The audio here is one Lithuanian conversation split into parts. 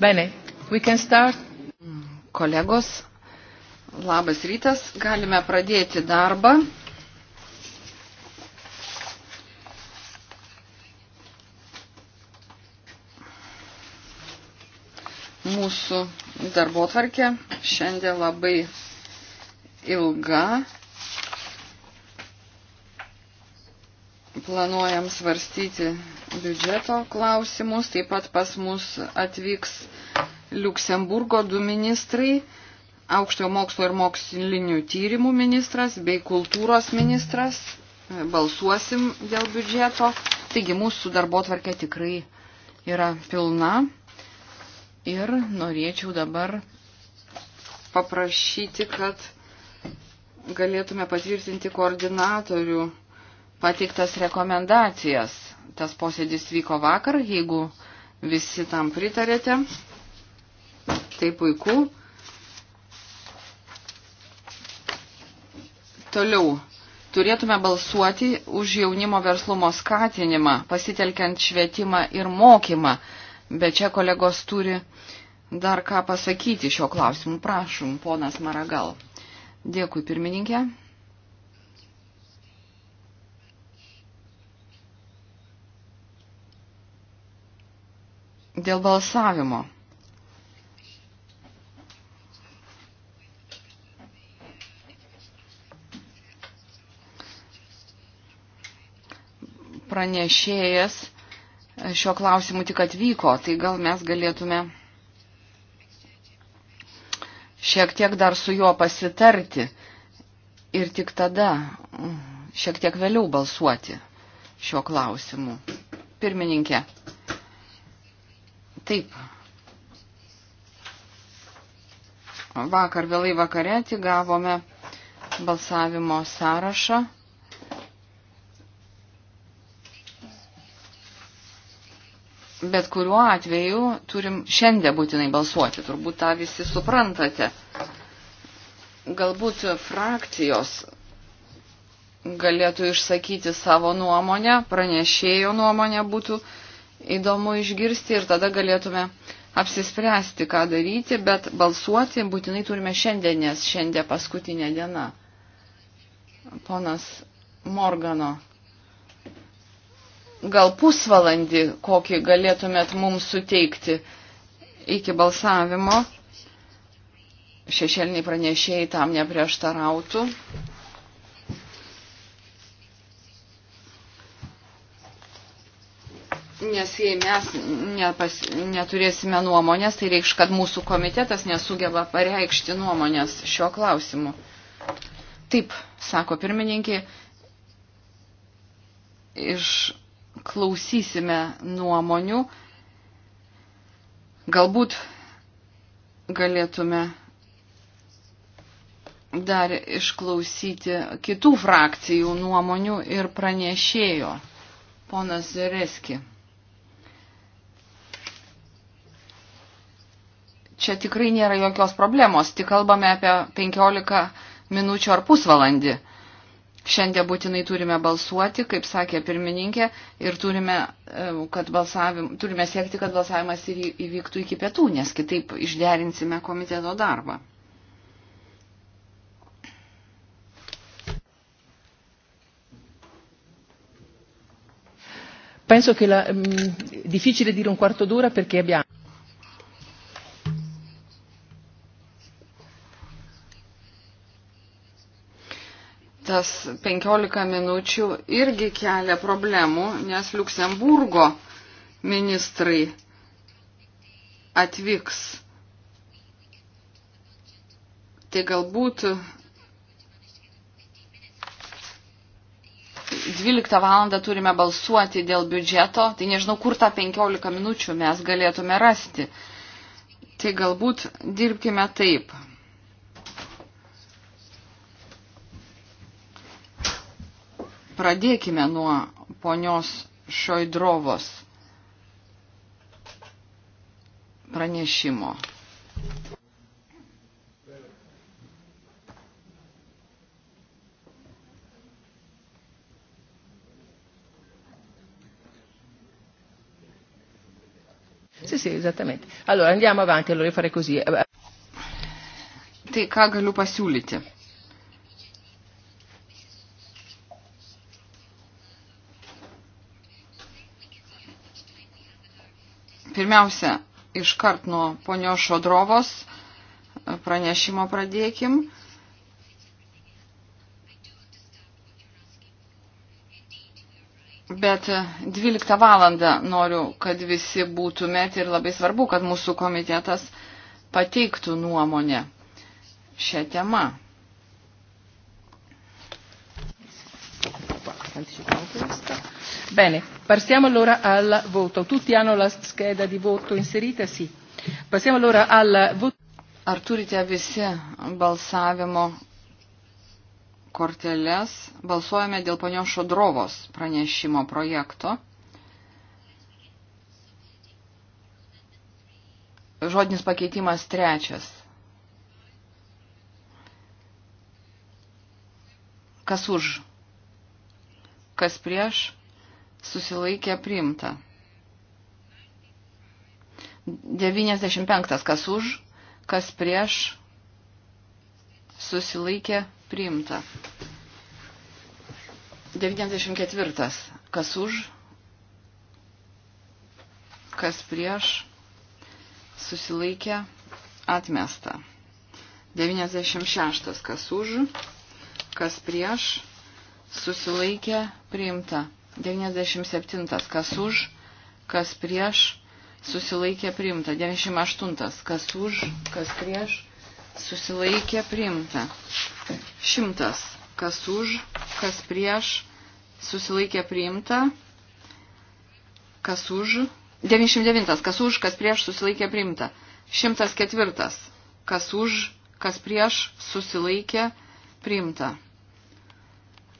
Bene, we can start. Kolegos, labas rytas, galime pradėti darbą. Mūsų darbo tvarkė šiandien labai ilga. Planuojam svarstyti biudžeto klausimus. Taip pat pas mus atvyks Luksemburgo du ministrai, aukštojo mokslo ir mokslinių tyrimų ministras bei kultūros ministras. Balsuosim dėl biudžeto. Taigi mūsų darbo tvarkė tikrai yra pilna. Ir norėčiau dabar paprašyti, kad galėtume patvirtinti koordinatorių pateiktas rekomendacijas. Tas posėdis vyko vakar, jeigu visi tam pritarėte. Tai puiku. Toliau. Turėtume balsuoti už jaunimo verslumo skatinimą, pasitelkiant švietimą ir mokymą. Bet čia kolegos turi dar ką pasakyti šio klausimu. Prašom, ponas Maragal. Dėkui, pirmininkė. Dėl balsavimo. Pranešėjas šio klausimu tik atvyko, tai gal mes galėtume šiek tiek dar su juo pasitarti ir tik tada mm, šiek tiek vėliau balsuoti šiuo klausimu. Pirmininkė. Taip. Vakar vėlai vakare gavome balsavimo sąrašą. Bet kuriuo atveju turim šiandien būtinai balsuoti, turbūt tą visi suprantate. Galbūt frakcijos galėtų išsakyti savo nuomonę, pranešėjo nuomonė būtų uh, įdomu išgirsti ir tada galėtume apsispręsti, ką daryti, bet balsuoti būtinai turime šiandien, nes šiandien paskutinė diena. Ponas Morgano, gal pusvalandį kokį galėtumėt mums suteikti iki balsavimo? Šešėliniai pranešėjai tam neprieštarautų. Nes jei mes nepas, neturėsime nuomonės, tai reikš, kad mūsų komitetas nesugeba pareikšti nuomonės šiuo klausimu. Taip, sako pirmininkė, išklausysime nuomonių. Galbūt galėtume dar išklausyti kitų frakcijų nuomonių ir pranešėjo. Ponas Zereski. čia tikrai nėra jokios problemos, tik kalbame apie 15 minučių ar pusvalandį. Šiandien būtinai turime balsuoti, kaip sakė pirmininkė, ir turime, e, kad balsavim, turime siekti, kad balsavimas įvyktų iki pietų, nes kitaip išderinsime komiteto darbą. Penso che la, mh, mm, difficile dire un quarto d'ora perché abbiamo. tas 15 minučių irgi kelia problemų, nes Luksemburgo ministrai atvyks. Tai galbūt 12 val. turime balsuoti dėl biudžeto, tai nežinau, kur tą 15 minučių mes galėtume rasti. Tai galbūt dirbkime taip. pradėkime nuo ponios Šoidrovos pranešimo. Sì, sì, esattamente. Allora andiamo avanti, allora farei così. Tai ką galiu pasiūlyti? Pirmiausia, iškart nuo ponio Šodrovos pranešimo pradėkim. Bet 12 valandą noriu, kad visi būtumėt ir labai svarbu, kad mūsų komitetas pateiktų nuomonę šią temą. Bene, passiamo allora al voto. Tutti hanno la scheda di voto inserita? Sì. Passiamo allora al voto. Ar turite visi balsavimo korteles? Balsuojame dėl ponios Šodrovos pranešimo projekto. Žodinis pakeitimas trečias. Kas už? Kas prieš? susilaikė priimta. 95. Kas už, kas prieš, susilaikė priimta. 94. Kas už, kas prieš, susilaikė atmesta. 96. Kas už, kas prieš, susilaikė priimta. 97. Kas už, kas prieš, susilaikė priimta. 98. Kas už, kas prieš, susilaikė priimta. 100. Kas už, kas prieš, susilaikė priimta. Kas už. 99. Kas už, kas prieš, susilaikė priimta. 104. Kas už, kas prieš, susilaikė priimta.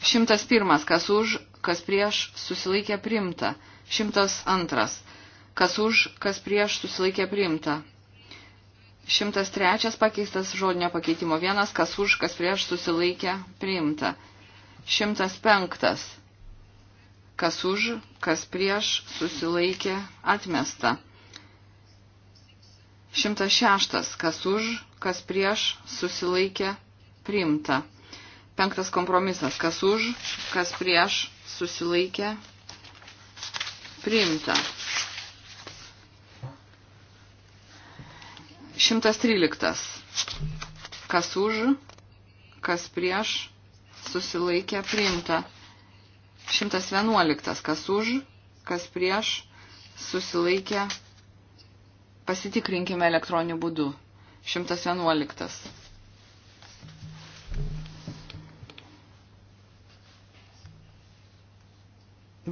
Šimtas pirmas, kas už, kas prieš, susilaikė primta. Šimtas antras, kas už, kas prieš, susilaikė primta. Šimtas trečias pakeistas žodinio pakeitimo vienas, kas už, kas prieš, susilaikė primta. Šimtas penktas, kas už, kas prieš, susilaikė atmesta. Šimtas šeštas, kas už, kas prieš, susilaikė primta. Penktas kompromisas. Kas už, kas prieš, susilaikė, priimta. 113. Kas už, kas prieš, susilaikė, priimta. 111. Kas už, kas prieš, susilaikė, pasitikrinkime elektroniniu būdu. 111.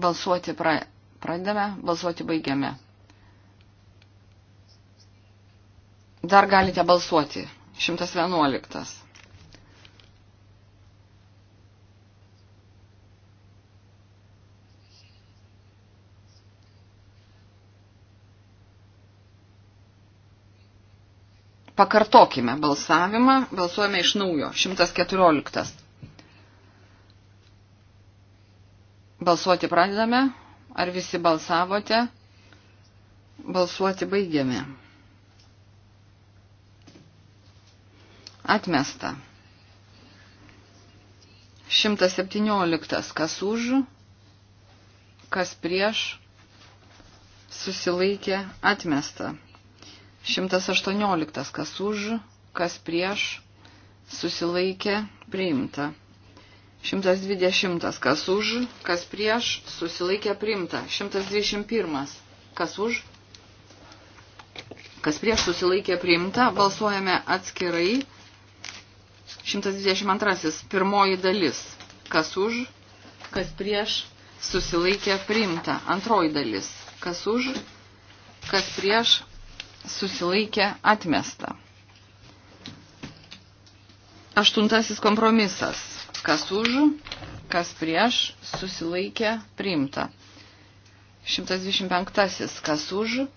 Balsuoti pra, pradame, balsuoti baigiame. Dar galite balsuoti. 111. Pakartokime balsavimą, balsuojame iš naujo. 114. Balsuoti pradedame. Ar visi balsavote? Balsuoti baigiame. Atmesta. 117. Kas už, kas prieš, susilaikė, atmesta. 118. Kas už, kas prieš, susilaikė, priimta. 120. Kas už, kas prieš, susilaikė priimta. 121. Kas už, kas prieš, susilaikė priimta. Balsuojame atskirai. 122. Pirmoji dalis. Kas už, kas prieš, susilaikė priimta. Antroji dalis. Kas už, kas prieš, susilaikė atmesta. Aštuntasis kompromisas Kas už, kas prieš, susilaikė, priimta. 125. Kas už,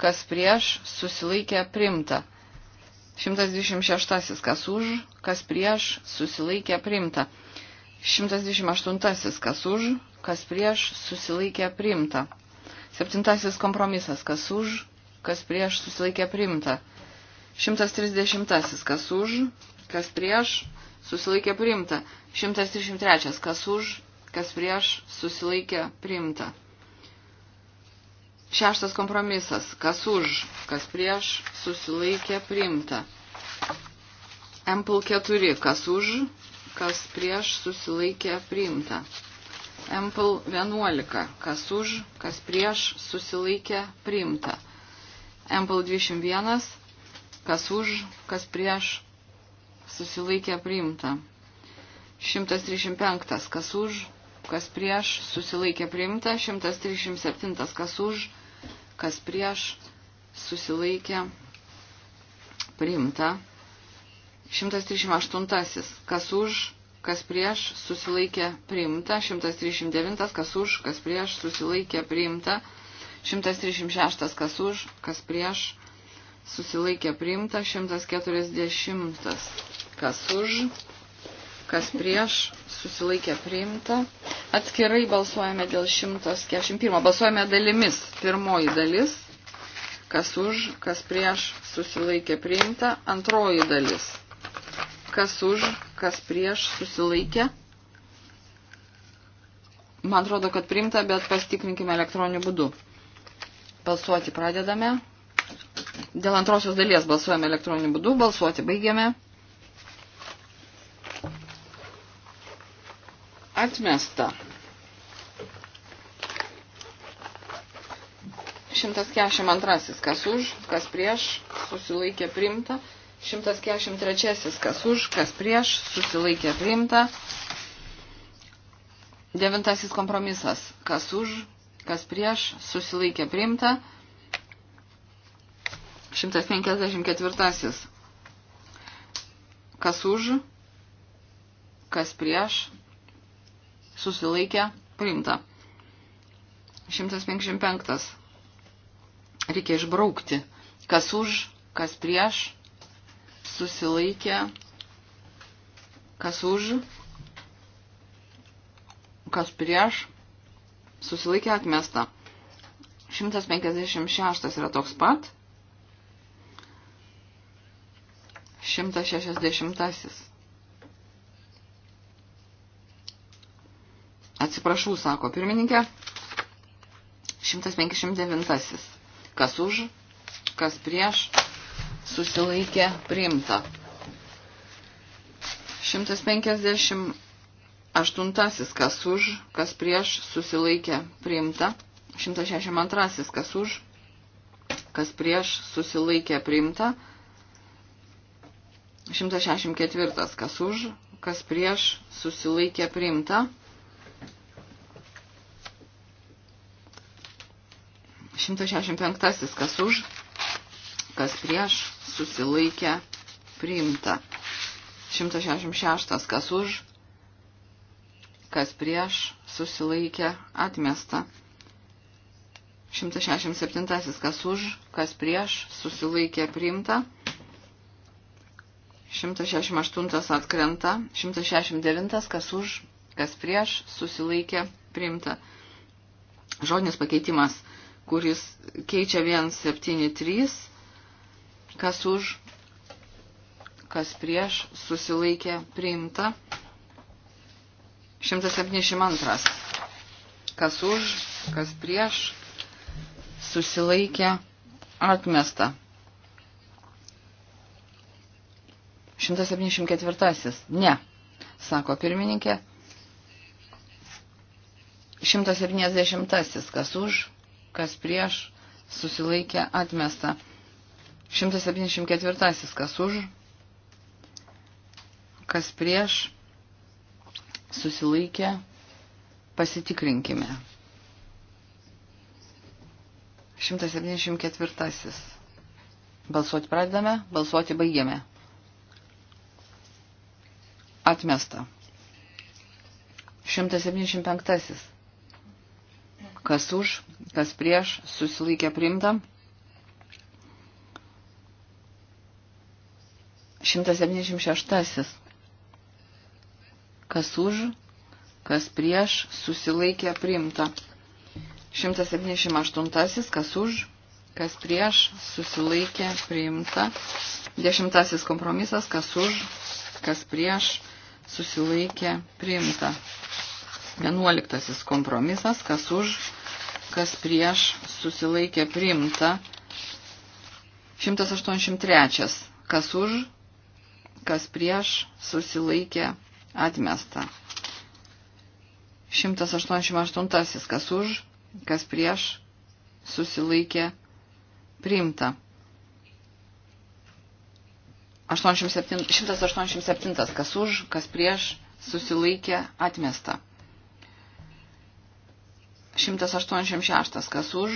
kas prieš, susilaikė, priimta. 126. Kas už, kas prieš, susilaikė, priimta. 128. Kas už, kas prieš, susilaikė, priimta. 7. Kompromisas. Kas už, kas prieš, susilaikė, priimta. 130. Kas už, kas prieš, susilaikė priimta. 133. Kas už, kas prieš, susilaikė priimta. Šeštas kompromisas. Kas už, kas prieš, susilaikė priimta. Ample 4. Kas už, kas prieš, susilaikė priimta. Ample 11. Kas už, kas prieš, susilaikė priimta. Ample 21. Kas už, kas prieš, susilaikė priimta. 135 kas už, kas prieš, susilaikė priimta. 137 kas už, kas prieš, susilaikė priimta. 138 kas už, kas prieš, susilaikė priimta. 139 kas už, kas prieš, susilaikė priimta. 136 kas už, kas prieš, susilaikė priimta 140, kas už, kas prieš, susilaikė priimta. Atskirai balsuojame dėl 141, balsuojame dalimis. Pirmoji dalis, kas už, kas prieš, susilaikė priimta. Antroji dalis, kas už, kas prieš, susilaikė. Man atrodo, kad priimta, bet pastikrinkime elektroniniu būdu. Balsuoti pradedame. Dėl antrosios dalies balsuojame elektroniniu būdu. Balsuoti baigiame. Atmesta. 142. Kas už, kas prieš, susilaikė primta. 143. Kas už, kas prieš, susilaikė primta. Devintasis kompromisas. Kas už, kas prieš, susilaikė primta. 154. Kas už, kas prieš, susilaikė, priimta. 155. Reikia išbraukti. Kas už, kas prieš, susilaikė, kas už, kas prieš, susilaikė atmesta. 156 yra toks pat. 160. Atsiprašau, sako pirmininkė. 159. Kas už, kas prieš, susilaikė priimta. 158. Kas už, kas prieš, susilaikė priimta. 162. Kas už, kas prieš, susilaikė priimta. 164. Kas už, kas prieš, susilaikė priimta. 165. Kas už, kas prieš, susilaikė priimta. 166. Kas už, kas prieš, susilaikė atmesta. 167. Kas už, kas prieš, susilaikė priimta. 168 atkrenta, 169 kas už, kas prieš, susilaikė, priimta. Žodinis pakeitimas, kuris keičia 173, kas už, kas prieš, susilaikė, priimta. 172, kas už, kas prieš, susilaikė, atmesta. 174. Ne, sako pirmininkė. 170. Kas už, kas prieš, susilaikė atmesta. 174. Kas už, kas prieš, susilaikė, pasitikrinkime. 174. Balsuoti pradedame, balsuoti baigiame. Atmesta. 175. Kas už, kas prieš, susilaikė primta. 176. Kas už, kas prieš, susilaikė primta. 178. Kas už, kas prieš, susilaikė primta. 10. Kompromisas. Kas už, kas prieš, susilaikė primta susilaikė priimta. Vienuoliktasis kompromisas, kas už, kas prieš susilaikė priimta. 183. Kas už, kas prieš susilaikė atmesta. 188. Kas už, kas prieš susilaikė priimta. 187, kas už, kas prieš, susilaikė, atmesta. 186, kas už,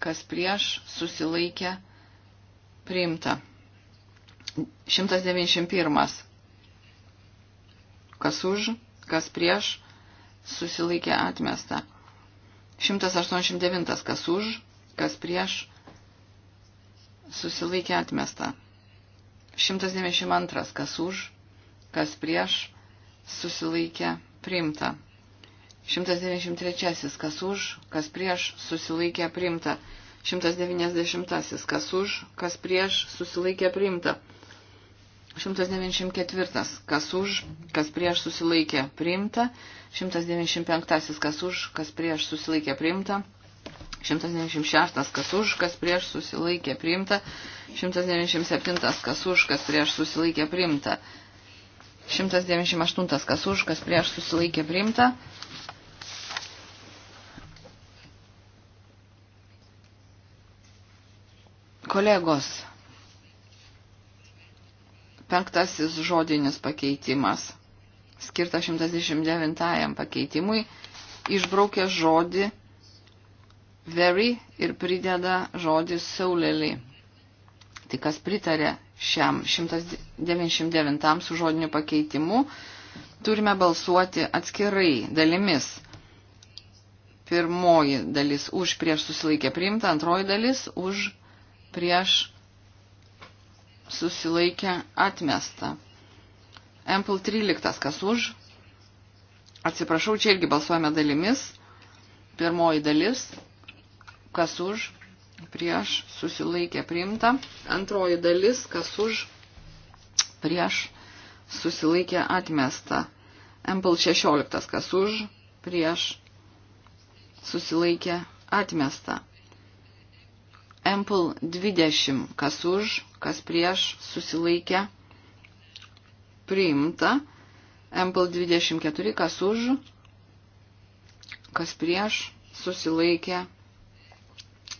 kas prieš, susilaikė, priimta. 191, kas už, kas prieš, susilaikė, atmesta. 189, kas už, kas prieš, susilaikė, atmesta. 192. Kas už, kas prieš, susilaikė, priimta. 193. Kas už, kas prieš, susilaikė, priimta. 190. Kas už, kas prieš, susilaikė, priimta. 194. Kas už, kas prieš susilaikė priimta. 195. Kas už, kas prieš susilaikė priimta. 196 kas už, kas prieš susilaikė priimta. 197 kas už, kas prieš susilaikė priimta. 198 kas už, kas prieš susilaikė priimta. Kolegos, penktasis žodinis pakeitimas, skirtas 119 pakeitimui, išbraukė žodį very ir prideda žodis saulėlį. Tai kas pritarė šiam 199 su žodiniu pakeitimu, turime balsuoti atskirai dalimis. Pirmoji dalis už prieš susilaikė priimta, antroji dalis už prieš susilaikė atmesta. Ample 13, kas už? Atsiprašau, čia irgi balsuojame dalimis. Pirmoji dalis kas už, prieš, susilaikė priimta. Antroji dalis, kas už, prieš, susilaikė atmesta. Empel 16, kas už, prieš, susilaikė atmesta. Empel 20, kas už, kas prieš, susilaikė priimta. Empel 24, kas už, kas prieš, susilaikė atmesta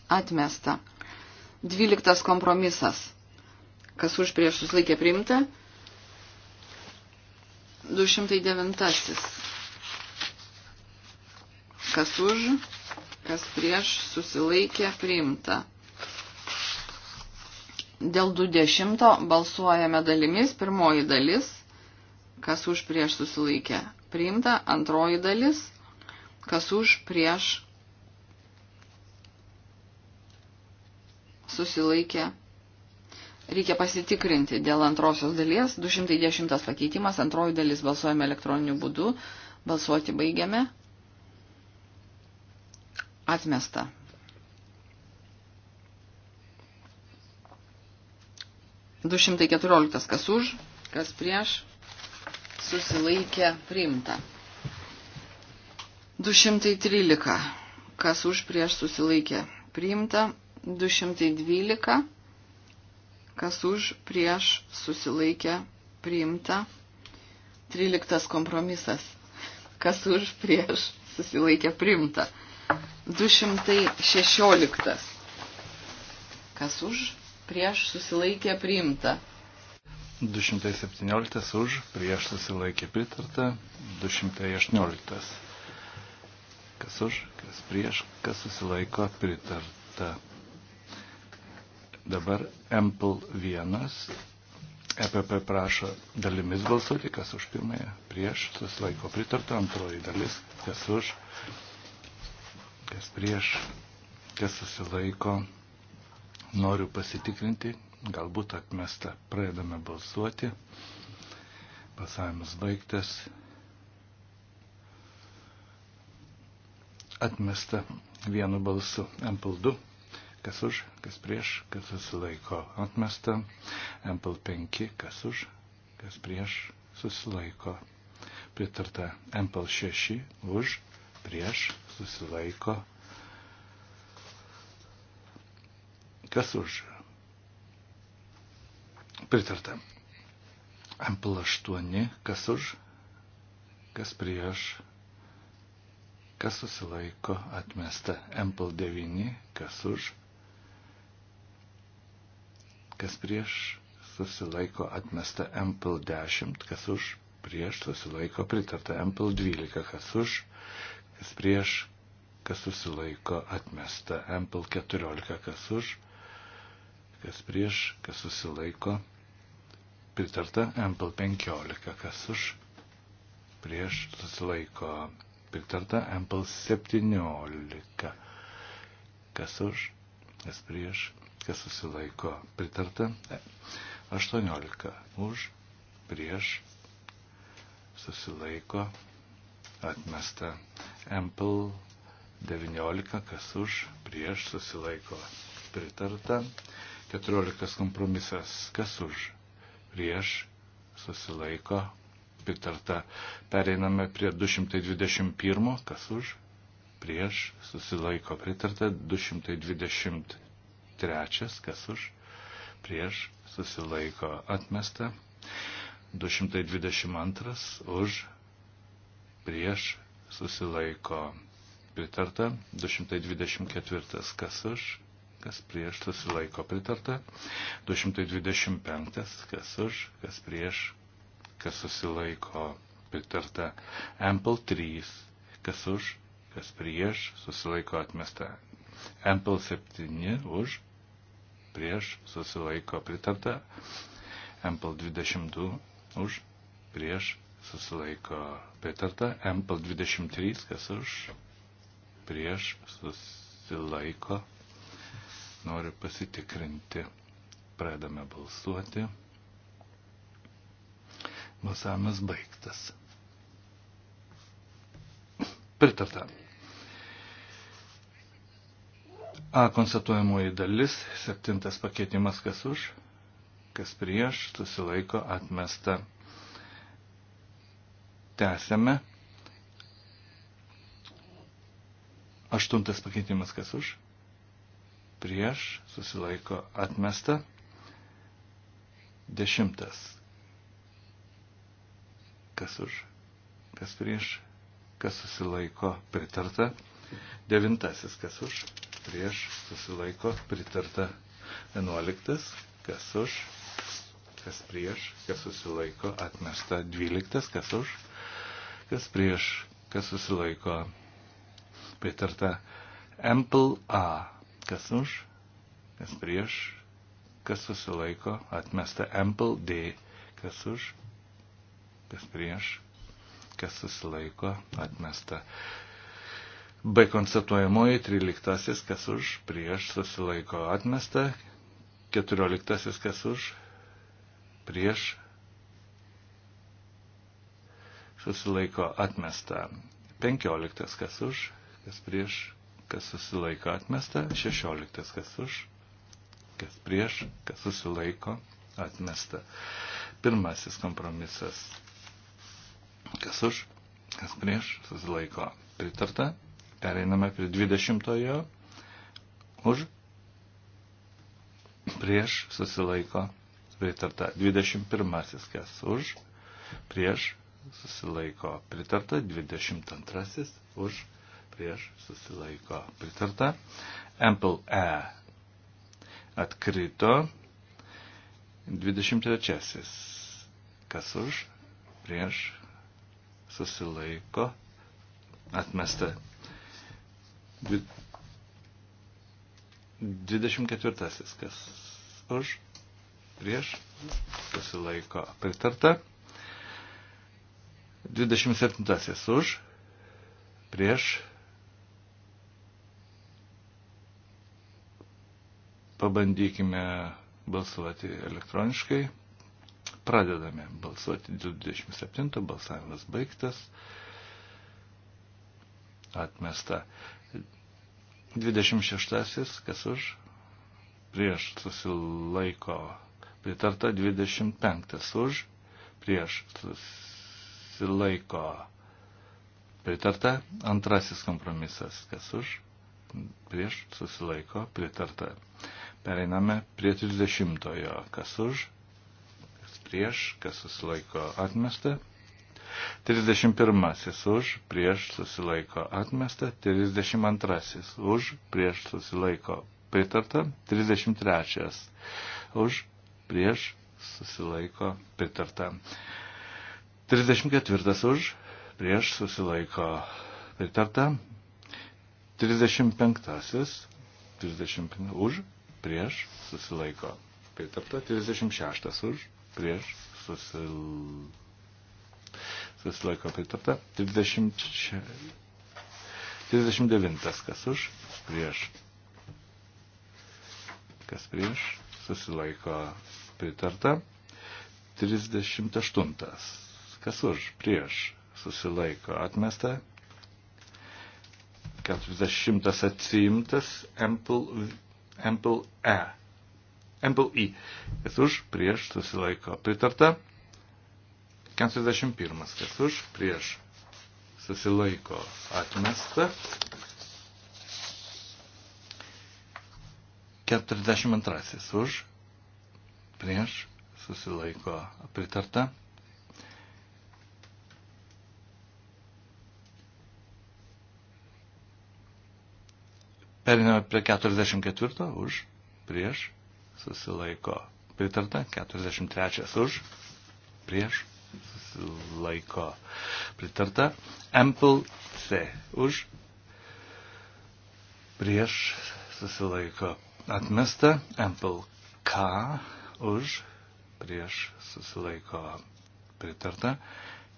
atmesta. Dvyliktas kompromisas. Kas už prieš susilaikė priimta? 209. Kas už, kas prieš susilaikė priimta. Dėl 20 balsuojame dalimis. Pirmoji dalis. Kas už prieš susilaikė priimta. Antroji dalis. Kas už prieš susilaikė. Reikia pasitikrinti dėl antrosios dalies. 210 pakeitimas, antroji dalis balsuojame elektroniniu būdu. Balsuoti baigiame. Atmesta. Du šimtai keturioliktas kas už, kas prieš, susilaikė priimta. 213. Kas už prieš susilaikė priimta. 212, kas už, prieš, susilaikė, priimta. 13 kompromisas, kas už, prieš, susilaikė, priimta. 216, kas už, prieš, susilaikė, priimta. 217 už, prieš susilaikė pritarta, 218. Kas už, kas prieš, kas susilaiko pritarta. Dabar MPL 1. EPP prašo dalimis balsuoti, kas už pirmąją, prieš, susilaiko pritarta, antroji dalis, kas už, kas prieš, kas susilaiko, noriu pasitikrinti, galbūt atmesta, pradedame balsuoti, pasavimas baigtas, atmesta vienu balsu, MPL 2 kas už, kas prieš, kas susilaiko atmesta, MPL 5, kas už, kas prieš, susilaiko pritarta, MPL 6, už, prieš, susilaiko, kas už, pritarta, MPL 8, kas už, kas prieš, kas susilaiko atmesta, MPL 9, kas už, kas prieš susilaiko atmesta MPL 10, kas už prieš susilaiko pritarta MPL 12, kas už, kas prieš, kas susilaiko atmesta MPL 14, kas už, kas prieš, kas susilaiko pritarta MPL 15, kas už, prieš susilaiko pritarta MPL 17, kas už, kas prieš, kas susilaiko pritarta. 18 už, prieš, susilaiko, atmesta. Ample 19, kas už, prieš, susilaiko pritarta. 14 kompromisas, kas už, prieš, susilaiko pritarta. Pereiname prie 221, kas už, prieš, susilaiko pritarta. 222 trečias, kas už, prieš, susilaiko atmesta, 222 už, prieš, susilaiko pritarta, 224 kas už, kas prieš, susilaiko pritarta, 225 kas už, kas prieš, kas susilaiko pritarta, Ample 3 kas už, kas prieš, susilaiko atmesta. MPL 7 už, prieš susilaiko pritarta. MPL 22 už prieš susilaiko pritarta. MPL 23 kas už prieš susilaiko. Noriu pasitikrinti. Pradame balsuoti. Balsavimas baigtas. Pritarta. A konstatuojamoji dalis, septintas pakeitimas kas už, kas prieš, susilaiko atmesta. Tęsėme. Aštuntas pakeitimas kas už, prieš, susilaiko atmesta. Dešimtas. Kas už, kas prieš, kas susilaiko pritarta. Devintasis kas už prieš, susilaiko, pritarta 11, kas už, kas prieš, kas susilaiko, atmesta 12, kas už, kas prieš, kas susilaiko, pritarta Ample A, kas už, kas prieš, kas susilaiko, atmesta Ample D, kas už, kas prieš, kas susilaiko, atmesta B konstatuojamoji 13, kas už, prieš susilaiko atmesta, 14, kas už, prieš susilaiko atmesta, 15, kas už, kas prieš, kas susilaiko atmesta, 16, kas už, kas prieš, kas susilaiko atmesta. Pirmasis kompromisas, kas už, kas prieš, susilaiko pritarta. Pereiname prie 20 už prieš susilaiko pritarta. 21 kas už prieš susilaiko pritarta. 22 už prieš susilaiko pritarta. Ample E atkrito. 23 kas už prieš susilaiko atmesta 24. Kas už, prieš, susilaiko pritarta. 27. Už, prieš, pabandykime balsuoti elektroniškai. Pradedame balsuoti 27, balsavimas baigtas, atmesta. 26. Kas už? Prieš susilaiko pritarta. 25. Už? Prieš susilaiko pritarta. Antrasis kompromisas. Kas už? Prieš susilaiko pritarta. Pereiname prie 30. Kas už? Kas prieš? Kas susilaiko atmesta? 31 už, prieš susilaiko atmesta, 32 už, prieš susilaiko pritarta, 33 už, prieš susilaiko pritarta. 34 už, prieš susilaiko pritarta. 35, 35 už, prieš susilaiko pritarta. 36 už, prieš susilaiko susilaiko pritarta. 30, 39 kas už, prieš. Kas prieš, susilaiko pritarta. 38 kas už, prieš, susilaiko atmesta. 40 atsiimtas, ample, ample E. MPI. E. Kas už, prieš, susilaiko. Pritarta. 41. Kas už, prieš, susilaiko atmesta. 42. Už, prieš, susilaiko pritarta. 44 prie 44 už, prieš, susilaiko pritarta, 43 už, prieš, laiko. Pritarta. Ample C. Už. Prieš susilaiko. Atmesta. Ample K. Už. Prieš susilaiko. Pritarta.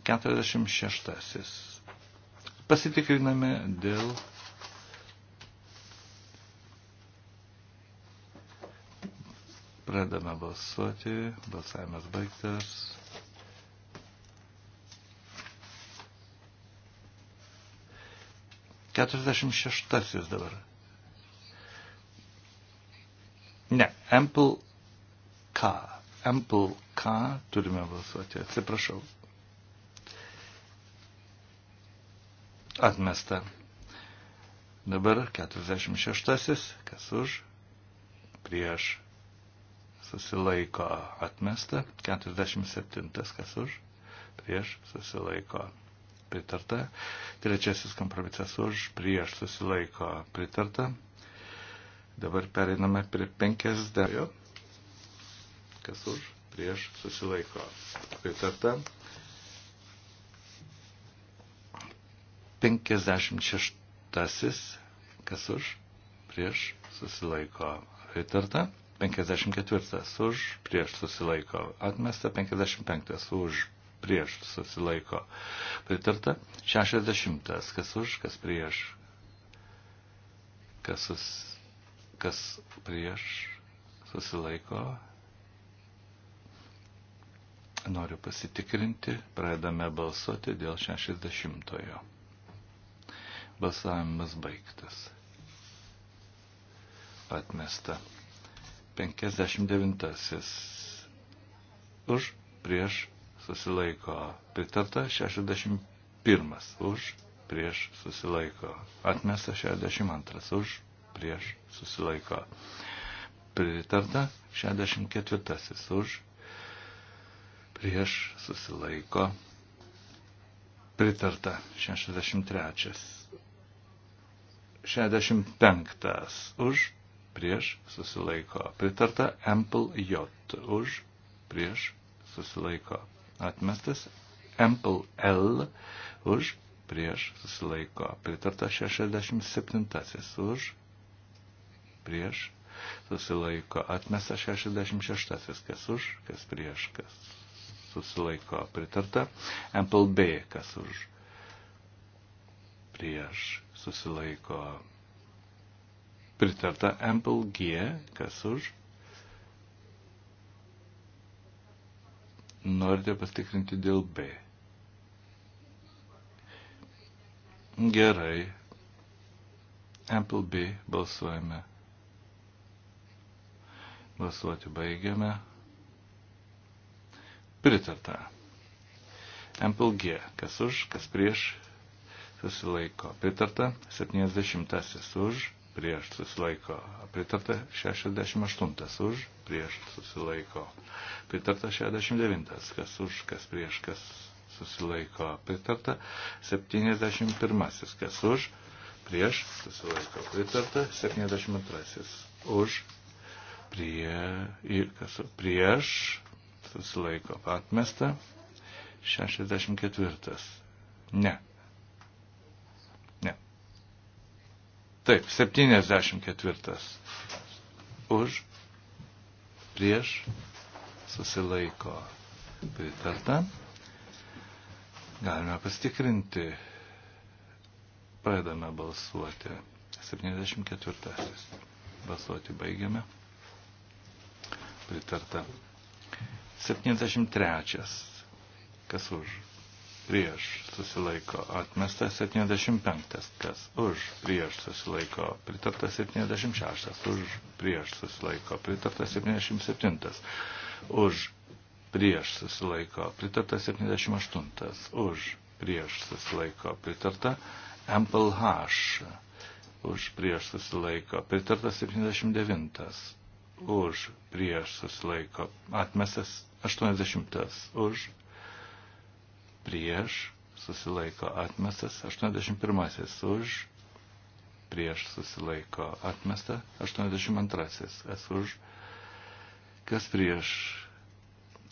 46. Pasitikriname dėl Pradame balsuoti. Balsavimas baigtas. 46 dabar. Ne, Ample K. Ample K turime balsuoti, atsiprašau. Atmesta. Dabar 46, kas už, prieš, susilaiko atmesta, 47, kas už, prieš, susilaiko atmesta pritarta. Trečiasis kompromisas už, prieš susilaiko pritarta. Dabar pereiname prie 50. Kas už, prieš susilaiko pritarta. 56. Kas už, prieš susilaiko pritarta. 54 už, prieš susilaiko atmesta, 55 už, prieš susilaiko. Pritarta 60. Kas už, kas prieš. Kas, sus, kas prieš susilaiko. Noriu pasitikrinti, pradame balsuoti dėl 60. -ojo. Balsavimas baigtas. Atmesta. 59. Už prieš susilaiko pritarta, 61 už, prieš susilaiko atmesta, 62 už, prieš susilaiko pritarta, 64 už, prieš susilaiko pritarta, 63 65 už, prieš susilaiko. Pritarta Ample J už, prieš susilaiko atmestas, Ample L už, prieš, susilaiko, pritarta 67 už, prieš, susilaiko, atmesta 66, kas už, kas prieš, kas susilaiko, pritarta, Ample B, kas už, prieš, susilaiko, pritarta, Ample G, kas už, Norite pastikrinti dėl B. Gerai. Apple B balsuojame. Balsuoti baigiame. Pritarta. Apple G. Kas už, kas prieš, susilaiko. Pritarta. 70 už prieš susilaiko pritarta 68 už, prieš susilaiko pritarta 69, kas už, kas prieš, kas susilaiko pritarta 71, kas už, prieš susilaiko pritarta 72, už, prie, ir kas prieš susilaiko atmesta 64, ne Taip, 74. Už, prieš, susilaiko pritarta. Galime pastikrinti. Pradame balsuoti. 74. Balsuoti baigiame. Pritarta. 73. Kas už? prieš susilaiko atmesta 75, kas už prieš susilaiko pritarta 76, už prieš susilaiko pritarta 77, už prieš susilaiko pritarta 78, už prieš susilaiko pritarta Ample H, už prieš susilaiko pritarta 79, už prieš susilaiko atmestas 80, už prieš susilaiko atmestas, 81 už, prieš susilaiko atmestą, 82 es už, kas prieš,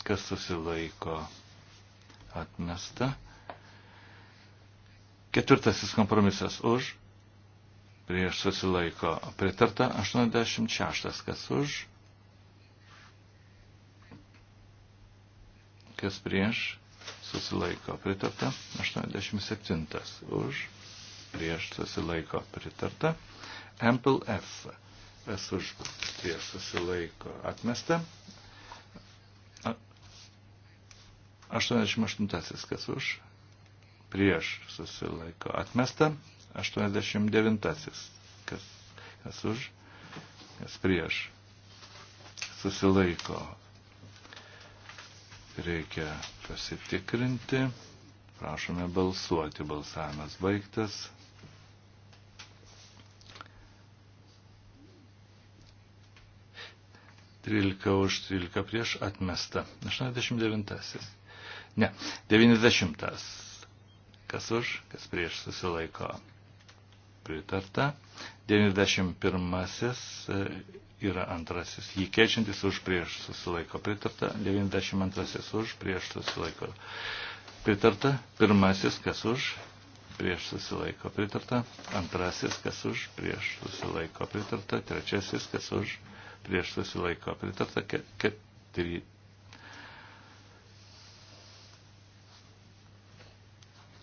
kas susilaiko atmestą, ketvirtasis kompromisas už, prieš susilaiko pritarta, 86 kas už, kas prieš, susilaiko pritarta, 87 už, prieš susilaiko pritarta, Ample F, S už, prieš susilaiko atmesta, 88 kas už, prieš susilaiko atmesta, 89 kas, kas už, kas prieš susilaiko Reikia pasitikrinti. Prašome balsuoti. Balsavimas baigtas. Trylika už, trylika prieš atmesta. 89. Ne, 90. Kas už, kas prieš susilaiko. Pritarta. 91 yra antrasis. Jį keičiantis už prieš susilaiko pritarta, 92 už prieš susilaiko pritarta, pirmasis kas už prieš susilaiko pritarta, antrasis kas už prieš susilaiko pritarta, trečiasis kas už prieš susilaiko pritarta, keturi.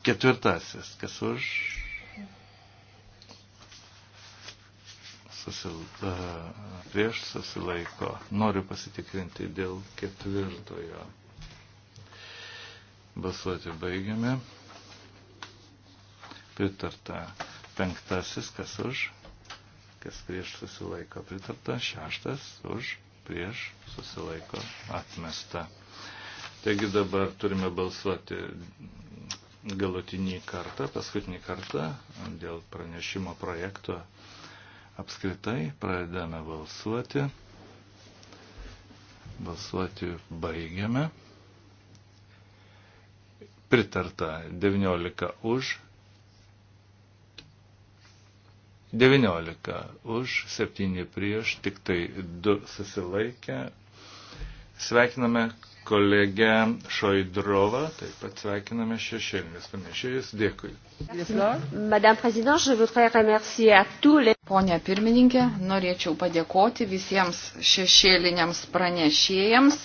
Ketvirtasis, kas už susil, e, prieš susilaiko. Noriu pasitikrinti dėl ketvirtojo. Balsuoti baigiame. Pritarta penktasis, kas už, kas prieš susilaiko. Pritarta šeštas, už, prieš susilaiko atmesta. Taigi dabar turime balsuoti galutinį kartą, paskutinį kartą dėl pranešimo projekto apskritai, pradedame balsuoti. Balsuoti baigiame. Pritarta 19 už, 19 už, 7 prieš, tik tai 2 susilaikę. Sveikiname kolegę Šoidrovą, taip pat sveikiname šešėlinės panešėjus. Dėkui. Pone pirmininkė, norėčiau padėkoti visiems šešėliniams pranešėjams,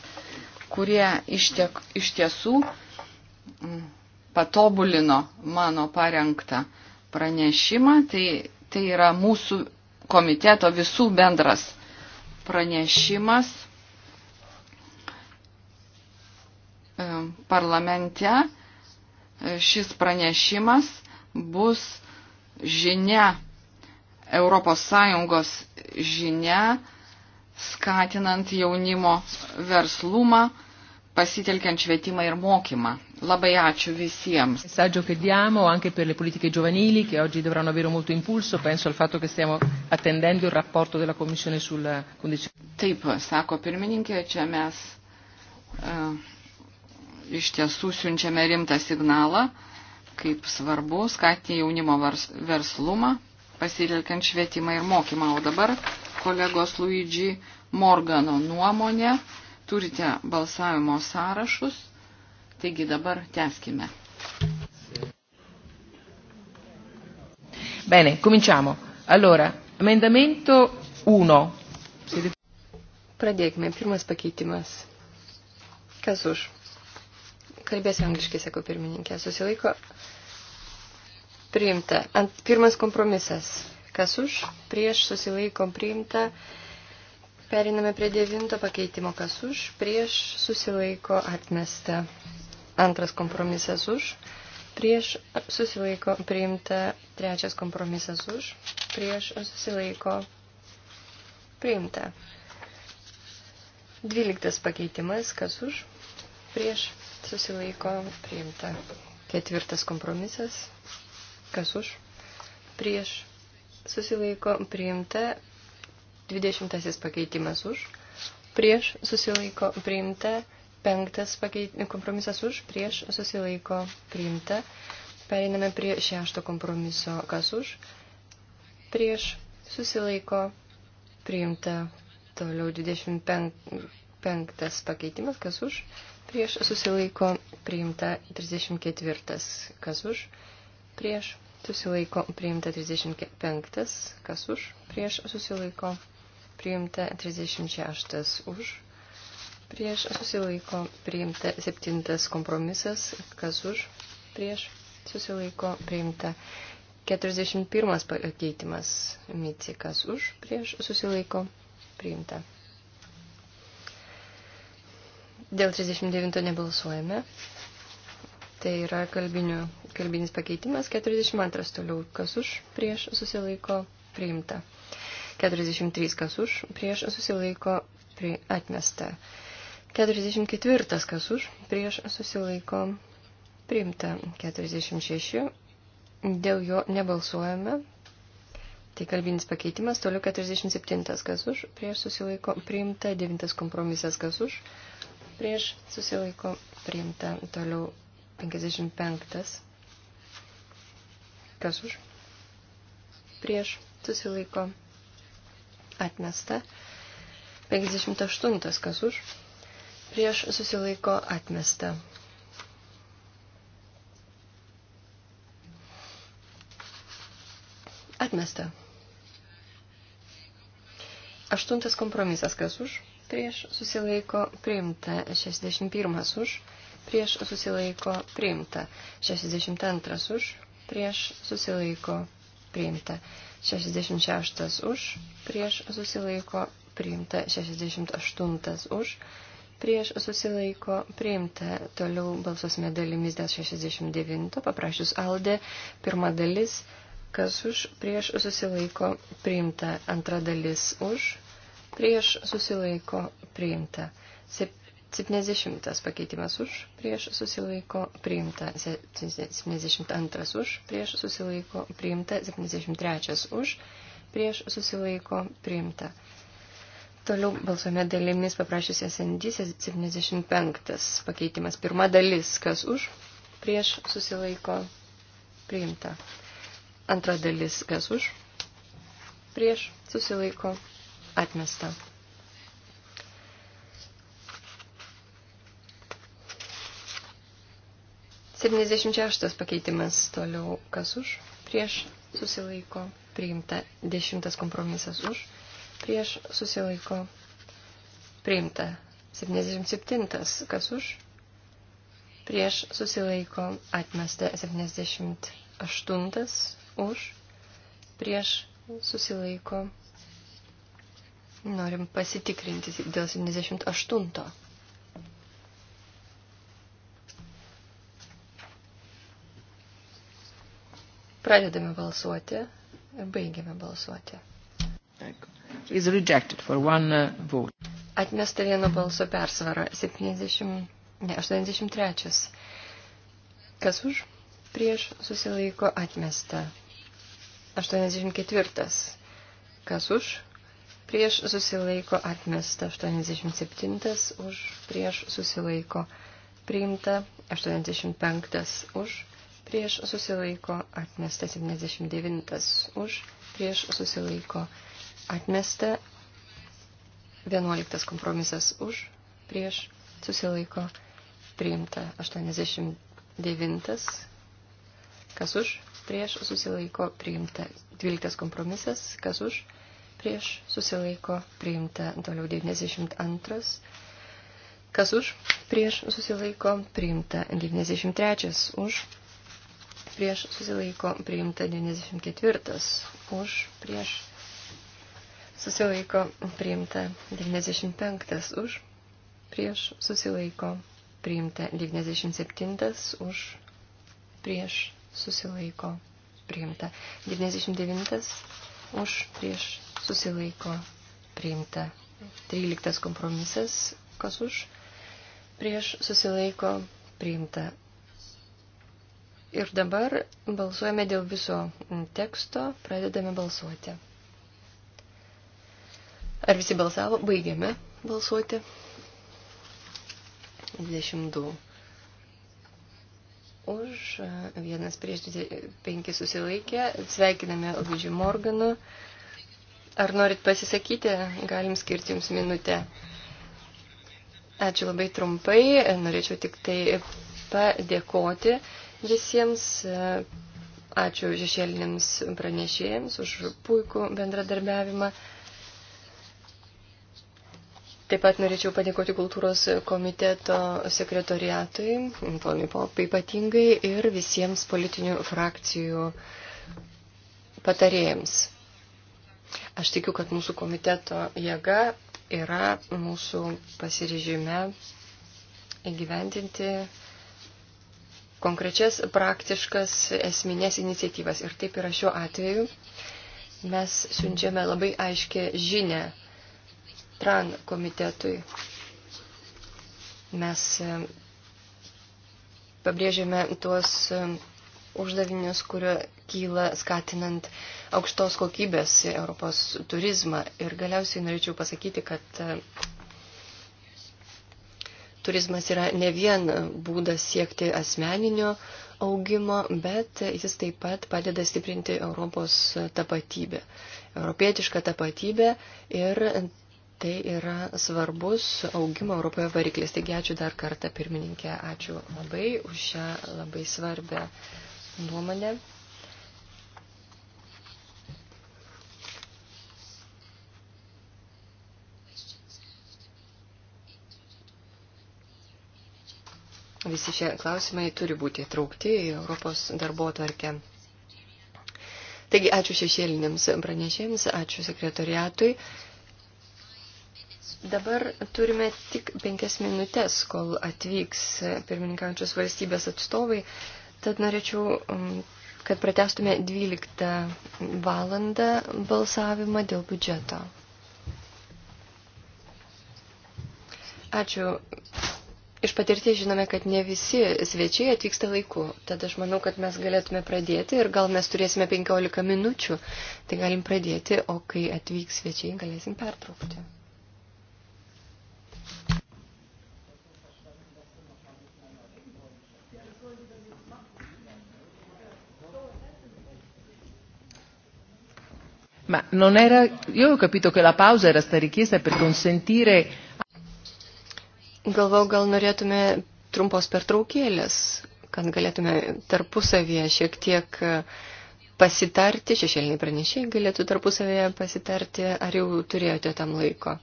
kurie iš, tiek, iš tiesų mm, patobulino mano parengtą pranešimą. Tai, tai yra mūsų komiteto visų bendras pranešimas E, parlamente e, šis pranešimas bus žinia, ES žinia, skatinant jaunimo verslumą, pasitelkiant švietimą ir mokymą. Labai ačiū visiems. Messaggio che diamo anche per le politiche giovanili che oggi dovranno avere molto impulso, penso al fatto che stiamo attendendo il rapporto della Commissione sulla condizione. Taip, sako pirmininkė, čia mes uh, iš tiesų siunčiame rimtą signalą, kaip svarbu skatinti jaunimo verslumą, pasitelkiant švietimą ir mokymą. O dabar kolegos Luigi Morgano nuomonė, turite balsavimo sąrašus, taigi dabar tęskime. Bene, cominciamo. Allora, emendamento 1. Pradėkime. Pirmas pakeitimas. Kas už? Kalbėsiu angliškai, sako pirmininkė. Susilaiko. Priimta. Ant pirmas kompromisas. Kas už? Prieš susilaikom priimta. Periname prie devinto pakeitimo. Kas už? Prieš susilaiko atmesta. Antras kompromisas už. Prieš susilaiko priimta. Trečias kompromisas už. Prieš susilaiko priimta. Dvyliktas pakeitimas. Kas už? Prieš susilaiko priimta. Ketvirtas kompromisas, kas už, prieš susilaiko priimta. Dvidešimtasis pakeitimas už, prieš susilaiko priimta. Penktas pakeit... kompromisas už, prieš susilaiko priimta. Pereiname prie šešto kompromiso, kas už, prieš susilaiko priimta. Toliau 25 penktas pakeitimas, kas už, prieš susilaiko priimta 34, kas už, prieš susilaiko priimta 35, kas už, prieš susilaiko priimta 36 už, prieš susilaiko priimta 7 kompromisas, kas už, prieš susilaiko priimta 41 pakeitimas, micikas už, prieš susilaiko priimta Dėl 39 nebalsuojame. Tai yra kalbinių, kalbinis pakeitimas. 42 toliau. Kas už prieš susilaiko priimta. 43 kas už prieš susilaiko pri, atmesta. 44 kas už prieš susilaiko priimta. 46 dėl jo nebalsuojame. Tai kalbinis pakeitimas. Toliau 47 kas už prieš susilaiko priimta. 9 kompromisas kas už prieš susilaiko priimta. Toliau 55. Kas už? Prieš susilaiko atmesta. 58. Kas už? Prieš susilaiko atmesta. Atmesta. Aštuntas kompromisas. Kas už? prieš susilaiko priimta 61 už, prieš susilaiko priimta 62 už, prieš susilaiko priimta 66 už, prieš susilaiko priimta 68 už, prieš susilaiko priimta. Toliau balsuosime dalimis dėl 69, paprašius Aldė, pirma dalis, kas už, prieš susilaiko priimta, antra dalis už, prieš susilaiko priimta. 70 pakeitimas už, prieš susilaiko priimta. 72 už, prieš susilaiko priimta. 73 už, prieš susilaiko priimta. Toliau balsuome dalimis paprašys SND 75 pakeitimas. Pirma dalis, kas už, prieš susilaiko priimta. Antra dalis, kas už, prieš susilaiko priimta Atmesta. Septyniasdešimt šeštas pakeitimas toliau kas už, prieš susilaiko, priimta dešimtas kompromisas už, prieš susilaiko, priimta 77 kas už, prieš susilaiko atmesta 78 už, prieš susilaiko Norim pasitikrinti dėl 78. Pradedame balsuoti ir baigiame balsuoti. Is rejected for one uh, vote. Atmesta vieno balso persvara 70, ne, 83. Kas už? Prieš susilaiko atmesta. 84. Kas už? prieš susilaiko atmesta 87, už prieš susilaiko priimta 85, už prieš susilaiko atmesta 79, už prieš susilaiko atmesta 11 kompromisas už prieš susilaiko priimta 89, kas už prieš susilaiko priimta 12 kompromisas, kas už prieš prieš susilaiko priimta toliau 92, kas už prieš susilaiko priimta 93, už prieš susilaiko priimta 94, už prieš susilaiko priimta 95, už prieš susilaiko priimta 97, už prieš susilaiko priimta 99, už prieš susilaiko priimta. 13 kompromisas, kas už, prieš susilaiko priimta. Ir dabar balsuojame dėl viso teksto, pradedame balsuoti. Ar visi balsavo? Baigiame balsuoti. 22. Už vienas prieš penki susilaikė. Sveikiname Luigi Morganu. Ar norit pasisakyti? Galim skirti jums minutę. Ačiū labai trumpai. Norėčiau tik tai padėkoti visiems. Ačiū žešėlinėms pranešėjams už puikų bendradarbiavimą. Taip pat norėčiau padėkoti kultūros komiteto sekretoriatui, ponui Popai ypatingai, ir visiems politinių frakcijų patarėjams. Aš tikiu, kad mūsų komiteto jėga yra mūsų pasiryžime įgyvendinti konkrečias praktiškas esminės iniciatyvas. Ir taip yra šiuo atveju. Mes siunčiame labai aiškę žinę TRAN komitetui. Mes e, pabrėžėme tuos uždavinius, kurio kyla skatinant aukštos kokybės Europos turizmą. Ir galiausiai norėčiau pasakyti, kad e, turizmas yra ne vien būdas siekti asmeninio augimo, bet jis taip pat padeda stiprinti Europos tapatybę, europietišką tapatybę ir tai yra svarbus augimo Europoje variklis. Taigi ačiū dar kartą pirmininkė, ačiū labai už šią labai svarbę nuomonę. Visi šie klausimai turi būti įtraukti į Europos darbo tvarkę. Taigi, ačiū šešėliniams pranešėjams, ačiū sekretoriatui. Dabar turime tik penkias minutės, kol atvyks pirmininkančios valstybės atstovai. Tad norėčiau, um, kad pratestume 12 valandą balsavimą dėl biudžeto. Ačiū. Iš patirties žinome, kad ne visi svečiai atvyksta laiku. Tad aš manau, kad mes galėtume pradėti ir gal mes turėsime 15 minučių. Tai galim pradėti, o kai atvyks svečiai, galėsim pertraukti. Ma non era, io ho capito che la pausa era stata richiesta per consentire. Galvau, gal norėtume trumpos pertraukėlės, kad galėtume tarpusavėje šiek tiek e, pasitarti, šešėliniai pranešėjai galėtų tarpusavėje pasitarti, ar jau turėjote tam laiko.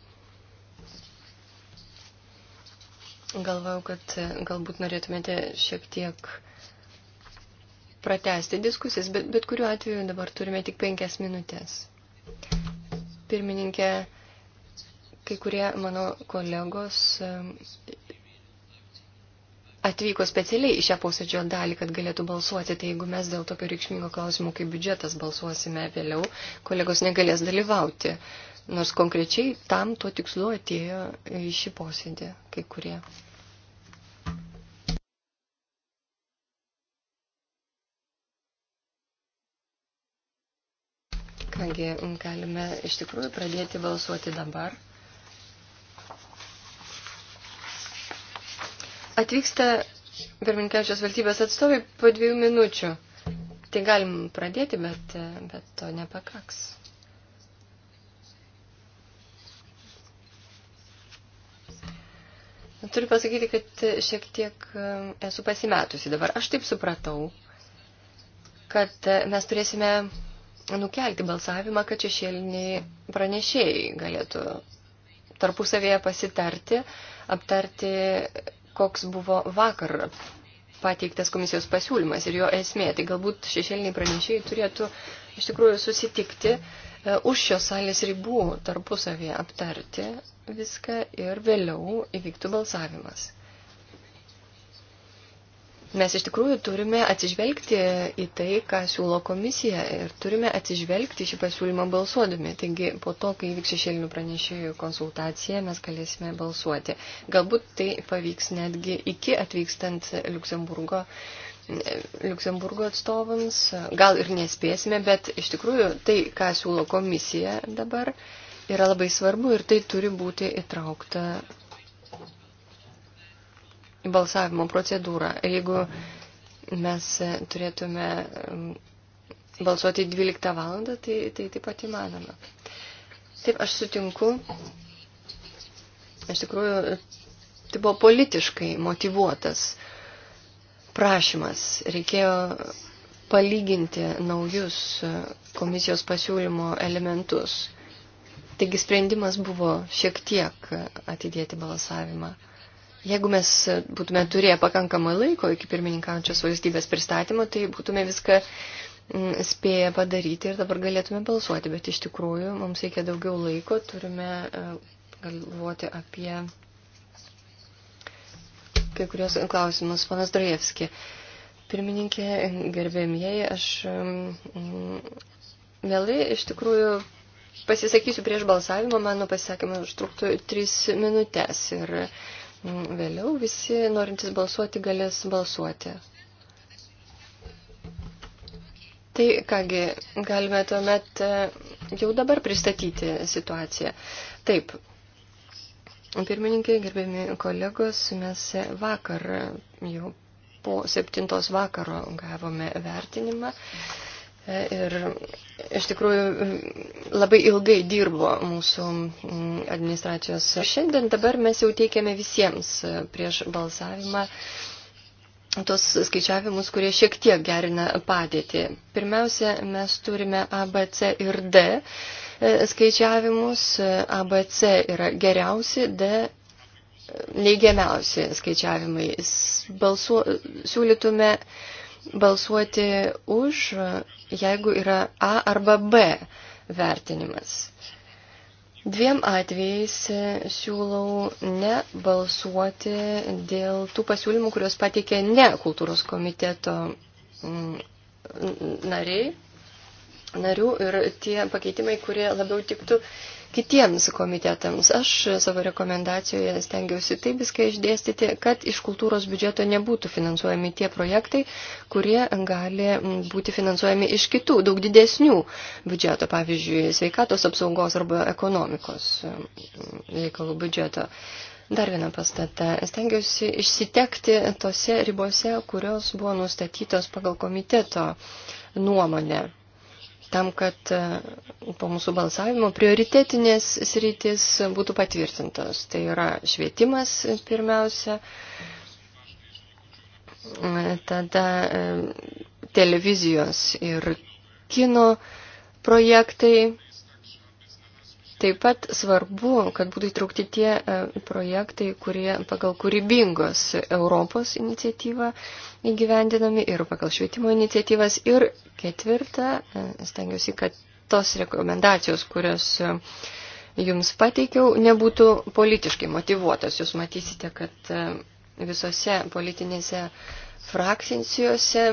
Galvau, kad e, galbūt norėtumėte šiek tiek pratesti diskusijas, bet, bet kuriuo atveju dabar turime tik penkias minutės. Pirmininkė, kai kurie mano kolegos atvyko specialiai į šią posėdžio dalį, kad galėtų balsuoti. Tai jeigu mes dėl tokio reikšmingo klausimo kaip biudžetas balsuosime vėliau, kolegos negalės dalyvauti. Nors konkrečiai tam tuo tikslu atėjo į šį posėdį kai kurie. Nagi, galime iš tikrųjų pradėti balsuoti dabar. Atvyksta Birminkevičios valstybės atstovai po dviejų minučių. Tai galim pradėti, bet, bet to nepakaks. Turiu pasakyti, kad šiek tiek esu pasimetusi dabar. Aš taip supratau, kad mes turėsime nukelti balsavimą, kad šešėliniai pranešėjai galėtų tarpusavėje pasitarti, aptarti, koks buvo vakar pateiktas komisijos pasiūlymas ir jo esmė. Tai galbūt šešėliniai pranešėjai turėtų iš tikrųjų susitikti e, už šios salės ribų tarpusavėje aptarti viską ir vėliau įvyktų balsavimas. Mes iš tikrųjų turime atsižvelgti į tai, ką siūlo komisija ir turime atsižvelgti šį pasiūlymą balsuodami. Taigi po to, kai vyks šešėlinių pranešėjų konsultacija, mes galėsime balsuoti. Galbūt tai pavyks netgi iki atvykstant Luksemburgo. Luksemburgo atstovams, gal ir nespėsime, bet iš tikrųjų tai, ką siūlo komisija dabar, yra labai svarbu ir tai turi būti įtraukta balsavimo procedūrą. Jeigu mes turėtume um, balsuoti 12 valandą, tai tai taip pat įmanoma. Taip, aš sutinku. Iš tikrųjų, tai buvo politiškai motivuotas prašymas. Reikėjo palyginti naujus komisijos pasiūlymo elementus. Taigi sprendimas buvo šiek tiek atidėti balsavimą. Jeigu mes būtume turėję pakankamai laiko iki pirmininkaujančios valstybės pristatymo, tai būtume viską mm, spėję padaryti ir dabar galėtume balsuoti, bet iš tikrųjų mums reikia daugiau laiko, turime e, galvoti apie kai kurios klausimus. Panas Drojevski, pirmininkė, gerbėmieji, aš mm, vėlai iš tikrųjų pasisakysiu prieš balsavimą, mano pasisakymą užtruktų tris minutės ir Vėliau visi norintys balsuoti galės balsuoti. Tai kągi, galime tuomet e, jau dabar pristatyti situaciją. Taip, pirmininkai, gerbėmi kolegos, mes vakar jau po septintos vakaro gavome vertinimą Ir iš tikrųjų labai ilgai dirbo mūsų administracijos. Šiandien dabar mes jau teikiame visiems prieš balsavimą tos skaičiavimus, kurie šiek tiek gerina padėtį. Pirmiausia, mes turime A, B, C ir D skaičiavimus. A, B, C yra geriausi, D neigiamiausi skaičiavimai. Balsu, siūlytume balsuoti už, jeigu yra A arba B vertinimas. Dviem atvejais siūlau nebalsuoti dėl tų pasiūlymų, kuriuos pateikė ne kultūros komiteto mm, nariai, narių ir tie pakeitimai, kurie labiau tiktų kitiems komitetams. Aš savo rekomendacijoje stengiausi taip viską išdėstyti, kad iš kultūros biudžeto nebūtų finansuojami tie projektai, kurie gali būti finansuojami iš kitų, daug didesnių biudžeto, pavyzdžiui, sveikatos apsaugos arba ekonomikos um, reikalų biudžeto. Dar vieną pastatą. Stengiausi išsitekti tose ribose, kurios buvo nustatytos pagal komiteto nuomonę tam, kad e, po mūsų balsavimo prioritetinės sritis būtų patvirtintos. Tai yra švietimas pirmiausia, e, tada e, televizijos ir kino projektai Taip pat svarbu, kad būtų įtraukti tie e, projektai, kurie pagal kūrybingos Europos iniciatyvą įgyvendinami ir pagal švietimo iniciatyvas. Ir ketvirta, e, stengiuosi, kad tos rekomendacijos, kurias e, jums pateikiau, nebūtų politiškai motivuotos. Jūs matysite, kad visose politinėse frakcijose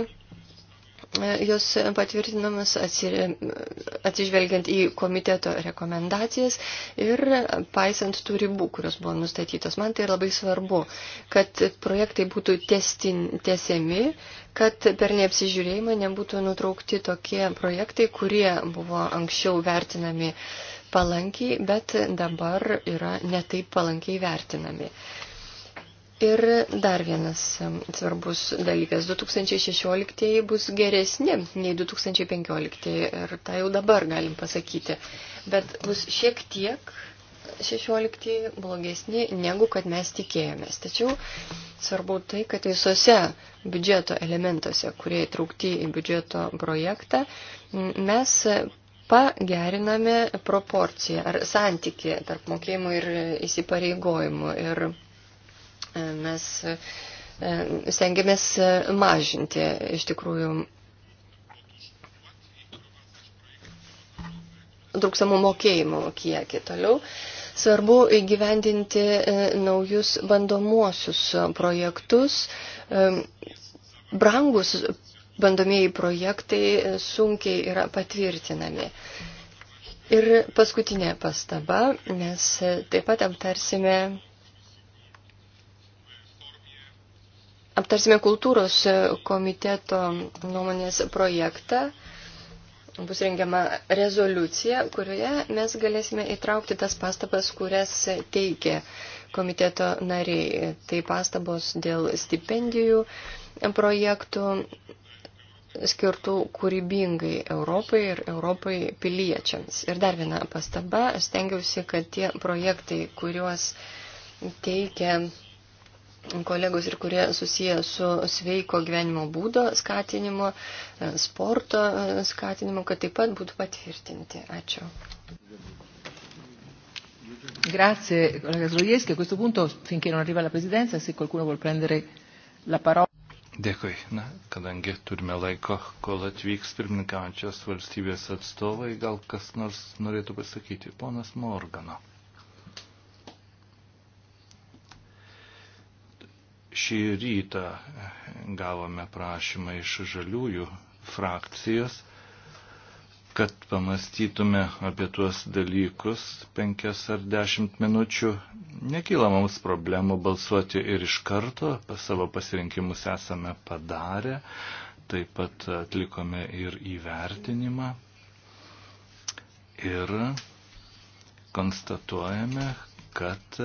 E, jos patvirtinamas atsižvelgiant į komiteto rekomendacijas ir paisant tų ribų, kurios buvo nustatytos. Man tai labai svarbu, kad projektai būtų testin, tesiami, kad per neapsižiūrėjimą nebūtų nutraukti tokie projektai, kurie buvo anksčiau vertinami palankiai, bet dabar yra netaip palankiai vertinami. Ir dar vienas svarbus dalykas. 2016 bus geresni nei 2015 ir tą jau dabar galim pasakyti. Bet bus šiek tiek 16 blogesni negu kad mes tikėjomės. Tačiau svarbu tai, kad visose biudžeto elementuose, kurie įtraukti į biudžeto projektą, mes pageriname proporciją ar santykį tarp mokėjimų ir įsipareigojimų. Ir mes e, stengiamės e, mažinti iš tikrųjų trūksamų mokėjimų kiekį toliau. Svarbu įgyvendinti e, naujus bandomuosius projektus. Brangus bandomieji projektai sunkiai yra patvirtinami. Ir paskutinė pastaba, nes taip pat aptarsime Aptarsime kultūros komiteto nuomonės projektą. Bus rengiama rezoliucija, kurioje mes galėsime įtraukti tas pastabas, kurias teikia komiteto nariai. Tai pastabos dėl stipendijų projektų skirtų kūrybingai Europai ir Europai piliečiams. Ir dar viena pastaba, aš stengiausi, kad tie projektai, kuriuos teikia kolegos ir kurie susiję su sveiko gyvenimo būdo skatinimo, e, sporto e, skatinimo, kad taip pat būtų patvirtinti. Ačiū. Grazie, collega Zroieschi. A questo punto, finché non arriva la Presidenza, se qualcuno vuol prendere la parola. Dėkui. Na, kadangi turime laiko, kol atvyks pirmininkaujančios valstybės atstovai, gal kas nors norėtų pasakyti. Ponas Morgano. Šį rytą gavome prašymą iš žaliųjų frakcijos, kad pamastytume apie tuos dalykus penkias ar dešimt minučių. Nekyla mums problemų balsuoti ir iš karto, savo pasirinkimus esame padarę, taip pat atlikome ir įvertinimą ir konstatuojame, kad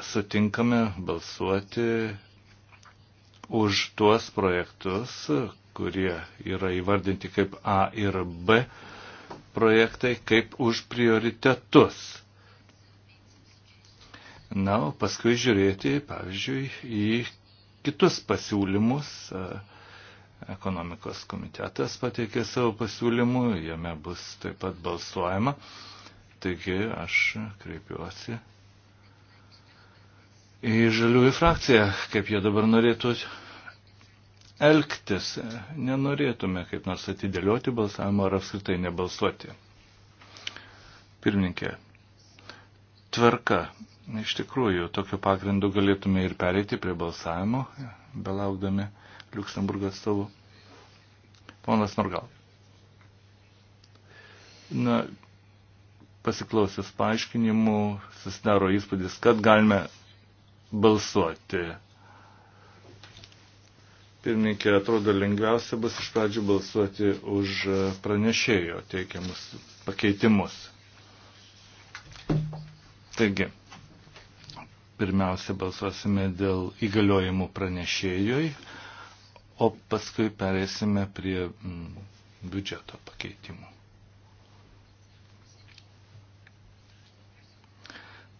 sutinkame balsuoti už tuos projektus, kurie yra įvardinti kaip A ir B projektai, kaip už prioritetus. Na, o paskui žiūrėti, pavyzdžiui, į kitus pasiūlymus. Ekonomikos komitetas pateikė savo pasiūlymų, jame bus taip pat balsuojama. Taigi aš kreipiuosi į žaliųjų frakciją, kaip jie dabar norėtų elgtis. Nenorėtume kaip nors atidėlioti balsavimo ar apskritai nebalsuoti. Pirmininkė, tvarka. Iš tikrųjų, tokiu pagrindu galėtume ir pereiti prie balsavimo, belaukdami Luxemburgo atstovų. Ponas Norgal. Na, pasiklausius paaiškinimų, susidaro įspūdis, kad galime balsuoti. Pirmininkė, atrodo, lengviausia bus iš pradžių balsuoti už pranešėjo teikiamus pakeitimus. Taigi, pirmiausia balsuosime dėl įgaliojimų pranešėjoj, o paskui perėsime prie mm, biudžeto pakeitimų.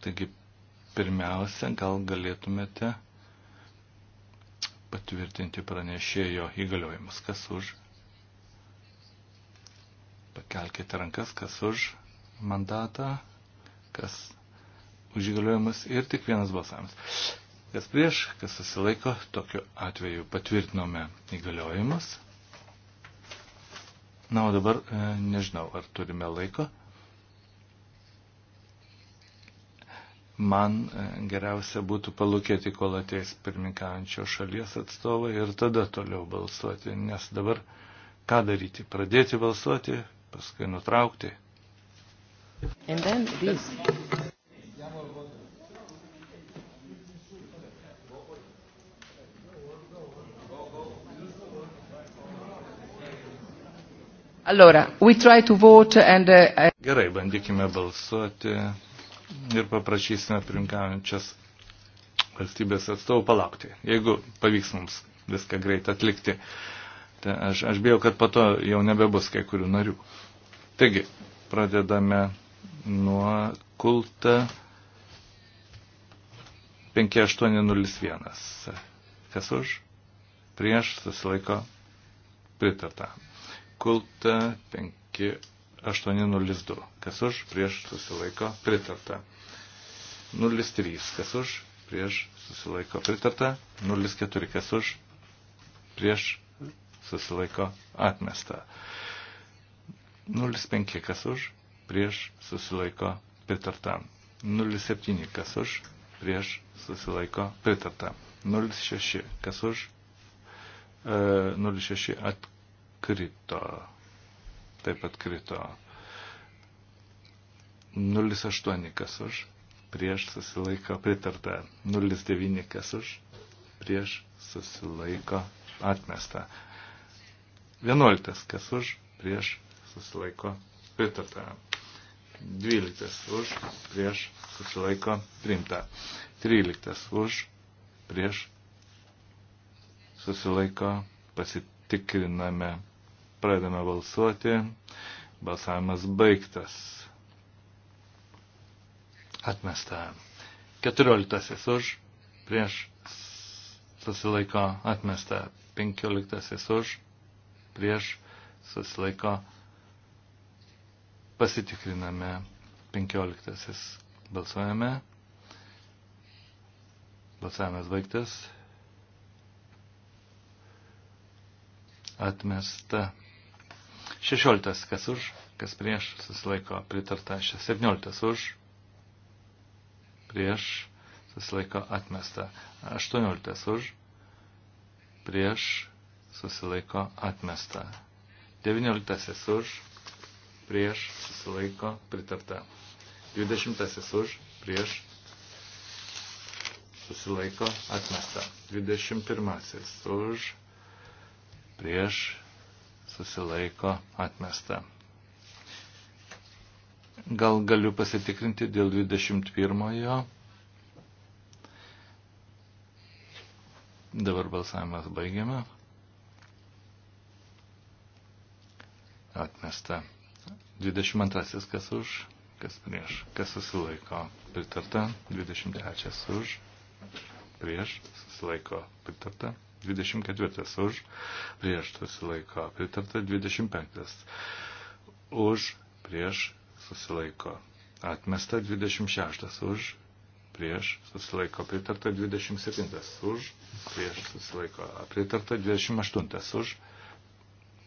Taigi Pirmiausia, gal galėtumėte patvirtinti pranešėjo įgaliojimus. Kas už? Pakelkite rankas, kas už mandatą, kas už įgaliojimus ir tik vienas balsavimas. Kas prieš, kas susilaiko, tokiu atveju patvirtinome įgaliojimus. Na, o dabar e, nežinau, ar turime laiko. man e, geriausia būtų palūkėti, kol ateis pirmininkančio šalies atstovai ir tada toliau balsuoti, nes dabar ką daryti? Pradėti balsuoti, paskui nutraukti. And then these. Allora, we try to vote and, uh, uh Gerai, bandykime balsuoti ir paprašysime primkaujančias valstybės atstovų palaukti, jeigu pavyks mums viską greit atlikti. Tai aš, aš bijau, kad po to jau nebebus kai kurių narių. Taigi, pradedame nuo kulta 5801. Kas už? Prieš susilaiko pritarta. Kulta 5. 802. Kas už, prieš susilaiko pritarta. 03. Kas už, prieš susilaiko pritarta. 04. Kas už, prieš susilaiko atmesta. 05. Kas už, prieš susilaiko pritarta. 07. Kas už, prieš susilaiko pritarta. 06. Kas už, e, 06 atkrito taip pat krito. 0,8 kas už, prieš susilaiko pritarta. 0,9 kas už, prieš susilaiko atmesta. 11 kas už, prieš susilaiko pritarta. 12 už, prieš susilaiko primta. 13 už, prieš susilaiko pasitikriname Pradedame balsuoti. Balsavimas baigtas. Atmesta. Keturioliktasis už, prieš susilaiko atmesta. Penkioliktasis už, prieš susilaiko pasitikriname. Penkioliktasis balsuojame. Balsavimas baigtas. Atmesta. 16. Kas už, kas prieš, susilaiko pritarta. 17. Už, prieš, susilaiko atmesta. 18. Už, prieš, susilaiko atmesta. 19. Už, prieš, susilaiko pritarta. 20. Už, prieš, susilaiko atmesta. 21. Už, prieš, susilaiko atmesta. Gal galiu pasitikrinti dėl 21-ojo. Dabar balsavimas baigiame. Atmesta. 22-asis kas už, kas prieš, kas susilaiko. Pritarta. 23-as už, prieš, susilaiko. Pritarta. 24 už, prieš susilaiko pritarta, 25 už, prieš susilaiko atmesta, 26 už, prieš susilaiko pritarta, 27 už, prieš susilaiko pritarta, 28 už,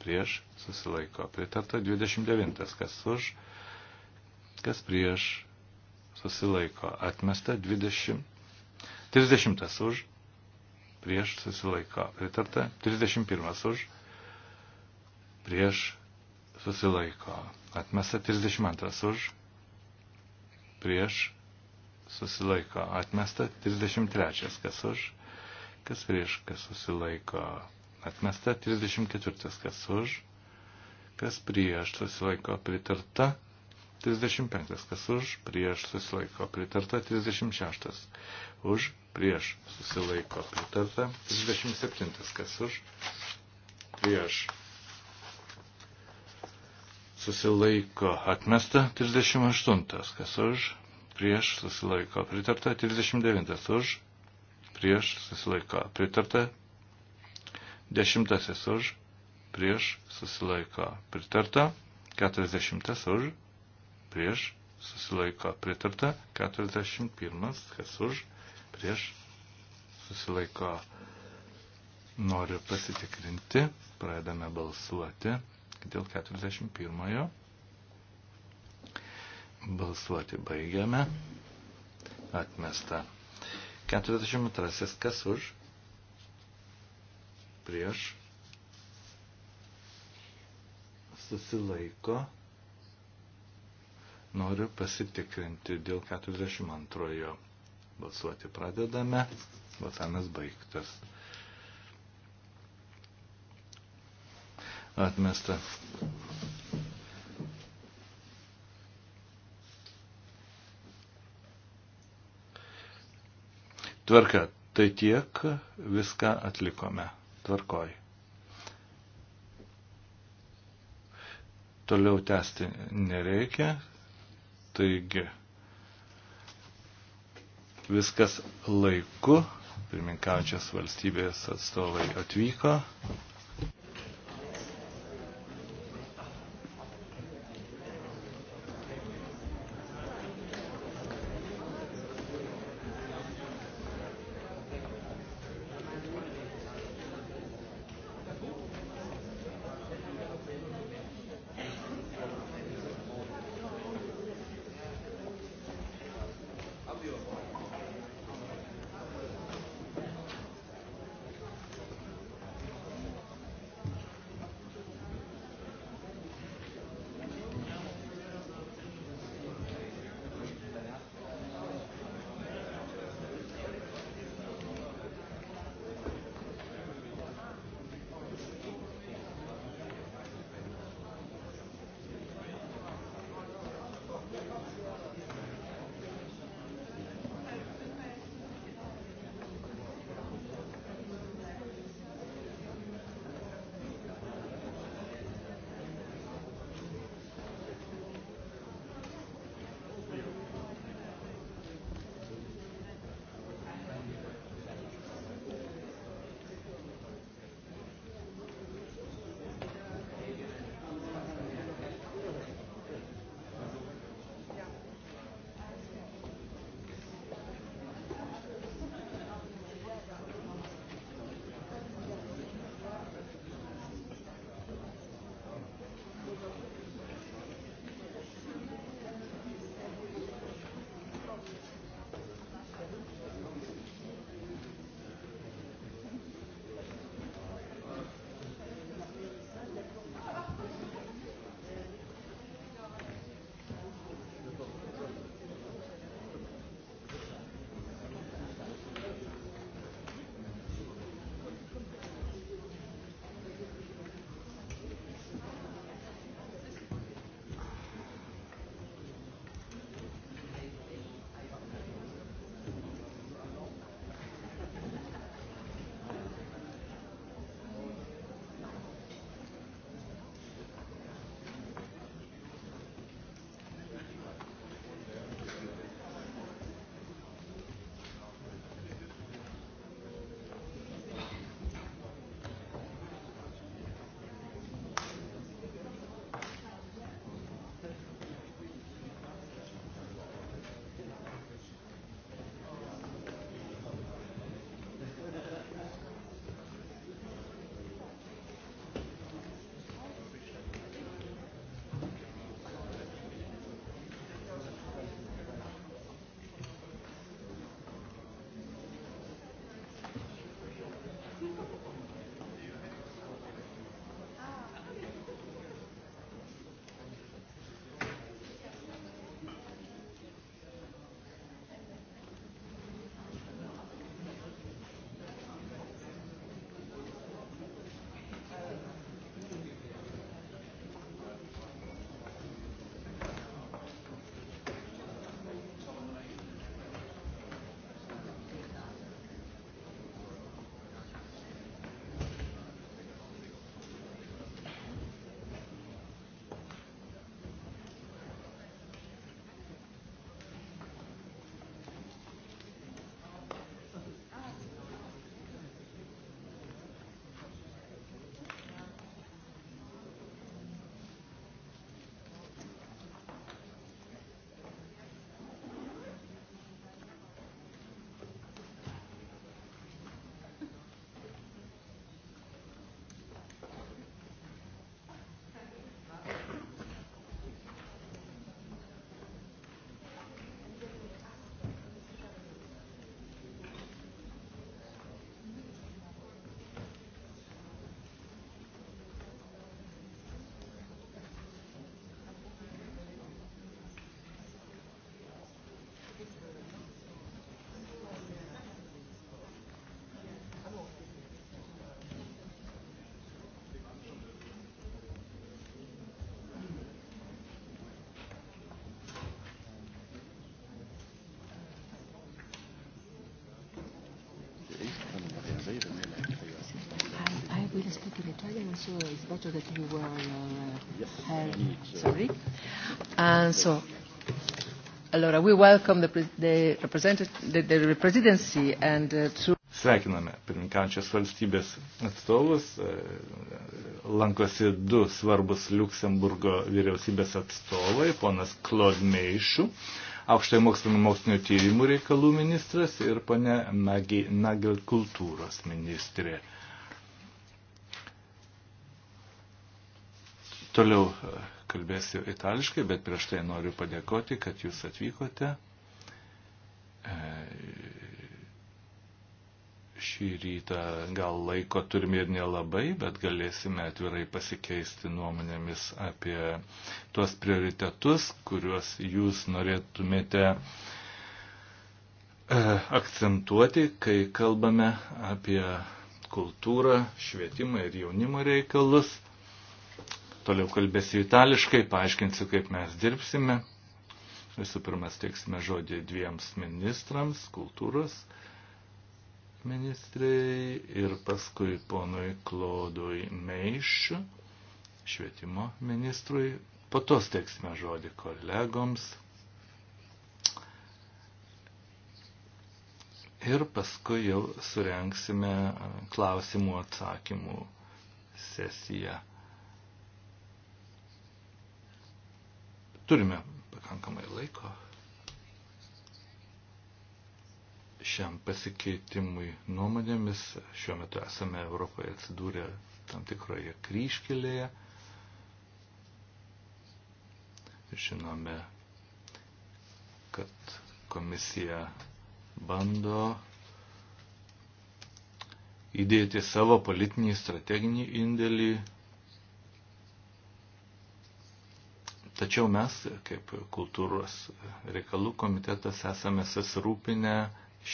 prieš susilaiko pritarta, 29 kas už, kas prieš susilaiko atmesta, 20, 30 už, prieš susilaiko pritarta, 31 už, prieš susilaiko atmesta, 32 už, prieš susilaiko atmesta, 33 kas už, kas prieš, kas susilaiko atmesta, 34 kas už, kas prieš susilaiko pritarta, 35. Kas už, prieš susilaiko pritarta. 36. Už, prieš susilaiko pritarta. 37. Kas už, prieš susilaiko atmesta. 38. Kas už, prieš susilaiko pritarta. 39. Už, prieš susilaiko pritarta. 10. Už, prieš susilaiko pritarta. 40. Už, prieš, susilaiko pritarta, 41, kas už, prieš, susilaiko noriu pasitikrinti, pradedame balsuoti dėl 41. Balsuoti baigiame, atmesta. 42, kas už, prieš, susilaiko, Noriu pasitikrinti dėl 42. Balsuoti pradedame. Balsavimas baigtas. Atmesta. Tvarka. Tai tiek viską atlikome. Tvarkoj. Toliau tęsti nereikia. Taigi, viskas laiku, pirminkaujančios valstybės atstovai atvyko. Italian, so it's better that you wear your uh, yes, hair. Sorry. And so, allora, we welcome the, the, the, the presidency and uh, through. Sveikiname pirminkančios valstybės atstovus, e, lankosi du svarbus Luksemburgo vyriausybės atstovai, ponas Claude Meišu, aukštojo mokslinio mokslinio tyrimų reikalų ministras ir ponė Magi Nagel kultūros ministrė. Toliau e, kalbėsiu itališkai, bet prieš tai noriu padėkoti, kad jūs atvykote e, šį rytą. Gal laiko turime ir nelabai, bet galėsime atvirai pasikeisti nuomonėmis apie tuos prioritetus, kuriuos jūs norėtumėte e, akcentuoti, kai kalbame apie kultūrą, švietimą ir jaunimo reikalus. Toliau kalbėsiu itališkai, paaiškinsiu, kaip mes dirbsime. Visų pirma, teiksime žodį dviems ministrams, kultūros ministrai ir paskui ponui Klodui Meišiu, švietimo ministrui. Po to teiksime žodį kolegoms. Ir paskui jau surenksime klausimų atsakymų sesiją. Turime pakankamai laiko šiam pasikeitimui nuomonėmis. Šiuo metu esame Europoje atsidūrę tam tikroje kryškelėje. Žinome, kad komisija bando įdėti savo politinį strateginį indėlį Tačiau mes, kaip kultūros reikalų komitetas, esame susirūpinę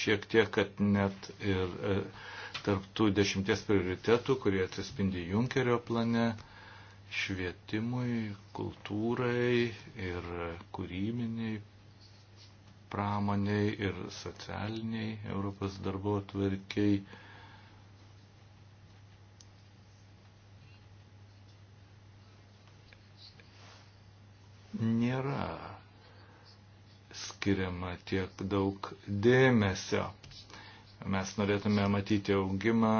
šiek tiek, kad net ir e, tarptų dešimties prioritetų, kurie atsispindi Junkerio plane, švietimui, kultūrai ir kūrybiniai pramoniai ir socialiniai Europos darbo atvarkiai nėra skiriama tiek daug dėmesio. Mes norėtume matyti augimą,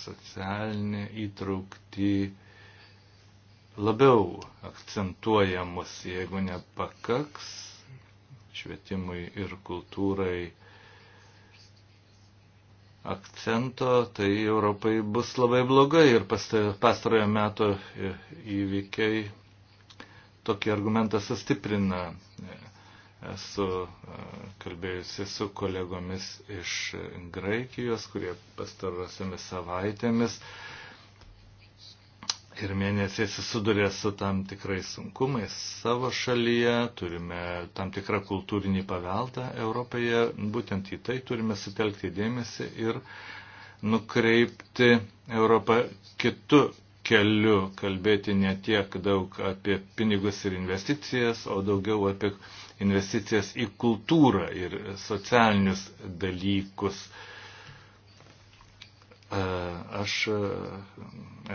socialinę įtraukti labiau akcentuojamus, jeigu nepakaks švietimui ir kultūrai akcento, tai Europai bus labai blogai ir pastarojo meto įvykiai tokį argumentą sustiprina. Esu e, kalbėjusi su kolegomis iš Graikijos, kurie pastarosiamis savaitėmis ir mėnesiais susidurė su tam tikrais sunkumais savo šalyje, turime tam tikrą kultūrinį paveldą Europoje, būtent į tai turime sutelkti dėmesį ir nukreipti Europą kitų keliu kalbėti ne tiek daug apie pinigus ir investicijas, o daugiau apie investicijas į kultūrą ir socialinius dalykus. Aš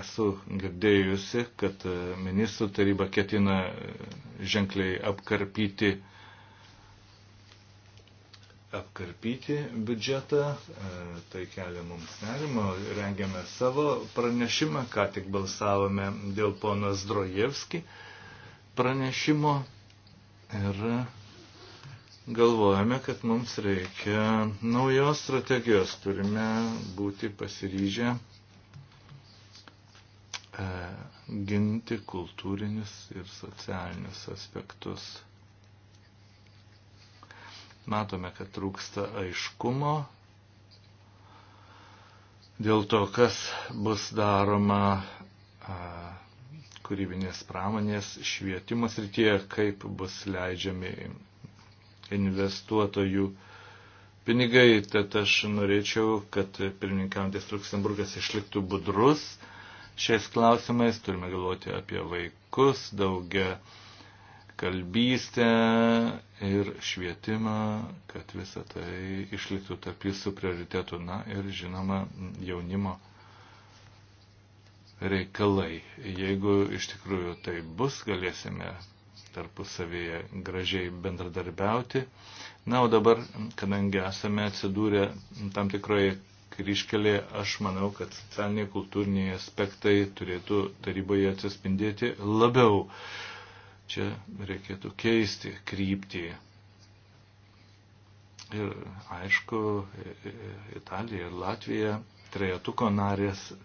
esu girdėjusi, kad ministrų taryba ketina ženkliai apkarpyti apkarpyti biudžetą, e, tai kelia mums nerimo, rengiame savo pranešimą, ką tik balsavome dėl ponas Drojevski pranešimo ir galvojame, kad mums reikia naujos strategijos, turime būti pasiryžę e, ginti kultūrinius ir socialinius aspektus. Matome, kad trūksta aiškumo dėl to, kas bus daroma a, kūrybinės pramonės švietimo srityje, kaip bus leidžiami investuotojų pinigai. Tad aš norėčiau, kad pirmininkantis Luksemburgas išliktų budrus šiais klausimais. Turime galvoti apie vaikus, daugia kalbystę ir švietimą, kad visa tai išliktų tarp jūsų prioritetų. Na ir žinoma, jaunimo reikalai. Jeigu iš tikrųjų tai bus, galėsime tarpusavėje gražiai bendradarbiauti. Na, o dabar, kadangi esame atsidūrę tam tikroje kryškelėje, aš manau, kad socialiniai kultūriniai aspektai turėtų taryboje atsispindėti labiau. Uh, Čia reikėtų keisti kryptį. Ir aišku, Italija ir Latvija trejetuko narės e,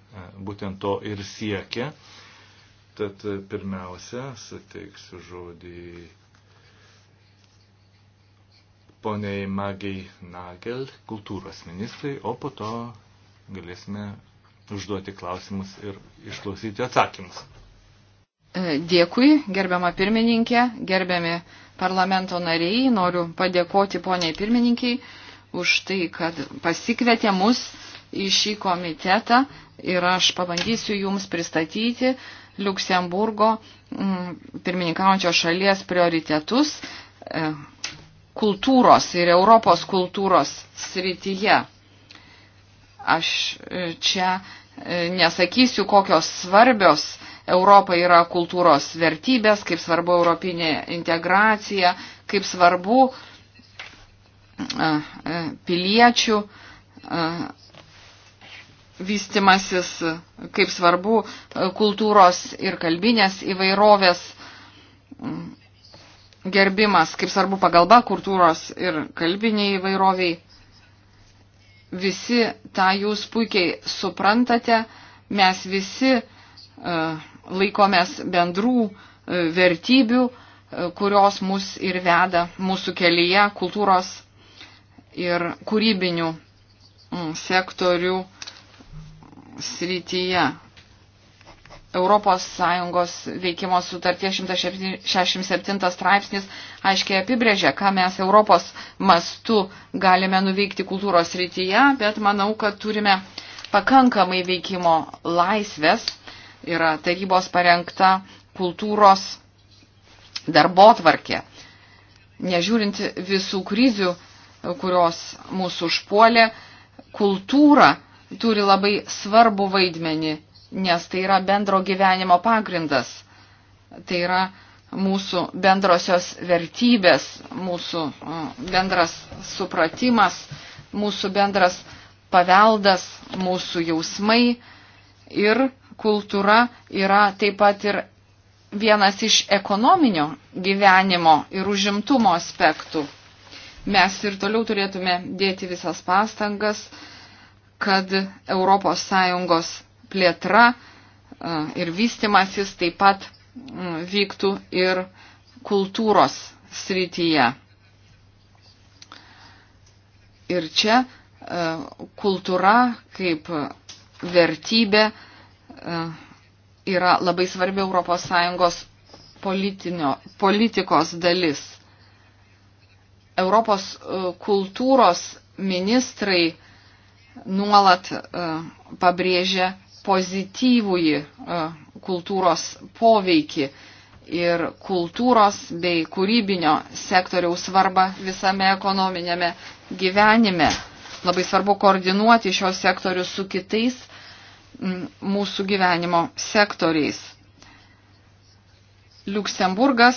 būtent to ir siekia. Tad e, pirmiausia, suteiksiu žodį poniai Magiai Nagel, kultūros ministrai, o po to galėsime užduoti klausimus ir išklausyti atsakymus. E, dėkui, gerbiama pirmininkė, gerbiami parlamento nariai. Noriu padėkoti poniai pirmininkiai už tai, kad pasikvietė mus į šį komitetą ir aš pabandysiu jums pristatyti Luksemburgo mm, pirmininkaujančios šalies prioritetus e, kultūros ir Europos kultūros srityje. Aš e, čia nesakysiu, kokios svarbios Europa yra kultūros vertybės, kaip svarbu europinė integracija, kaip svarbu piliečių vystimasis, kaip svarbu kultūros ir kalbinės įvairovės gerbimas, kaip svarbu pagalba kultūros ir kalbiniai įvairoviai. Visi tą jūs puikiai suprantate, mes visi uh, laikomės bendrų e, vertybių, e, kurios mus ir veda mūsų kelyje kultūros ir kūrybinių mm, sektorių srityje. ES veikimo sutarties 167 straipsnis aiškiai apibrėžia, ką mes Europos mastu galime nuveikti kultūros srityje, bet manau, kad turime pakankamai veikimo laisvės yra tarybos parengta kultūros darbo tvarkė. Nežiūrint visų krizių, kurios mūsų užpuolė, kultūra turi labai svarbu vaidmenį, nes tai yra bendro gyvenimo pagrindas. Tai yra mūsų bendrosios vertybės, mūsų bendras supratimas, mūsų bendras paveldas, mūsų jausmai ir kultūra yra taip pat ir vienas iš ekonominio gyvenimo ir užimtumo aspektų. Mes ir toliau turėtume dėti visas pastangas, kad ES plėtra e, ir vystimasis taip pat vyktų ir kultūros srityje. Ir čia e, kultūra kaip vertybė E, yra labai svarbi ES politikos dalis. Europos e, kultūros ministrai nuolat e, pabrėžia pozityvųjį kultūros poveikį ir kultūros bei kūrybinio sektoriaus svarbą visame ekonominėme gyvenime. Labai svarbu koordinuoti šios sektorius su kitais mūsų gyvenimo sektoriais. Luksemburgas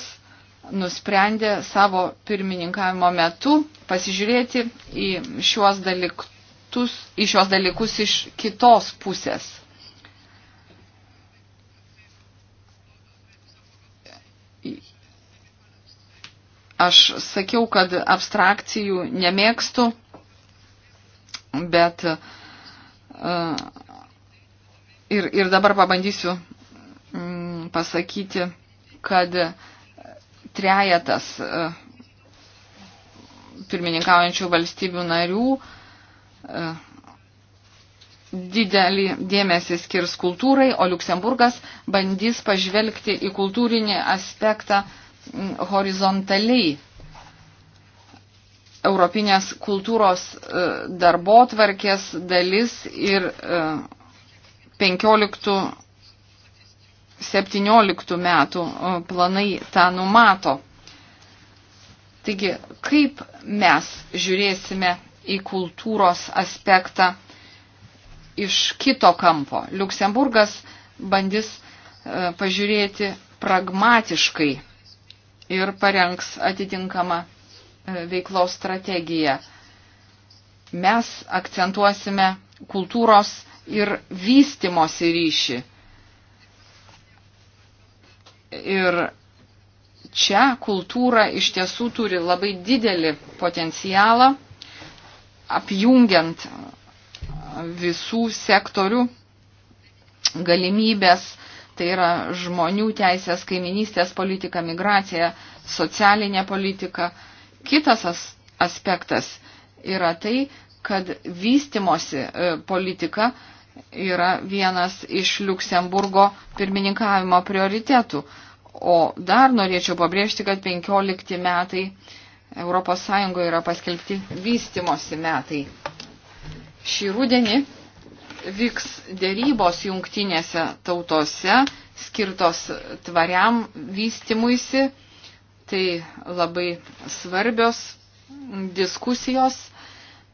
nusprendė savo pirmininkavimo metu pasižiūrėti į šiuos dalykus, į šiuos dalykus iš kitos pusės. Aš sakiau, kad abstrakcijų nemėgstu, bet uh, ir, ir dabar pabandysiu mm, pasakyti, kad trejetas e, pirmininkaujančių valstybių narių e, didelį dėmesį skirs kultūrai, o Luksemburgas bandys pažvelgti į kultūrinį aspektą mm, horizontaliai. Europinės kultūros e, darbo tvarkės dalis ir 15-17 metų planai tą numato. Taigi, kaip mes žiūrėsime į kultūros aspektą iš kito kampo? Luksemburgas bandys e, pažiūrėti pragmatiškai ir parengs atitinkamą e, veiklos strategiją. Mes akcentuosime kultūros ir vystimosi ryšį. Ir čia kultūra iš tiesų turi labai didelį potencialą, apjungiant visų sektorių galimybės, tai yra žmonių teisės, kaiminystės politika, migracija, socialinė politika. Kitas aspektas yra tai, kad vystimosi e, politika yra vienas iš Luksemburgo pirmininkavimo prioritetų. O dar norėčiau pabrėžti, kad 15 metai ES yra paskelbti vystimosi metai. Šį rudenį vyks dėrybos jungtinėse tautose skirtos tvariam vystimuisi. Tai labai svarbios diskusijos.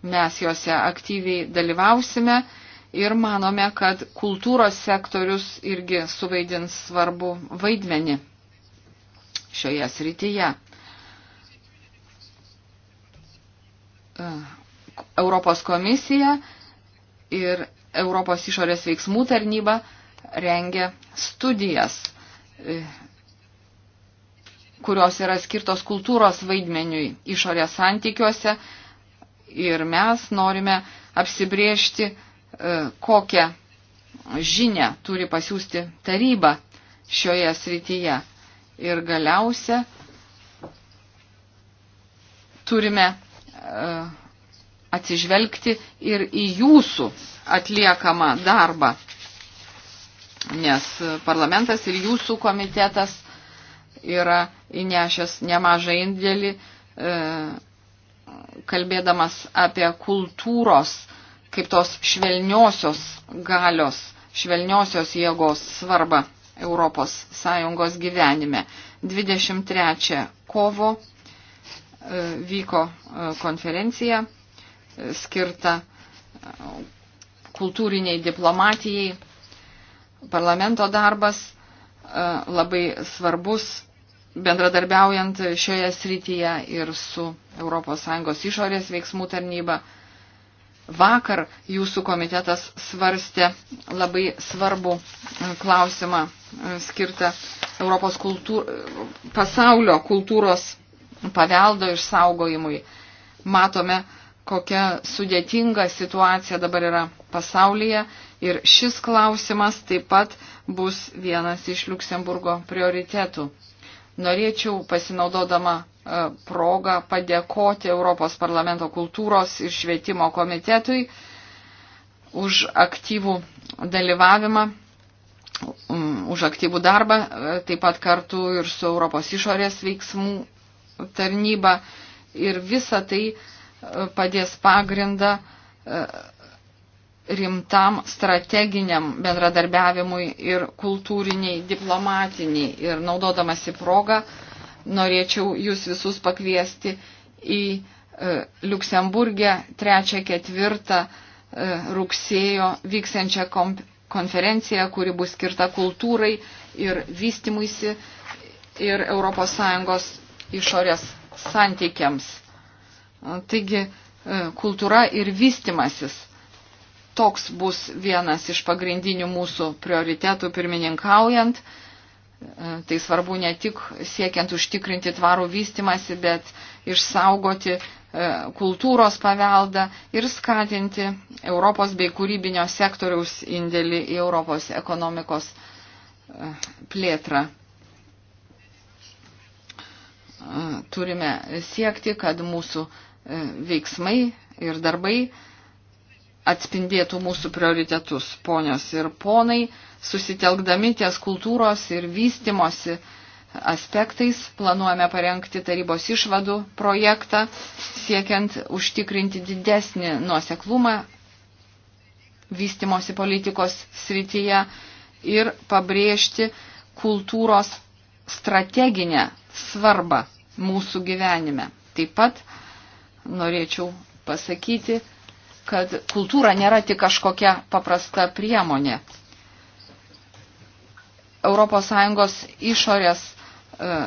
Mes juose aktyviai dalyvausime ir manome, kad kultūros sektorius irgi suvaidins svarbu vaidmenį šioje srityje. Europos komisija ir Europos išorės veiksmų tarnyba rengia studijas, kurios yra skirtos kultūros vaidmeniui išorės santykiuose ir mes norime apsibriežti E, kokią žinę turi pasiūsti taryba šioje srityje. Ir galiausia turime e, atsižvelgti ir į jūsų atliekamą darbą, nes parlamentas ir jūsų komitetas yra įnešęs nemažą indėlį, e, kalbėdamas apie kultūros kaip tos švelniosios galios, švelniosios jėgos svarbą Europos Sąjungos gyvenime. 23 kovo e, vyko e, konferencija e, skirta kultūriniai diplomatijai. Parlamento darbas labai svarbus bendradarbiaujant šioje srityje ir su ES išorės veiksmų tarnyba Vakar jūsų komitetas svarstė labai svarbų klausimą skirtą Europos kultūr... pasaulio kultūros paveldo išsaugojimui. Matome, kokia sudėtinga situacija dabar yra pasaulyje ir šis klausimas taip pat bus vienas iš Luksemburgo prioritetų. Norėčiau pasinaudodama e, progą padėkoti Europos parlamento kultūros ir švietimo komitetui už aktyvų dalyvavimą, už aktyvų darbą, e, taip pat kartu ir su Europos išorės veiksmų tarnyba. Ir visa tai e, padės pagrindą rimtam strateginiam bendradarbiavimui ir kultūriniai, diplomatiniai. Ir naudodamasi progą, norėčiau jūs visus pakviesti į e, Luksemburgę 3-4 e, rugsėjo vyksiančią konferenciją, kuri bus skirta kultūrai ir vystimuisi ir ES išorės santykiams. Taigi, e, kultūra ir vystimasis toks bus vienas iš pagrindinių mūsų prioritetų pirmininkaujant. E, tai svarbu ne tik siekiant užtikrinti tvarų vystimasi, bet išsaugoti e, kultūros paveldą ir skatinti Europos bei kūrybinio sektoriaus indėlį į Europos ekonomikos e, plėtrą. Turime siekti, kad mūsų veiksmai ir darbai atspindėtų mūsų prioritetus, ponios ir ponai, susitelkdami ties kultūros ir vystimosi aspektais planuojame parengti tarybos išvadų projektą, siekiant užtikrinti didesnį nuoseklumą vystimosi politikos srityje ir pabrėžti kultūros strateginę svarbą mūsų gyvenime. Taip pat norėčiau pasakyti, kad kultūra nėra tik kažkokia paprasta priemonė. ES išorės e,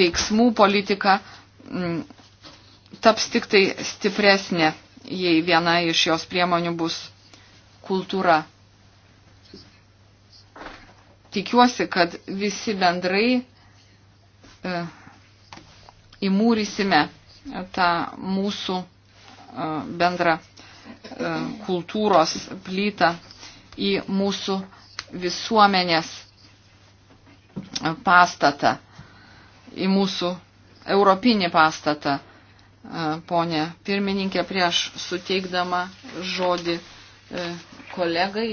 veiksmų politika m, taps tik tai stipresnė, jei viena iš jos priemonių bus kultūra. Tikiuosi, kad visi bendrai e, įmūrysime tą mūsų bendrą kultūros plytą į mūsų visuomenės pastatą, į mūsų europinį pastatą. Pone pirmininkė, prieš suteikdama žodį kolegai,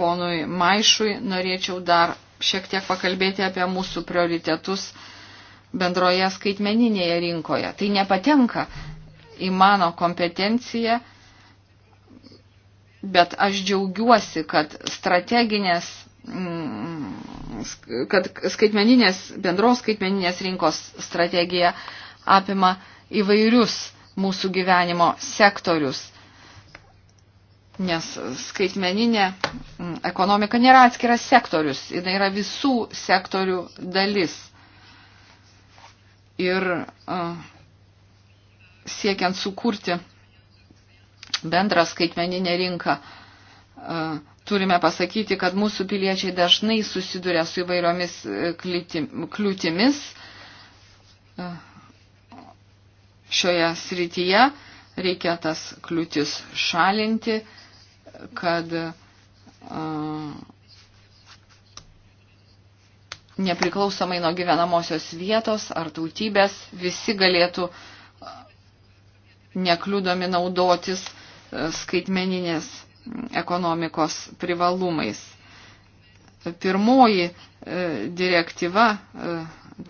ponui Maišui, norėčiau dar šiek tiek pakalbėti apie mūsų prioritetus bendroje skaitmeninėje rinkoje. Tai nepatenka į mano kompetenciją, bet aš džiaugiuosi, kad strateginės, mm, kad skaitmeninės, bendros skaitmeninės rinkos strategija apima įvairius mūsų gyvenimo sektorius. Nes skaitmeninė mm, ekonomika nėra atskiras sektorius, jinai yra visų sektorių dalis ir siekiant sukurti bendrą skaitmeninę rinką, turime pasakyti, kad mūsų piliečiai dažnai susiduria su įvairiomis e, kliūtimis šioje srityje. Reikia tas kliūtis šalinti, kad uh, nepriklausomai nuo gyvenamosios vietos ar tautybės, visi galėtų nekliudomi naudotis e, skaitmeninės ekonomikos privalumais. Pirmoji e, direktyva, e,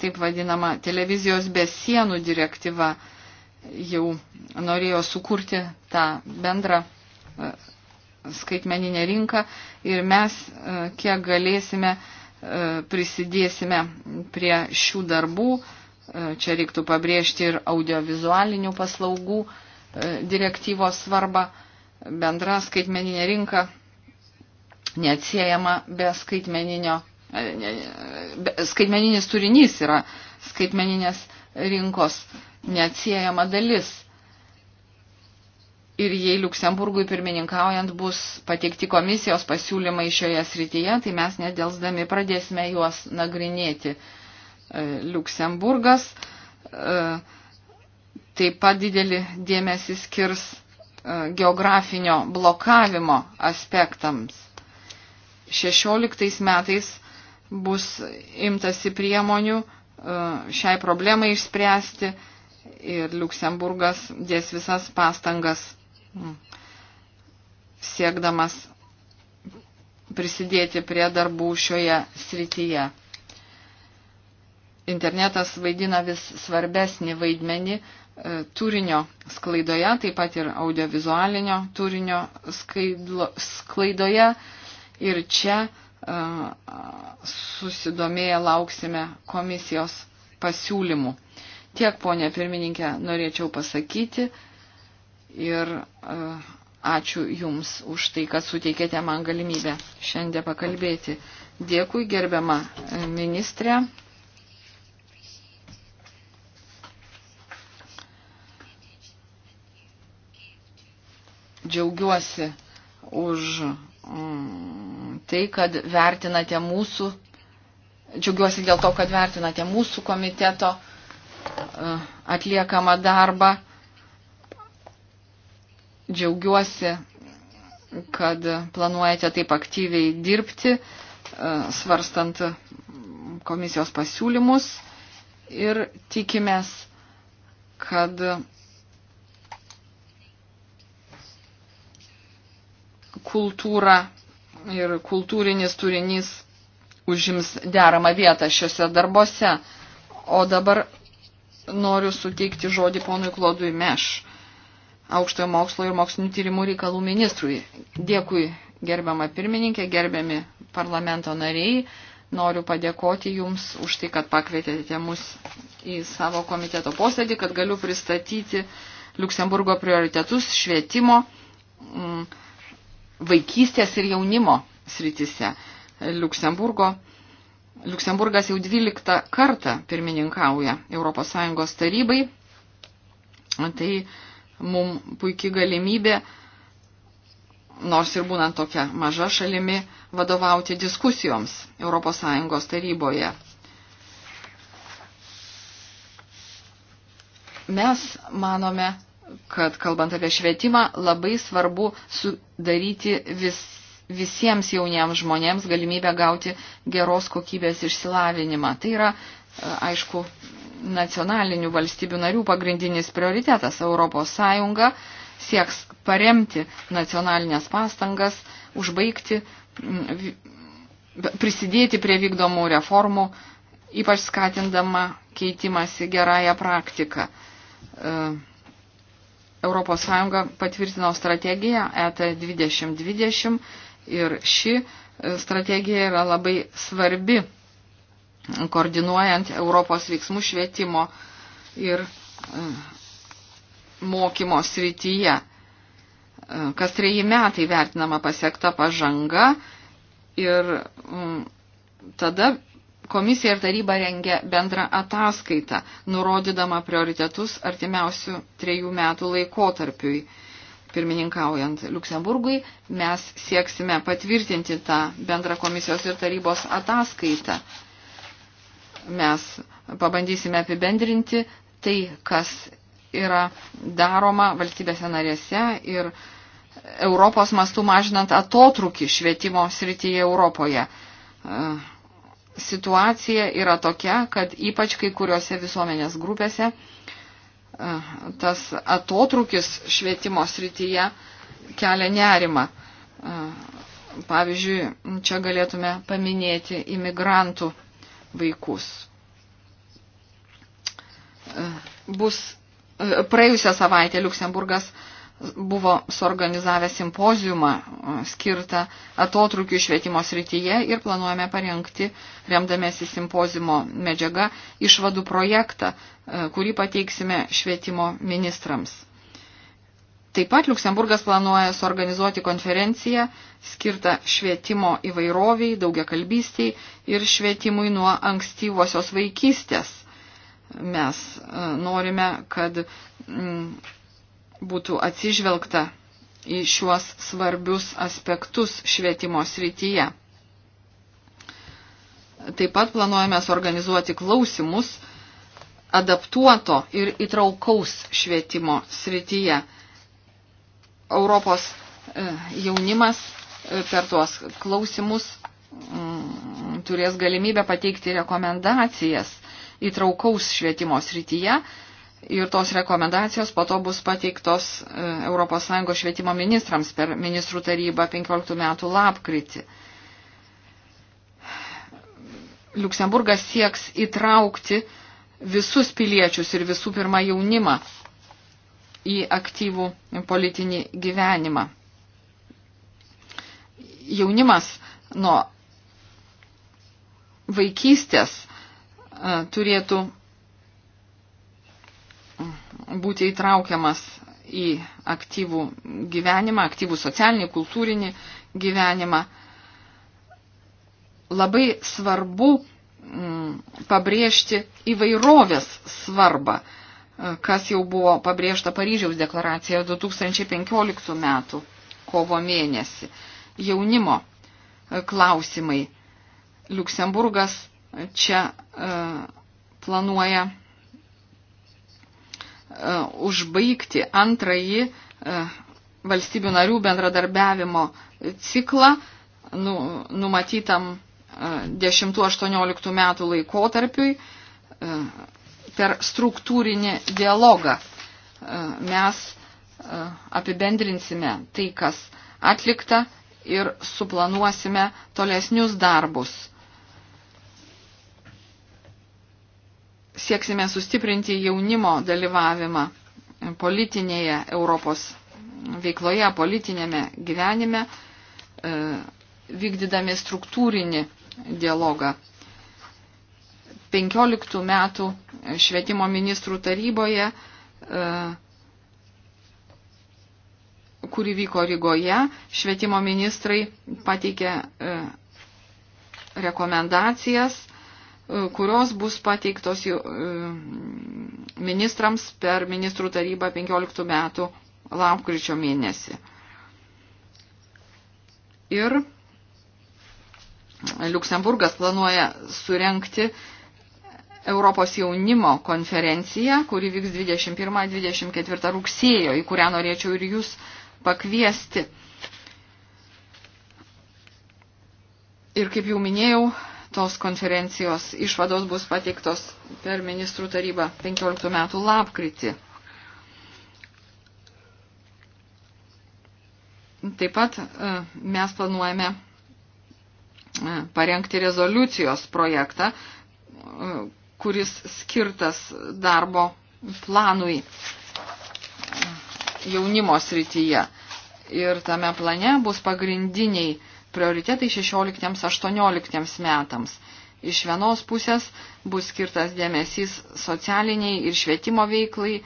taip vadinama televizijos be sienų direktyva, jau norėjo sukurti tą bendrą skaitmeninę rinką ir mes, kiek galėsime, prisidėsime prie šių darbų. Čia reiktų pabrėžti ir audiovizualinių paslaugų e, direktyvos svarbą. Bendra skaitmeninė rinka neatsiejama be skaitmeninio. E, skaitmeninis turinys yra skaitmeninės rinkos neatsiejama dalis. Ir jei Luksemburgui pirmininkaujant bus pateikti komisijos pasiūlymai šioje srityje, tai mes nedelsdami pradėsime juos nagrinėti. E, Luksemburgas e, taip pat didelį dėmesį skirs e, geografinio blokavimo aspektams. 16 metais bus imtasi priemonių šiai problemai išspręsti ir Luksemburgas dės visas pastangas siekdamas prisidėti prie darbų šioje srityje. Internetas vaidina vis svarbesnį vaidmenį e, turinio sklaidoje, taip pat ir audiovizualinio turinio skaidlo, sklaidoje. Ir čia e, susidomėję lauksime komisijos pasiūlymų. Tiek, ponė pirmininkė, norėčiau pasakyti ir e, ačiū Jums už tai, kad suteikėte man galimybę šiandien pakalbėti. Dėkui, gerbiama e, ministrė. Džiaugiuosi už mm, tai, kad vertinate mūsų, džiaugiuosi dėl to, kad vertinate mūsų komiteto e, atliekamą darbą. Džiaugiuosi, kad planuojate taip aktyviai dirbti, e, svarstant komisijos pasiūlymus ir tikimės, kad kultūra ir kultūrinis turinys užims deramą vietą šiuose darbose. O dabar noriu suteikti žodį ponui Klodui Meš, aukštojo mokslo ir mokslinių tyrimų reikalų ministrui. Dėkui gerbiama pirmininkė, gerbiami parlamento nariai. Noriu padėkoti Jums už tai, kad pakvietėte mus į savo komiteto posėdį, kad galiu pristatyti Luksemburgo prioritetus švietimo, mm, vaikystės ir jaunimo sritise. Luksemburgo Luksemburgas jau 12 kartą pirmininkauja ES tarybai. Tai mums puikiai galimybė, nors ir būnant tokia maža šalimi, vadovauti diskusijoms ES taryboje. Mes manome, kad kalbant apie švietimą, labai svarbu sudaryti vis, visiems jauniems žmonėms galimybę gauti geros kokybės išsilavinimą. Tai yra, e, aišku, nacionalinių valstybių narių pagrindinis prioritetas. Europos Sąjunga sieks paremti nacionalinės pastangas, užbaigti, prisidėti prie vykdomų reformų, ypač skatindama keitimąsi gerąją praktiką. E, Europos Sąjunga patvirtino strategiją ET 2020 ir ši e, strategija yra labai svarbi koordinuojant Europos veiksmų švietimo ir e, mokymo srityje. E, kas treji metai vertinama pasiekta pažanga ir tada komisija ir taryba rengia bendrą ataskaitą, nurodydama prioritetus artimiausių trejų metų laikotarpiui. Pirmininkaujant Luksemburgui, mes sieksime patvirtinti tą bendrą komisijos ir tarybos ataskaitą. Mes pabandysime apibendrinti tai, kas yra daroma valstybėse narėse ir Europos mastų mažinant atotrukį švietimo srityje Europoje. E, situacija yra tokia, kad ypač kai kuriuose visuomenės grupėse e, tas atotrukis švietimo srityje kelia nerimą. E, pavyzdžiui, čia galėtume paminėti imigrantų vaikus. Bus praėjusią savaitę Luksemburgas buvo suorganizavęs simpoziumą e, skirtą atotrukių švietimo srityje ir planuojame parengti, remdamėsi simpoziumo medžiaga, išvadų projektą, e, kurį pateiksime švietimo ministrams. Taip pat Luksemburgas planuoja suorganizuoti konferenciją skirtą švietimo įvairoviai, daugiakalbystiai ir švietimui nuo ankstyvosios vaikystės. Mes e, norime, kad mm, būtų atsižvelgta į šiuos svarbius aspektus švietimo srityje. Taip pat planuojame suorganizuoti klausimus adaptuoto ir įtraukaus švietimo srityje Europos e, jaunimas e, per tuos klausimus mm, turės galimybę pateikti rekomendacijas įtraukaus švietimo srityje ir tos rekomendacijos po to bus pateiktos ES švietimo ministrams per ministrų tarybą 15 metų lapkritį. Luksemburgas sieks įtraukti visus piliečius ir visų pirma jaunimą į aktyvų politinį gyvenimą. Jaunimas nuo vaikystės e, turėtų būti įtraukiamas į aktyvų gyvenimą, aktyvų socialinį, kultūrinį gyvenimą. Labai svarbu mm, pabrėžti įvairovės svarbą kas jau buvo pabrėžta Paryžiaus deklaracijoje 2015 metų kovo mėnesį. Jaunimo e, klausimai. Luksemburgas čia e, planuoja e, užbaigti antrąjį valstybių narių bendradarbiavimo ciklą nu, numatytam 10-18 metų laikotarpiui per struktūrinį dialogą e, mes e, apibendrinsime tai, kas atlikta ir suplanuosime tolesnius darbus. Sieksime sustiprinti jaunimo dalyvavimą politinėje Europos veikloje, politinėme gyvenime, e, vykdydami struktūrinį dialogą 15 metų švietimo ministrų taryboje, e, kuri vyko Rygoje, švietimo ministrai pateikė e, rekomendacijas, e, kurios bus pateiktos ministrams per ministrų tarybą 15 metų lapkričio mėnesį. Ir Liuksemburgas planuoja surenkti Europos jaunimo konferenciją, kuri vyks 21-24 rugsėjo, į kurią norėčiau ir jūs pakviesti. Ir kaip jau minėjau, tos konferencijos išvados bus pateiktos per ministrų tarybą 15 metų lapkritį. Taip pat e, mes planuojame e, parengti rezoliucijos projektą, e, kuris skirtas darbo planui jaunimo srityje. Ir tame plane bus pagrindiniai prioritetai 16-18 metams. Iš vienos pusės bus skirtas dėmesys socialiniai ir švietimo veiklai,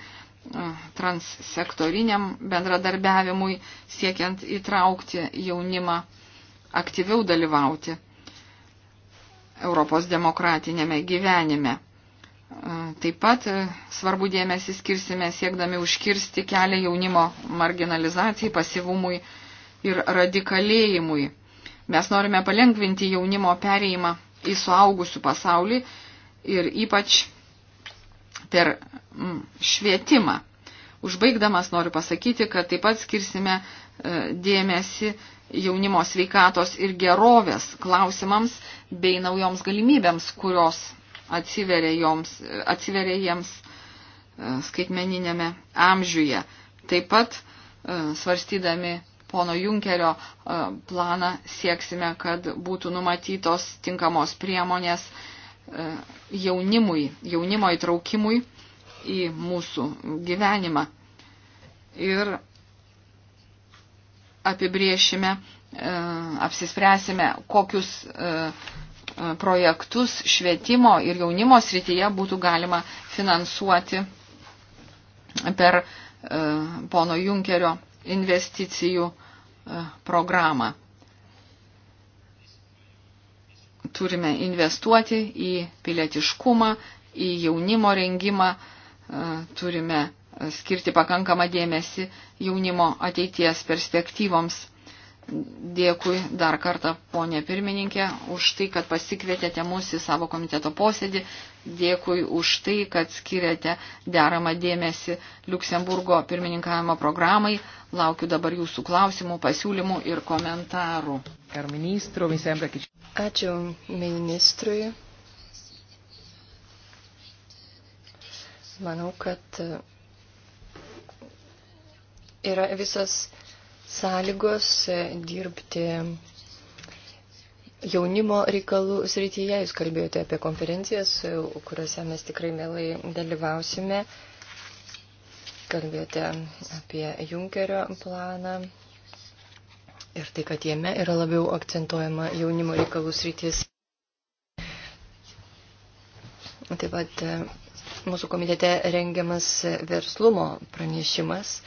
transsektoriniam bendradarbiavimui, siekiant įtraukti jaunimą aktyviau dalyvauti Europos demokratinėme gyvenime. Taip pat e, svarbu dėmesį skirsime siekdami užkirsti kelią jaunimo marginalizacijai, pasivumui ir radikalėjimui. Mes norime palengvinti jaunimo pereimą į suaugusių pasaulį ir ypač per švietimą. Užbaigdamas noriu pasakyti, kad taip pat skirsime e, dėmesį jaunimo sveikatos ir gerovės klausimams bei naujoms galimybėms, kurios atsiveria, joms, atsiveria jiems e, skaitmeninėme amžiuje. Taip pat e, svarstydami pono Junkerio e, planą sieksime, kad būtų numatytos tinkamos priemonės jaunimui, jaunimo įtraukimui į mūsų gyvenimą. Ir apibriešime, apsispręsime, kokius E, projektus švietimo ir jaunimo srityje būtų galima finansuoti per e, pono Junkerio investicijų e, programą. Turime investuoti į pilietiškumą, į jaunimo rengimą, turime skirti pakankamą dėmesį jaunimo ateities perspektyvoms. Dėkui dar kartą, ponė pirmininkė, už tai, kad pasikvietėte mūsų į savo komiteto posėdį. Dėkui už tai, kad skiriate deramą dėmesį Luksemburgo pirmininkavimo programai. Laukiu dabar jūsų klausimų, pasiūlymų ir komentarų. Ačiū ministrui. Manau, kad e, yra visas sąlygos e, dirbti jaunimo reikalų srityje. Jūs kalbėjote apie konferencijas, e, kuriuose mes tikrai mielai dalyvausime. Kalbėjote apie Junkerio planą ir tai, kad jame yra labiau akcentuojama jaunimo reikalų sritis. Taip pat e, mūsų komitete rengiamas verslumo pranešimas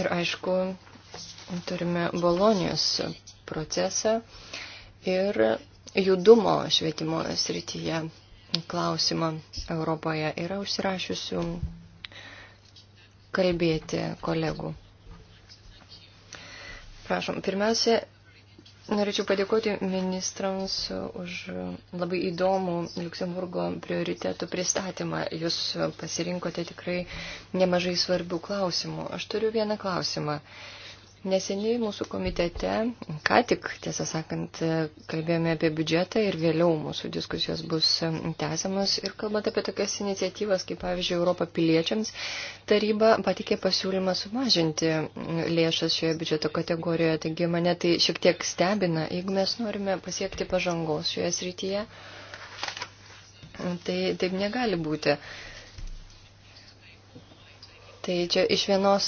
Ir aišku, turime Bolonijos procesą ir judumo švietimo srityje klausimą Europoje yra užsirašiusių kalbėti kolegų. Prašom, pirmiausia, Norėčiau padėkoti ministrams už labai įdomų Luksemburgo prioritetų pristatymą. Jūs pasirinkote tikrai nemažai svarbių klausimų. Aš turiu vieną klausimą. Neseniai mūsų komitete, ką tik, tiesą sakant, kalbėjome apie biudžetą ir vėliau mūsų diskusijos bus tęsiamas. Ir kalbant apie tokias iniciatyvas, kaip pavyzdžiui, Europą piliečiams, taryba patikė pasiūlymą sumažinti lėšas šioje biudžeto kategorijoje. Taigi mane tai šiek tiek stebina, jeigu mes norime pasiekti pažangos šioje srityje. Tai taip negali būti. Uh, Tai čia iš vienos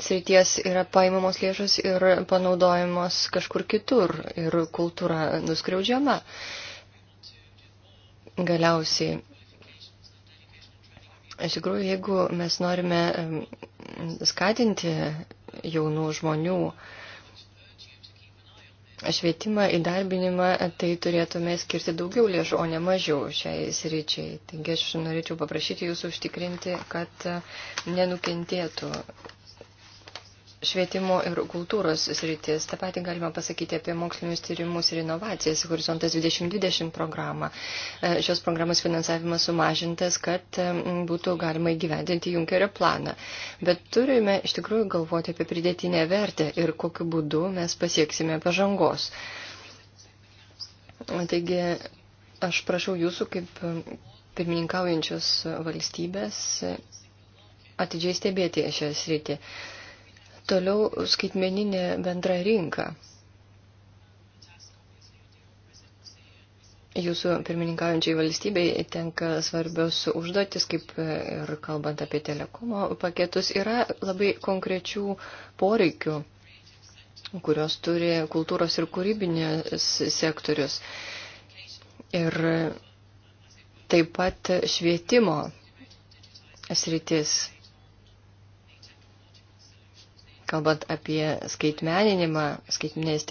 srities yra paimamos lėšos ir panaudojamos kažkur kitur ir kultūra nuskriaudžiama. Galiausiai, iš tikrųjų, jeigu mes norime skatinti jaunų žmonių švietimą, įdarbinimą, tai turėtume skirti daugiau lėšų, o ne mažiau šiai sričiai. Taigi aš norėčiau paprašyti jūsų užtikrinti, kad nenukentėtų švietimo ir kultūros sritis. Ta pati galima pasakyti apie mokslinius tyrimus ir inovacijas, Horizontas 2020 programą. E, šios programos finansavimas sumažintas, kad e, būtų galima įgyvendinti Junkerio planą. Bet turime iš tikrųjų galvoti apie pridėtinę vertę ir kokiu būdu mes pasieksime pažangos. Taigi, aš prašau jūsų kaip e, pirmininkaujančios valstybės atidžiai stebėti šią sritį. Toliau skaitmeninė bendra rinka. Jūsų pirmininkaujančiai valstybei tenka svarbios užduotis, kaip ir kalbant apie telekomo paketus, yra labai konkrečių poreikių, kurios turi kultūros ir kūrybinės sektorius. Ir taip pat švietimo sritis. Kalbant apie skaitmeninimą, skaitminės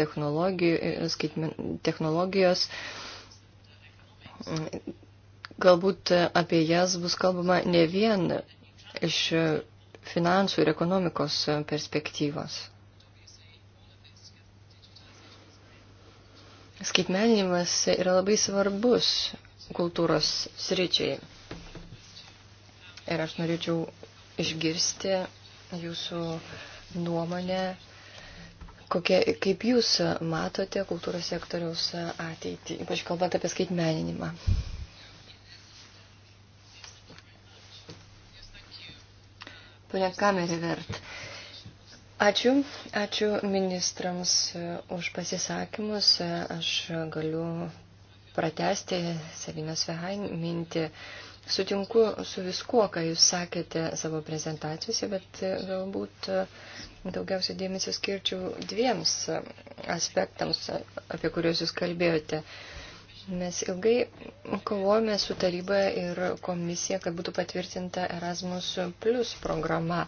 skaitmen, technologijos, galbūt apie jas bus kalbama ne vien iš finansų ir ekonomikos perspektyvos. Skaitmeninimas yra labai svarbus kultūros sričiai. Ir aš norėčiau išgirsti jūsų uh, nuomonę, kokie, kaip jūs matote kultūros sektoriaus ateitį, ypač kalbant apie skaitmeninimą. Pone Kamerivert. Ačiū, ačiū ministrams už pasisakymus. Aš galiu pratesti Selinos Vehain mintį. Sutinku su viskuo, ką jūs sakėte savo prezentacijose, bet e, galbūt e, daugiausia dėmesio skirčiau dviems aspektams, apie kuriuos jūs kalbėjote. Mes ilgai kovojame su taryba ir komisija, kad būtų patvirtinta Erasmus Plus programa.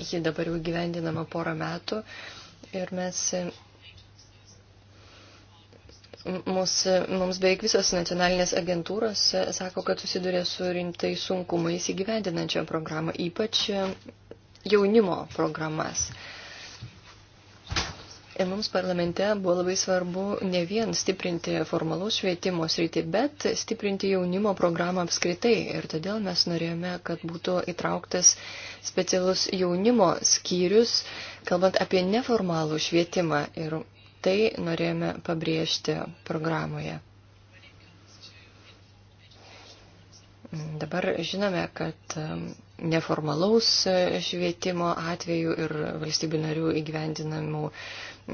Ji dabar jau gyvendinama porą metų ir mes Mus, mums beveik visos nacionalinės agentūros e, sako, kad susiduria su rimtai sunkumais įgyvendinančią programą, ypač e, jaunimo programas. Ir mums parlamente buvo labai svarbu ne vien stiprinti formalus švietimo sritį, bet stiprinti jaunimo programą apskritai. Ir todėl mes norėjome, kad būtų įtrauktas specialus jaunimo skyrius, kalbant apie neformalų švietimą. Ir Tai norėjome pabrėžti programoje. Dabar žinome, kad um, neformalaus švietimo atveju ir valstybių narių įgyvendinamų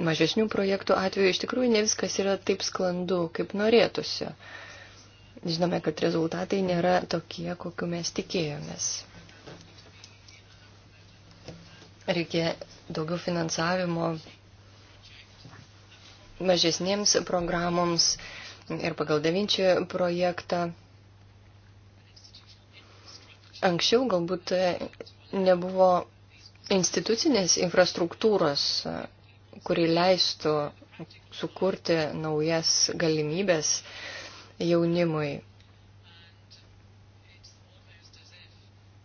mažesnių projektų atveju iš tikrųjų ne viskas yra taip sklandu, kaip norėtųsi. Žinome, kad rezultatai nėra tokie, kokiu mes tikėjomės. Reikia daugiau finansavimo mažesnėms programoms ir pagal Davinčio projektą. Anksčiau galbūt nebuvo institucinės infrastruktūros, kuri leistų sukurti naujas galimybės jaunimui.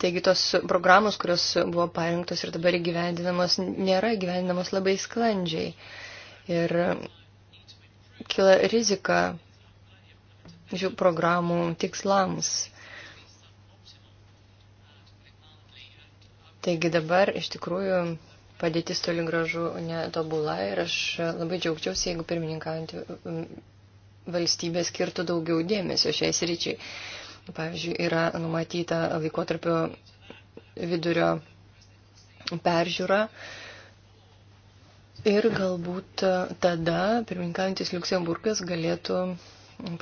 Taigi tos programos, kurios buvo parengtos ir dabar įgyvendinamos, nėra įgyvendinamos labai sklandžiai. Ir kila rizika šių programų tikslams. Taigi dabar iš tikrųjų padėtis toli gražu netobula ir aš labai džiaugčiausi, jeigu pirmininkaujant valstybė skirtų daugiau dėmesio šiai sričiai. Pavyzdžiui, yra numatyta laikotarpio vidurio peržiūra, Ir galbūt e, tada pirmininkantis Luksemburgas galėtų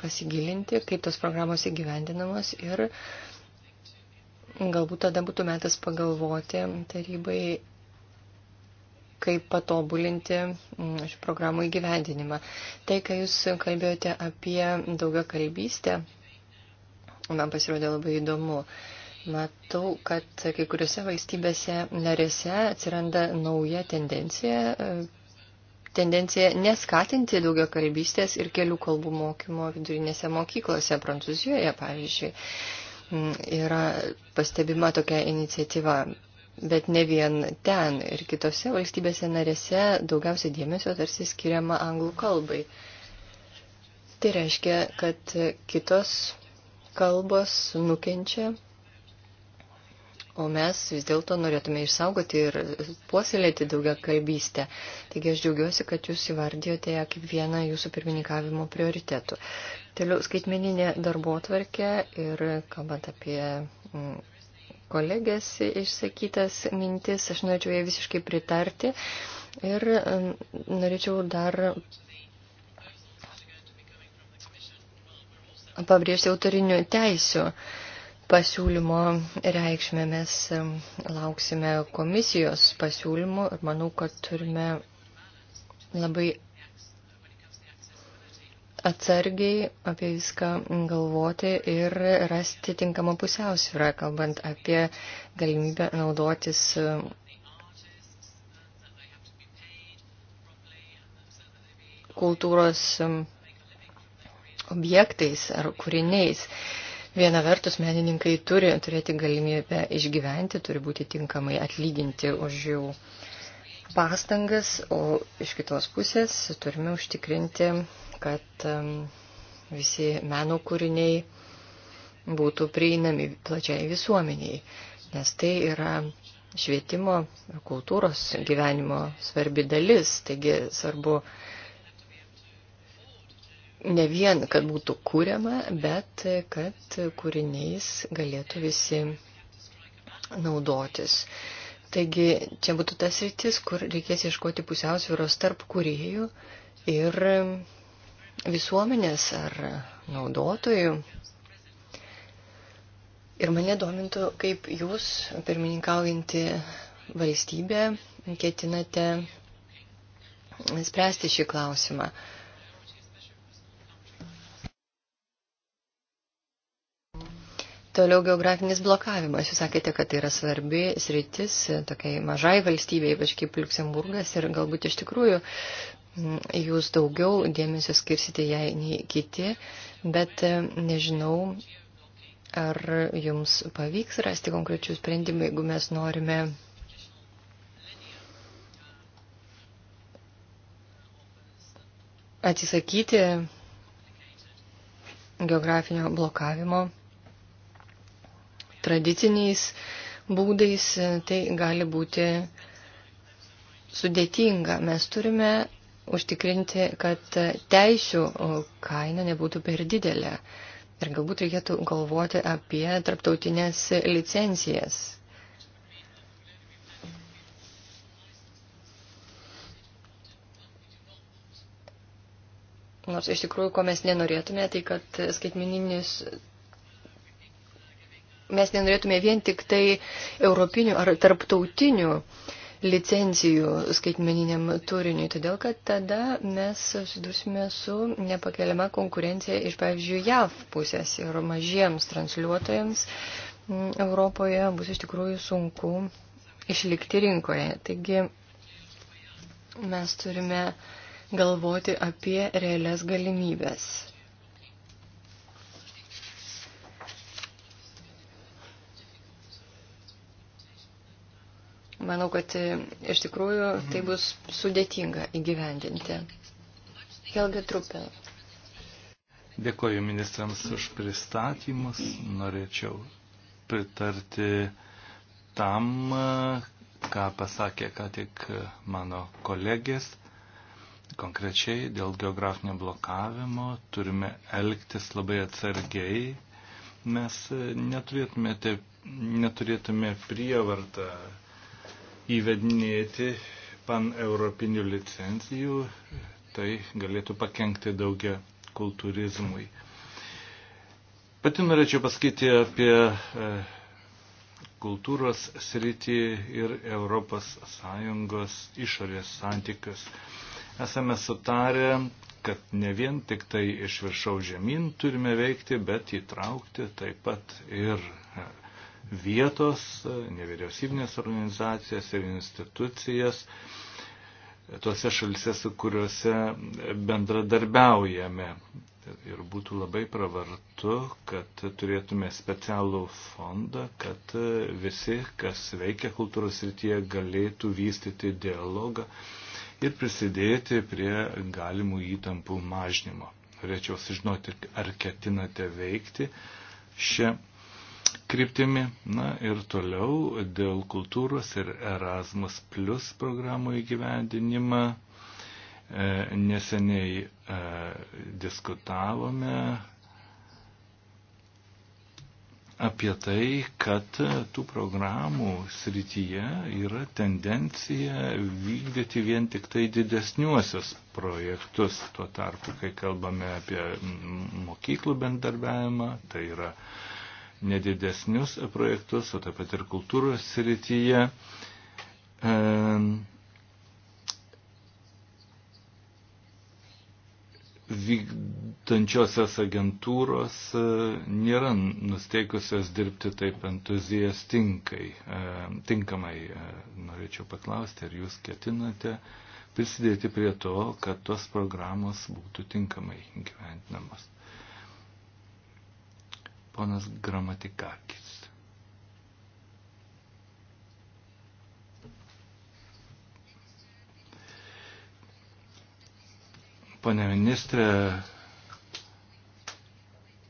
pasigilinti, kaip tos programos įgyvendinamos ir galbūt tada būtų metas pagalvoti tarybai, kaip patobulinti šių programų įgyvendinimą. Tai, kai jūs kalbėjote apie daugia kalbystę, man pasirodė labai įdomu. Uh, Matau, kad kai kuriuose valstybėse narėse atsiranda nauja tendencija, e, tendencija neskatinti daugia kalbystės ir kelių kalbų mokymo vidurinėse mokyklose, Prancūzijoje, pavyzdžiui, yra pastebima tokia iniciatyva. Bet ne vien ten ir kitose valstybėse narėse daugiausia dėmesio tarsi skiriama anglų kalbai. Tai reiškia, kad kitos kalbos nukenčia O mes vis dėlto norėtume išsaugoti ir puoselėti daugia kalbystę. Taigi aš džiaugiuosi, kad jūs įvardijote ją kaip vieną jūsų pirmininkavimo prioritetų. Toliau skaitmeninė darbo tvarkė ir kalbant apie mm, kolegės išsakytas mintis, aš norėčiau jai visiškai pritarti ir mm, norėčiau dar pabrėžti autorinių teisių pasiūlymo reikšmę. Mes lauksime komisijos pasiūlymų ir manau, kad turime labai atsargiai apie viską galvoti ir rasti tinkamą pusiausvyrą, kalbant apie galimybę naudotis kultūros objektais ar kūriniais. Viena vertus, menininkai turi turėti galimybę išgyventi, turi būti tinkamai atlyginti už jų pastangas, o iš kitos pusės turime užtikrinti, kad visi meno kūriniai būtų prieinami plačiai visuomeniai, nes tai yra švietimo ir kultūros gyvenimo svarbi dalis, taigi svarbu ne vien, kad būtų kūriama, bet kad kūriniais galėtų visi naudotis. Taigi čia būtų tas rytis, kur reikės ieškoti pusiausvėros tarp kūrėjų ir visuomenės ar naudotojų. Ir mane domintų, kaip jūs, pirmininkaujanti valstybė, ketinate spręsti šį klausimą. Toliau geografinis blokavimas. Jūs sakėte, kad tai yra svarbi sritis tokiai mažai valstybei, ypač kaip Luksemburgas, ir galbūt iš tikrųjų jūs daugiau dėmesio skirsite jai nei kiti, bet e, nežinau, ar jums pavyks rasti konkrečių sprendimų, jeigu mes norime. Atsisakyti geografinio blokavimo tradiciniais būdais, tai gali būti sudėtinga. Mes turime užtikrinti, kad teisių kaina nebūtų per didelė. Ir galbūt reikėtų galvoti apie tarptautinės licencijas. Nors iš tikrųjų, ko mes nenorėtume, tai kad skaitmeninis mes nenorėtume vien tik tai europinių ar tarptautinių licencijų skaitmeniniam turiniui, todėl kad tada mes susidursime su nepakeliama konkurencija iš, pavyzdžiui, JAV pusės ir mažiems transliuotojams Europoje bus iš tikrųjų sunku išlikti rinkoje. Taigi mes turime galvoti apie realias galimybės. Manau, kad e, iš tikrųjų tai mhm. bus sudėtinga įgyvendinti. Helga Trupel. Dėkoju ministrams už pristatymus. Norėčiau pritarti tam, ką pasakė ką tik mano kolegės. Konkrečiai dėl geografinio blokavimo turime elgtis labai atsargiai. Mes neturėtume, taip, neturėtume prievartą įvedinėti paneuropinių licencijų, tai galėtų pakengti daugia kultūrizmui. Pati norėčiau pasakyti apie e, kultūros sritį ir ES išorės santykius. Esame sutarę, kad ne vien tik tai iš viršaus žemyn turime veikti, bet įtraukti taip pat ir e, vietos, nevyriausybinės organizacijas ir institucijas tose šalise, su kuriuose bendradarbiaujame. Ir būtų labai pravartu, kad turėtume specialų fondą, kad visi, kas veikia kultūros rytyje, galėtų vystyti dialogą ir prisidėti prie galimų įtampų mažnymo. Norėčiau sužinoti, ar ketinate veikti šią kryptimi. Na ir toliau dėl kultūros ir Erasmus Plus programų įgyvendinimą e, neseniai e, diskutavome apie tai, kad tų programų srityje yra tendencija vykdyti vien tik tai didesniuosius projektus. Tuo tarpu, kai kalbame apie mokyklų bendarbiavimą, tai yra uh, nedidesnius projektus, o taip pat ir kultūros srityje. E, vykdančiosios agentūros e, nėra nusteikusios dirbti taip entuziastinkai. E, tinkamai e, norėčiau paklausti, ar jūs ketinate prisidėti prie to, kad tos programos būtų tinkamai gyventinamos ponas Gramatikakis. Pane ministrė,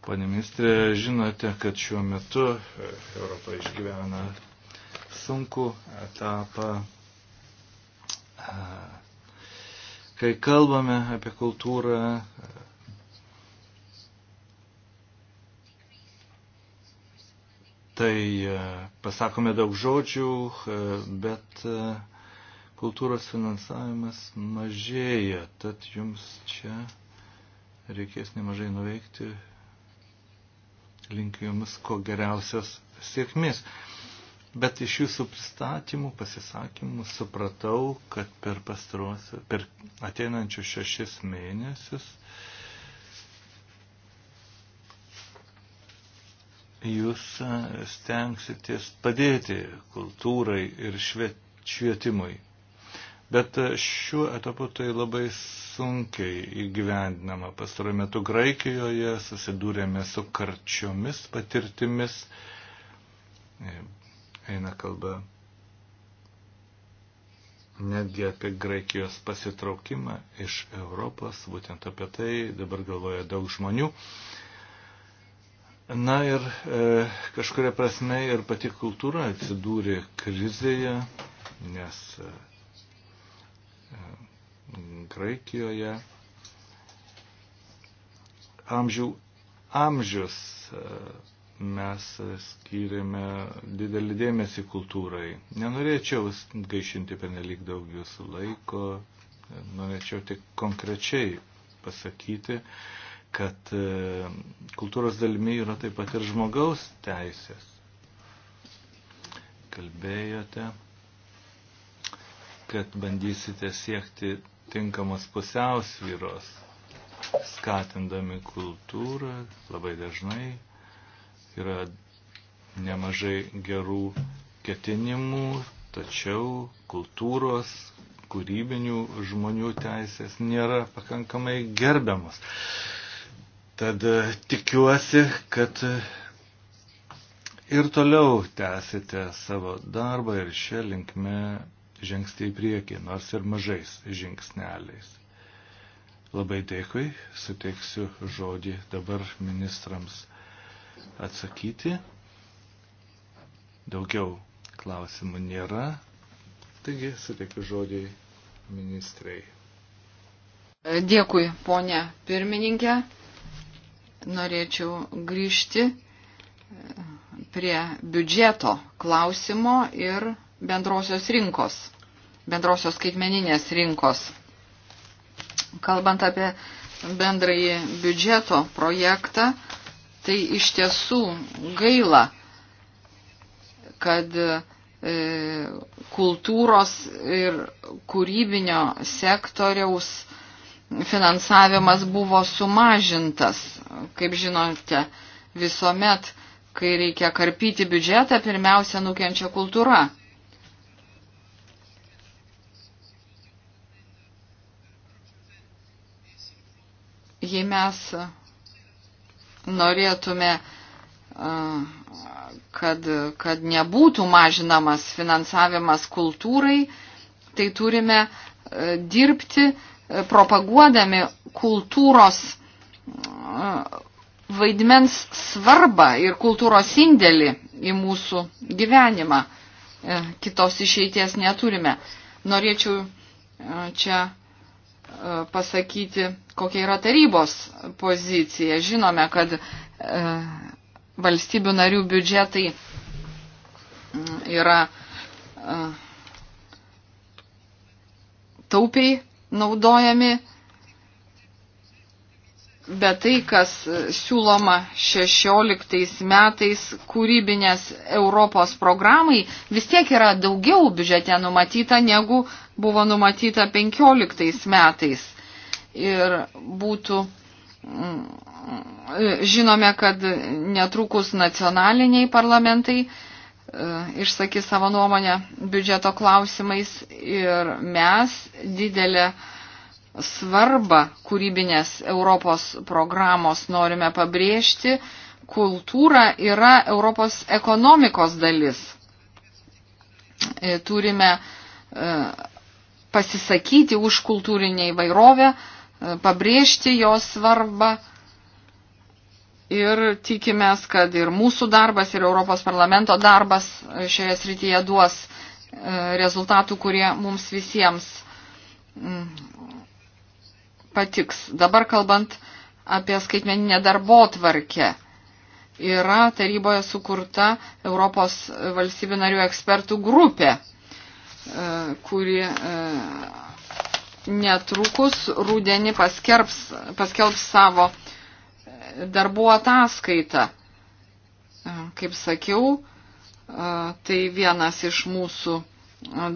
pane ministrė, žinote, kad šiuo metu e, Europa išgyvena sunku etapą. E, kai kalbame apie kultūrą, tai e, pasakome daug žodžių, e, bet e, kultūros finansavimas mažėja, tad jums čia reikės nemažai nuveikti. Linkiu jums ko geriausios sėkmės. Bet iš jūsų pristatymų, pasisakymų supratau, kad per pastaruosius, per ateinančius šešis mėnesius uh, jūs e, stengsitės padėti kultūrai ir švietimui. Bet e, šiuo etapu tai labai sunkiai įgyvendinama. Pastaruoju metu Graikijoje susidūrėme su karčiomis patirtimis. E, eina kalba netgi apie Graikijos pasitraukimą iš Europos. Būtent apie tai dabar galvoja daug žmonių. E, Na ir e, kažkuria prasme ir pati kultūra atsidūrė krizėje, nes e, e Graikijoje amžių amžius e, mes skyrėme didelį dėmesį kultūrai. Nenorėčiau gaišinti penelik daug jūsų laiko, norėčiau tik konkrečiai pasakyti, e, kad e, kultūros dalimi yra taip pat ir žmogaus teisės. Kalbėjote, kad bandysite siekti tinkamos pusiausvyros, skatindami kultūrą labai dažnai yra nemažai gerų ketinimų, tačiau kultūros, kūrybinių žmonių teisės nėra pakankamai gerbiamas. Tad e, tikiuosi, kad e, ir toliau tęsite savo darbą ir šią linkme žengsti į priekį, nors ir mažais žingsneliais. Labai dėkui, suteiksiu žodį dabar ministrams atsakyti. Daugiau klausimų nėra, taigi suteikiu žodį ministrei. Dėkui, ponė pirmininkė norėčiau grįžti e, prie biudžeto klausimo ir bendrosios rinkos, bendrosios skaitmeninės rinkos. Kalbant apie bendrąjį biudžeto projektą, tai iš tiesų gaila, kad e, kultūros ir kūrybinio sektoriaus finansavimas buvo sumažintas. Kaip žinote, visuomet, kai reikia karpyti biudžetą, pirmiausia nukenčia kultūra. Jei mes norėtume, kad, kad nebūtų mažinamas finansavimas kultūrai, tai turime dirbti propaguodami kultūros e, vaidmens svarbą ir kultūros indėlį į mūsų gyvenimą. E, kitos išeities neturime. Norėčiau e, čia pasakyti, kokia yra tarybos pozicija. Žinome, kad valstybių narių biudžetai yra taupiai naudojami, bet tai, kas siūloma 16 metais kūrybinės Europos programai, vis tiek yra daugiau biudžete numatyta, negu buvo numatyta 15 metais. Ir būtų mm, žinome, kad netrukus nacionaliniai parlamentai E, išsakys savo nuomonę biudžeto klausimais ir mes didelę svarbą kūrybinės Europos programos norime pabrėžti. Kultūra yra Europos ekonomikos dalis. E, turime e, pasisakyti už kultūrinę įvairovę, pabrėžti jos svarbą ir tikimės, kad ir mūsų darbas, ir Europos parlamento darbas šioje srityje duos e, rezultatų, kurie mums visiems mm, patiks. Dabar kalbant apie skaitmeninę darbo tvarkę, yra taryboje sukurta Europos valstybių narių ekspertų grupė, e, kuri e, netrukus rūdienį paskelbs savo darbų ataskaitą. E, kaip sakiau, e, tai vienas iš mūsų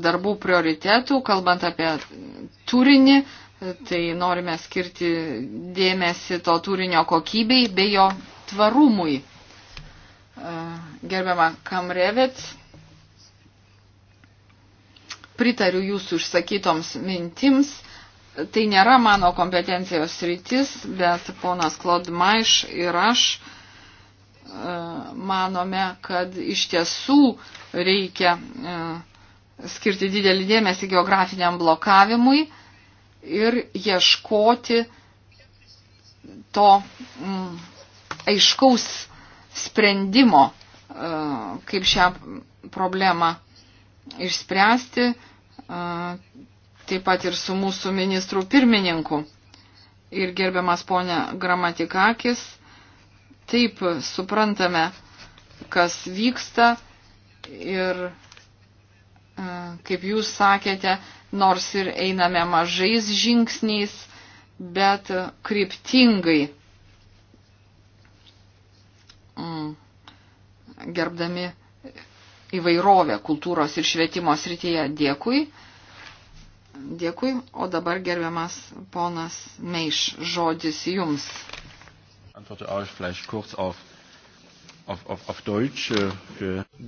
darbų prioritetų, kalbant apie turinį, tai norime skirti dėmesį to turinio kokybei bei jo tvarumui. E, gerbiama Kamrevets, pritariu jūsų išsakytoms mintims Tai nėra mano kompetencijos rytis, bet ponas Klod Maiš ir aš e, manome, kad iš tiesų reikia e, skirti didelį dėmesį geografiniam blokavimui ir ieškoti to mm, aiškaus sprendimo, e, kaip šią problemą išspręsti taip pat ir su mūsų ministrų pirmininku. Ir gerbiamas ponia Gramatikakis, taip suprantame, kas vyksta ir, e, kaip jūs sakėte, nors ir einame mažais žingsniais, bet kryptingai. Mm. Gerbdami įvairovę kultūros ir švietimo srityje. Dėkui. Dėkui, o dabar gerbiamas ponas Meiš, žodis jums. Äh,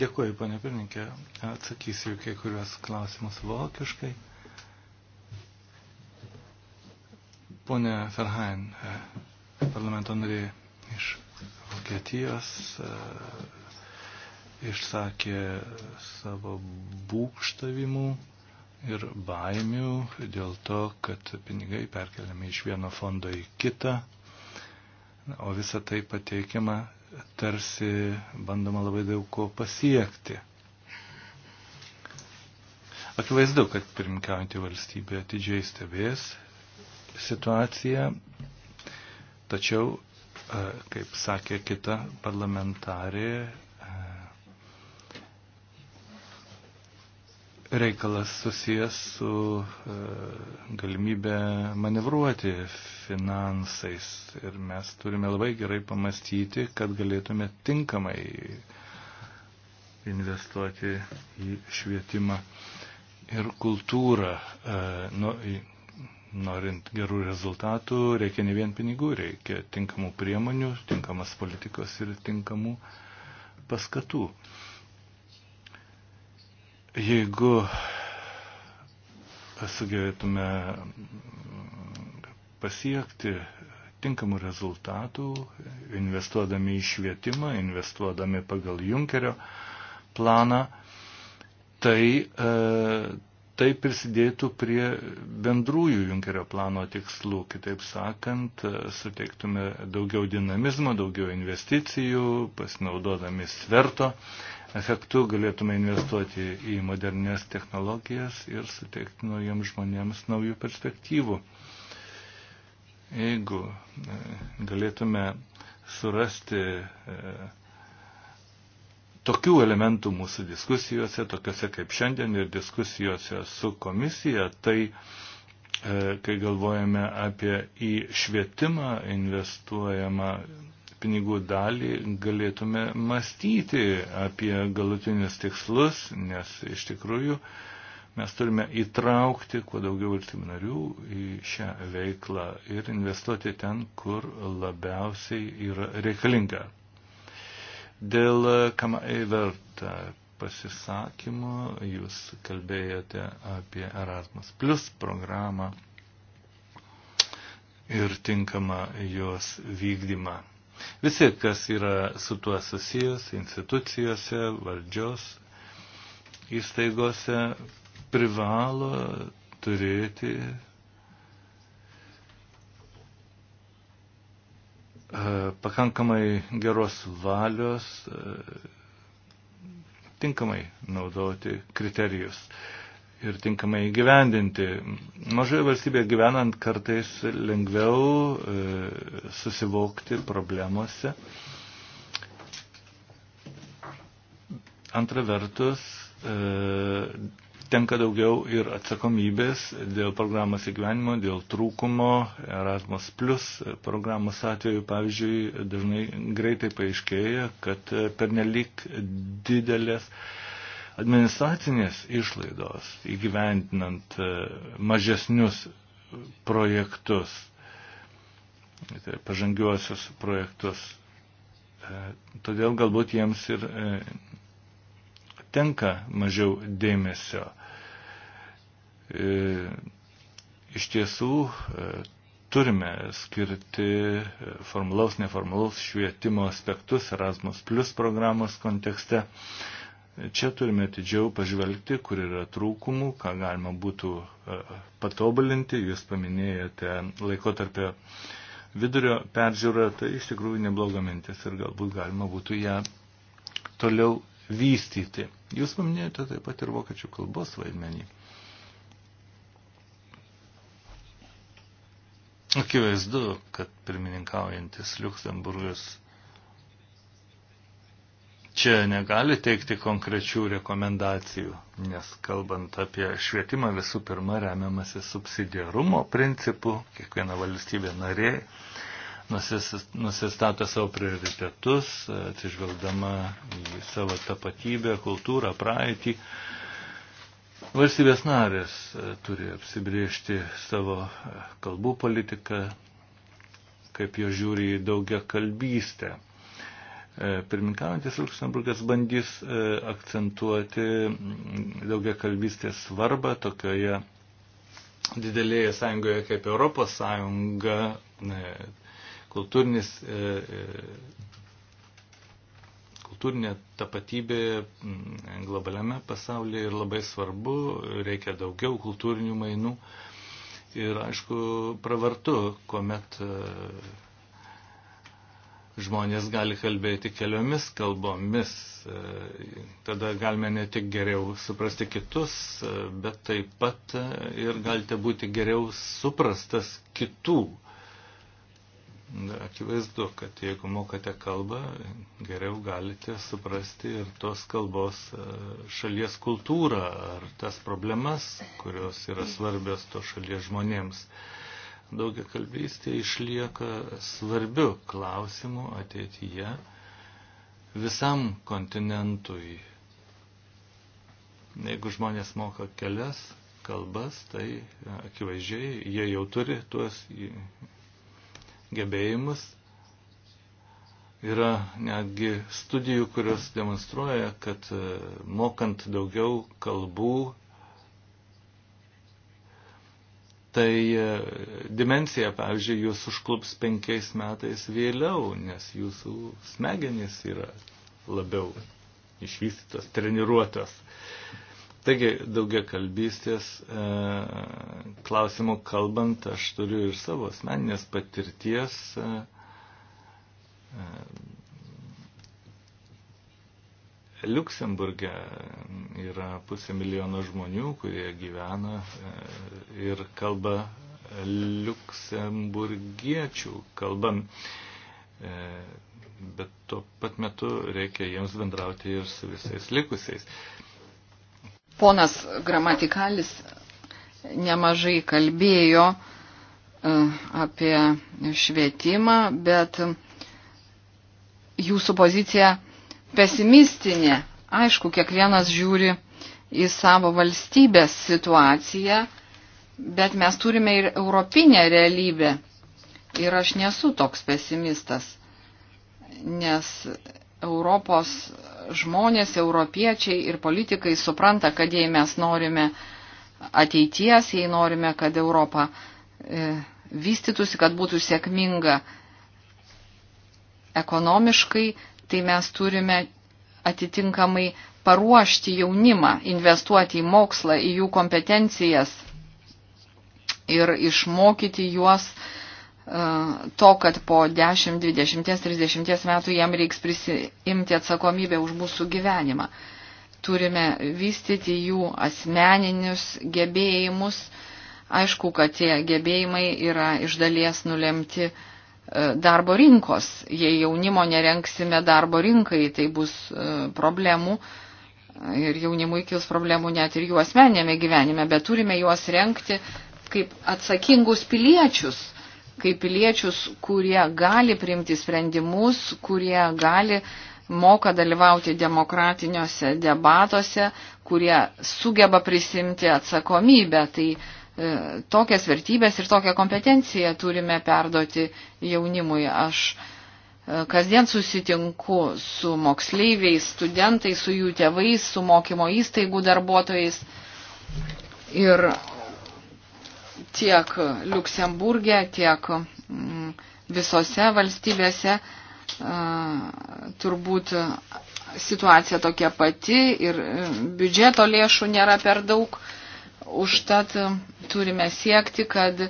Dėkuoju, panė pirmininkė, atsakysiu kai kuriuos klausimus vokiškai. Pone Ferhain, e, parlamento narė iš Vokietijos e, išsakė savo būkštavimų ir baimių dėl to, kad pinigai perkeliami iš vieno fondo į kitą, o visa tai pateikiama tarsi bandoma labai daug ko pasiekti. Akivaizdu, kad pirmkiaujantį valstybę atidžiai stebės situaciją, tačiau, kaip sakė kita parlamentarė, reikalas susijęs su e, galimybė manevruoti finansais ir mes turime labai gerai pamastyti, kad galėtume tinkamai investuoti į švietimą ir kultūrą. E, nu, norint gerų rezultatų, reikia ne vien pinigų, reikia tinkamų priemonių, tinkamas politikos ir tinkamų paskatų. E, Jeigu sugebėtume pasiekti tinkamų rezultatų, investuodami į švietimą, investuodami pagal Junkerio planą, tai e, tai prisidėtų prie bendrųjų Junkerio plano tikslų. Kitaip sakant, suteiktume daugiau dinamizmo, daugiau investicijų, pasinaudodami sverto efektu galėtume investuoti į modernės technologijas ir suteikti naujiems žmonėms naujų perspektyvų. Jeigu e, galėtume surasti e, tokių elementų mūsų diskusijose, tokiuose kaip šiandien ir diskusijose su komisija, tai e, kai galvojame apie į švietimą investuojamą pinigų dalį galėtume mąstyti apie galutinius tikslus, nes iš tikrųjų mes turime įtraukti kuo daugiau valstybių narių į šią veiklą ir investuoti ten, kur labiausiai yra reikalinga. Dėl Kama Eivert pasisakymo jūs kalbėjote apie Erasmus Plus programą ir tinkamą jos vykdymą. Visi, kas yra su tuo susijęs, institucijose, valdžios įstaigose, privalo turėti e, pakankamai geros valios e, tinkamai naudoti kriterijus ir tinkamai įgyvendinti. Mažoje valstybėje gyvenant kartais lengviau e, susivokti problemuose. Antra vertus, e, tenka daugiau ir atsakomybės dėl programos įgyvenimo, dėl trūkumo. Erasmus Plus programos atveju, pavyzdžiui, dažnai greitai paaiškėja, kad e, pernelyg didelės e, Administracinės išlaidos įgyvendinant e, mažesnius projektus, tai pažangiuosius projektus, e, todėl galbūt jiems ir e, tenka mažiau dėmesio. Iš tiesų, turime skirti formalaus, neformalaus švietimo aspektus Erasmus Plus programos kontekste. Čia turime atidžiau pažvelgti, kur yra trūkumų, ką galima būtų e, patobulinti. Jūs paminėjote laikotarpio vidurio peržiūrą, tai iš tikrųjų nebloga mintis ir galbūt galima būtų ją toliau vystyti. Jūs paminėjote taip pat ir vokiečių kalbos vaidmenį. Akivaizdu, kad pirmininkaujantis Luxemburgas čia negali teikti konkrečių rekomendacijų, nes kalbant apie švietimą visų pirma remiamasi subsidiarumo principu, kiekviena valstybė narė nusistato savo prioritetus, atsižvelgdama į savo tapatybę, kultūrą, praeitį. Valstybės narės e, turi apsibriežti savo e, kalbų politiką, kaip jo žiūri į daugia kalbystę. E, Pirminkaujantis Luxemburgas bandys e, akcentuoti daugia kalbystės svarbą tokioje didelėje sąjungoje kaip Europos sąjunga, e, kultūrinis, kultūrinė tapatybė globaliame pasaulyje ir labai svarbu, reikia daugiau kultūrinių mainų. Ir aišku, pravartu, kuomet žmonės gali kalbėti keliomis kalbomis. E, tada galime ne tik geriau suprasti kitus, e, bet taip pat e, ir galite būti geriau suprastas kitų. Akivaizdu, kad jeigu mokate kalbą, geriau galite suprasti ir tos kalbos šalies kultūrą ar tas problemas, kurios yra svarbios to šalies žmonėms daugia kalbystė išlieka svarbiu klausimu ateityje visam kontinentui. Jeigu žmonės moka kelias kalbas, tai akivaizdžiai jie jau turi tuos gebėjimus. Yra netgi studijų, kurios demonstruoja, kad e, mokant daugiau kalbų tai e, dimensija, pavyzdžiui, jūs užklups penkiais metais vėliau, nes jūsų smegenys yra labiau išvystytos, treniruotos. Taigi, daugia kalbystės e, klausimų kalbant, aš turiu ir savo asmeninės patirties. E, e, Liuksemburgė Yra pusė milijono žmonių, kurie gyvena e, ir kalba liuksemburgiečių kalbam, e, bet tuo pat metu reikia jiems bendrauti ir su visais likusiais. Ponas Gramatikalis nemažai kalbėjo e, apie švietimą, bet jūsų pozicija pesimistinė Aišku, kiekvienas žiūri į savo valstybės situaciją, bet mes turime ir europinę realybę. Ir aš nesu toks pesimistas, nes Europos žmonės, europiečiai ir politikai supranta, kad jei mes norime ateities, jei norime, kad Europa e, vystytųsi, kad būtų sėkminga ekonomiškai, tai mes turime atitinkamai paruošti jaunimą, investuoti į mokslą, į jų kompetencijas ir išmokyti juos e, to, kad po 10, 20, 30 metų jam reiks prisimti atsakomybę už mūsų gyvenimą. Turime vystyti jų asmeninius gebėjimus. Aišku, kad tie gebėjimai yra iš dalies nulemti uh, E, darbo rinkos. Jei jaunimo nerenksime darbo rinkai, tai bus e, problemų ir jaunimui kils problemų net ir jų asmenėme gyvenime, bet turime juos renkti kaip atsakingus piliečius, kaip piliečius, kurie gali priimti sprendimus, kurie gali moka dalyvauti demokratiniuose debatuose, kurie sugeba prisimti atsakomybę. Tai E, tokias vertybės ir tokią kompetenciją turime perduoti jaunimui. Aš e, kasdien susitinku su moksleiviais, studentais, su jų tėvais, su mokymo įstaigų darbuotojais. Ir tiek Luksemburgė, tiek mm, visose valstybėse e, turbūt situacija tokia pati ir biudžeto lėšų nėra per daug Užtat turime siekti, kad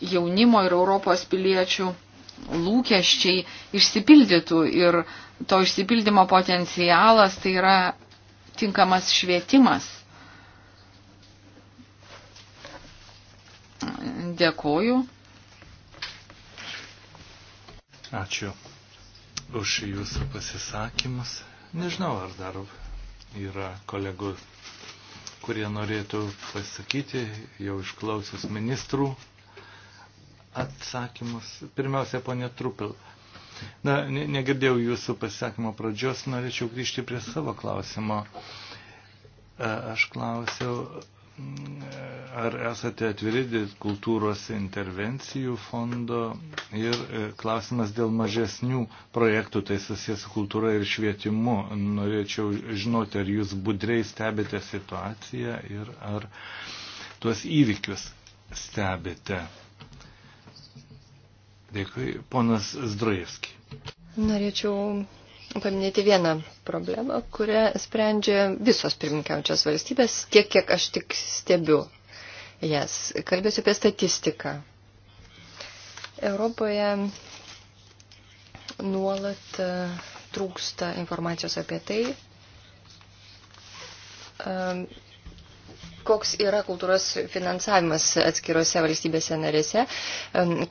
jaunimo ir Europos piliečių lūkesčiai išsipildytų ir to išsipildymo potencialas tai yra tinkamas švietimas. Dėkoju. Ačiū už jūsų pasisakymus. Nežinau, ar dar yra kolegų kurie norėtų pasakyti, jau išklausius ministrų atsakymus. Pirmiausia, ponė Trupil. Na, negirdėjau jūsų pasisakymo pradžios, norėčiau grįžti prie savo klausimo. Aš klausiau, ar esate atviri kultūros intervencijų fondo ir e, klausimas dėl mažesnių projektų, tai susijęs su kultūra ir švietimu. Norėčiau žinoti, ar jūs budriai stebite situaciją ir ar tuos įvykius stebite. Dėkui, ponas Zdrojevski. Norėčiau paminėti vieną problemą, kurią sprendžia visos pirmininkiaujančios valstybės, tiek kiek aš tik stebiu jas. Yes. Kalbėsiu apie statistiką. Europoje nuolat e, trūksta informacijos apie tai, e, koks yra kultūros finansavimas atskirose valstybėse narėse,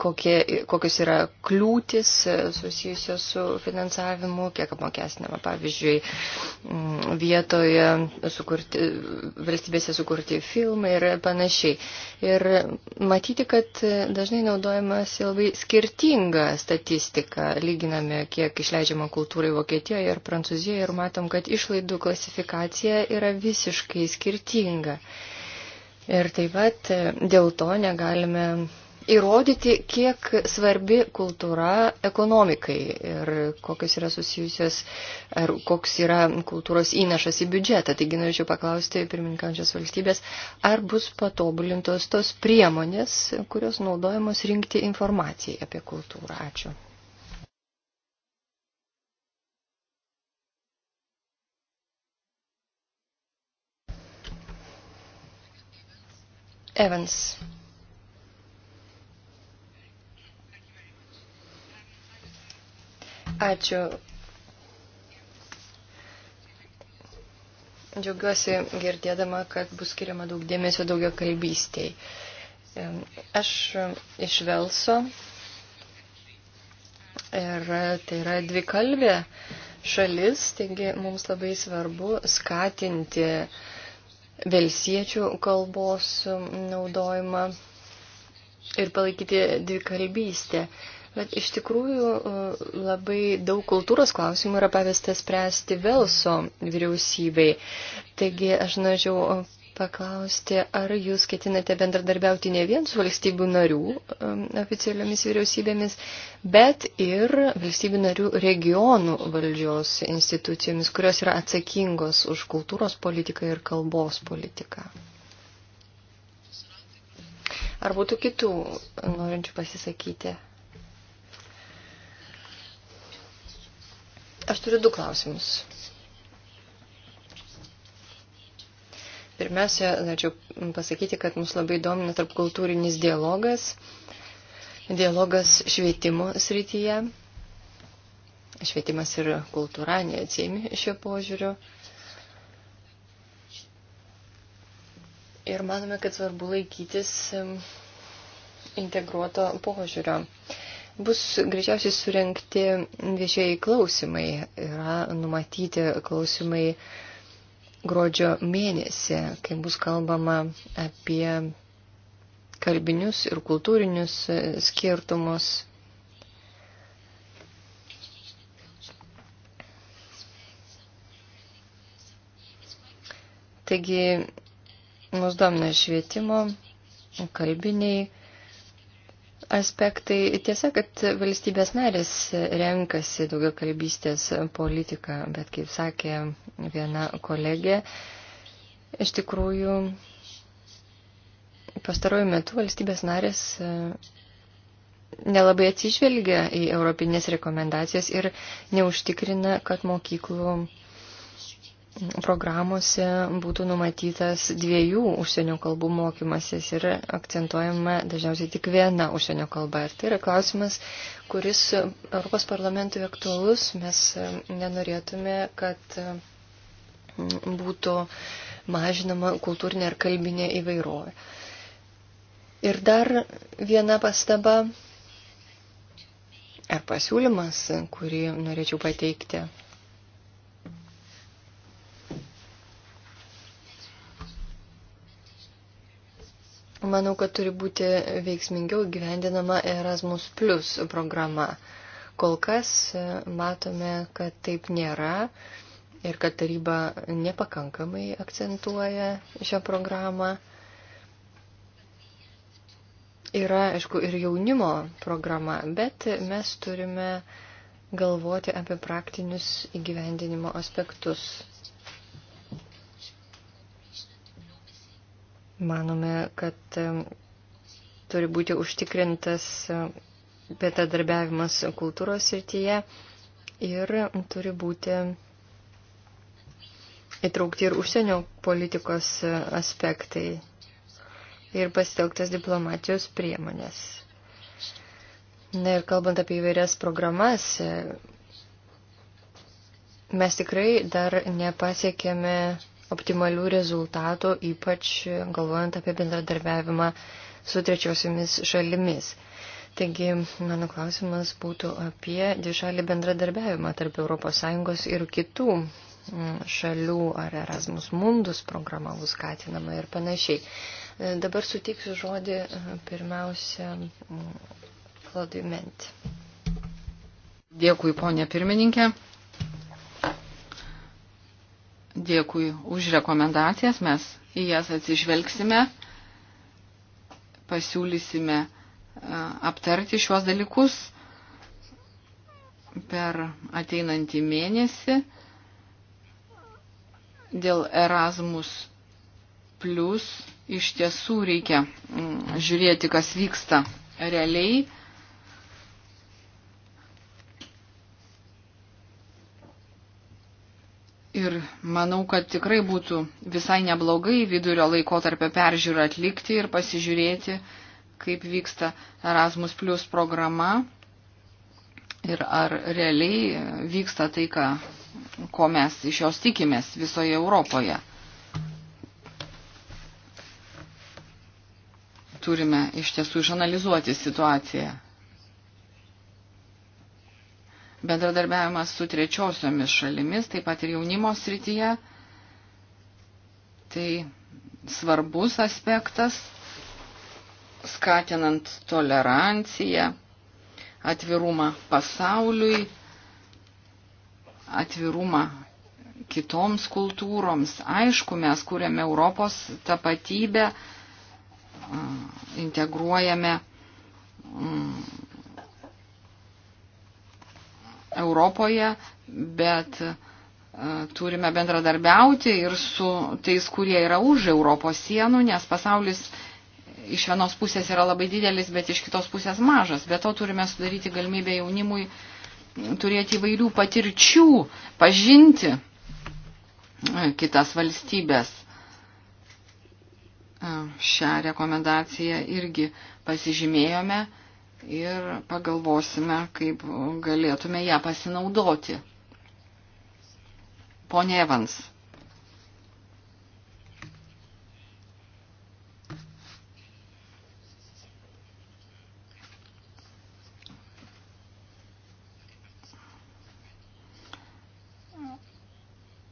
kokie, kokios yra kliūtis e, susijusios su finansavimu, kiek apmokestinama, pavyzdžiui, vietoje sukurti, valstybėse sukurti filmai ir panašiai. Ir matyti, kad dažnai naudojamas labai skirtinga statistika, lyginame, kiek išleidžiama kultūrai Vokietijoje ir Prancūzijoje ir matom, kad išlaidų klasifikacija yra visiškai skirtinga. Ir taip pat e, dėl to negalime įrodyti, kiek svarbi kultūra ekonomikai ir kokios yra susijusios, ar koks yra kultūros įnašas į biudžetą. Taigi norėčiau paklausti pirmininkančios valstybės, ar bus patobulintos tos priemonės, kurios naudojamos rinkti informacijai apie kultūrą. Ačiū. Evans. Ačiū. Džiaugiuosi girdėdama, kad bus skiriama daug dėmesio daugia kalbystėjai. Aš iš Velso ir tai yra dvikalbė šalis, taigi mums labai svarbu skatinti uh, velsiečių kalbos naudojimą ir palaikyti dvikalbystę. Bet iš tikrųjų e, labai daug kultūros klausimų yra pavesta spręsti Velso vyriausybei. Taigi aš norėčiau paklausti, ar jūs ketinate bendradarbiauti ne vien su valstybių narių um, oficialiomis vyriausybėmis, bet ir valstybių narių regionų valdžios institucijomis, kurios yra atsakingos už kultūros politiką ir kalbos politiką. Ar būtų kitų norinčių pasisakyti? Aš turiu du klausimus. Pirmiausia, norėčiau pasakyti, kad mus labai domina tarp kultūrinis dialogas, dialogas švietimo srityje. Švietimas ir kultūra neatsiemi šio požiūrio. Ir manome, kad svarbu laikytis integruoto požiūrio. Bus greičiausiai surenkti viešieji klausimai. Yra numatyti klausimai uh, gruodžio mėnesį, kai bus kalbama apie kalbinius ir kultūrinius skirtumus. Taigi, mus domina švietimo, kalbiniai aspektai. Tiesa, kad valstybės narės renkasi daugiau kalbystės politiką, bet kaip sakė viena kolegė, iš tikrųjų pastaruoju metu valstybės narės e, nelabai atsižvelgia į europinės rekomendacijas ir neužtikrina, kad mokyklų programuose būtų numatytas dviejų užsienio kalbų mokymasis ir akcentuojama dažniausiai tik viena užsienio kalba. Ir tai yra klausimas, kuris Europos parlamentui aktualus. Mes e, nenorėtume, kad e, būtų mažinama kultūrinė ir kalbinė įvairovė. Ir dar viena pastaba ar pasiūlymas, kurį norėčiau pateikti Manau, kad turi būti veiksmingiau gyvendinama Erasmus Plus programa. Kol kas e, matome, kad taip nėra ir kad taryba nepakankamai akcentuoja šią programą. Yra, aišku, ir jaunimo programa, bet mes turime galvoti apie praktinius įgyvendinimo aspektus. Manome, kad turi būti užtikrintas e, betadarbiavimas kultūros srityje ir turi būti įtraukti ir užsienio politikos aspektai ir pasitelktas diplomatijos priemonės. Na ir kalbant apie įvairias programas, e, mes tikrai dar nepasiekėme optimalių rezultatų, ypač galvojant apie bendradarbiavimą su trečiosiomis šalimis. Taigi, mano klausimas būtų apie dvišalį bendradarbiavimą tarp ES ir kitų mm, šalių, ar Erasmus Mundus programa bus skatinama ir panašiai. E, dabar sutiksiu žodį e, pirmiausia Klaudui mm, Menti. Dėkui, ponė pirmininkė. Dėkui už rekomendacijas, mes į jas atsižvelgsime, pasiūlysime e, aptarti šiuos dalykus per ateinantį mėnesį dėl Erasmus plus iš tiesų reikia mm, žiūrėti, kas vyksta realiai Ir manau, kad tikrai būtų visai neblogai vidurio laiko tarp peržiūrą atlikti ir pasižiūrėti, kaip vyksta Erasmus Plus programa ir ar realiai vyksta tai, ką, ko mes iš jos tikimės visoje Europoje. Turime iš tiesų išanalizuoti situaciją bendradarbiavimas su trečiosiomis šalimis, taip pat ir jaunimo srityje. Tai svarbus aspektas, skatinant toleranciją, atvirumą pasauliui, atvirumą kitoms kultūroms. Aišku, mes kūrėme Europos tapatybę, integruojame Europoje, bet e, turime bendradarbiauti ir su tais, kurie yra už Europos sienų, nes pasaulis iš vienos pusės yra labai didelis, bet iš kitos pusės mažas. Be to turime sudaryti galimybę jaunimui turėti įvairių patirčių, pažinti e, kitas valstybės. E, šią rekomendaciją irgi pasižymėjome ir pagalvosime, kaip galėtume ją pasinaudoti. Pone Evans.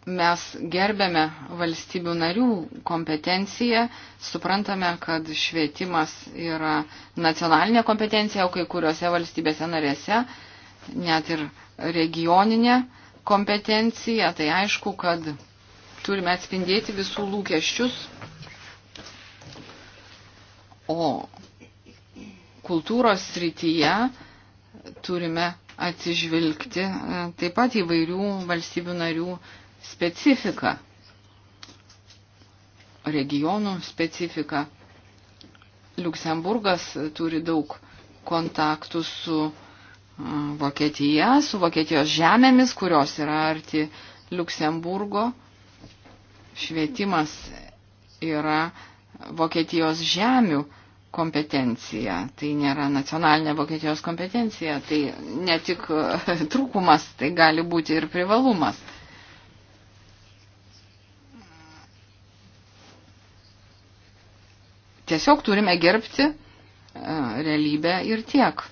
mes gerbėme valstybių narių kompetenciją, suprantame, kad švietimas yra nacionalinė kompetencija, o kai kuriuose valstybėse narėse net ir regioninė kompetencija, tai aišku, kad turime atspindėti visų lūkesčius. O kultūros srityje turime atsižvilgti e, taip pat įvairių valstybių narių specifiką, regionų specifiką. Luksemburgas turi daug kontaktų su Vokietija, su Vokietijos žemėmis, kurios yra arti Luksemburgo. Švietimas yra Vokietijos žemių kompetencija, tai nėra nacionalinė Vokietijos kompetencija, tai ne tik trūkumas, tai gali būti ir privalumas. Tiesiog turime gerbti e, realybę ir tiek.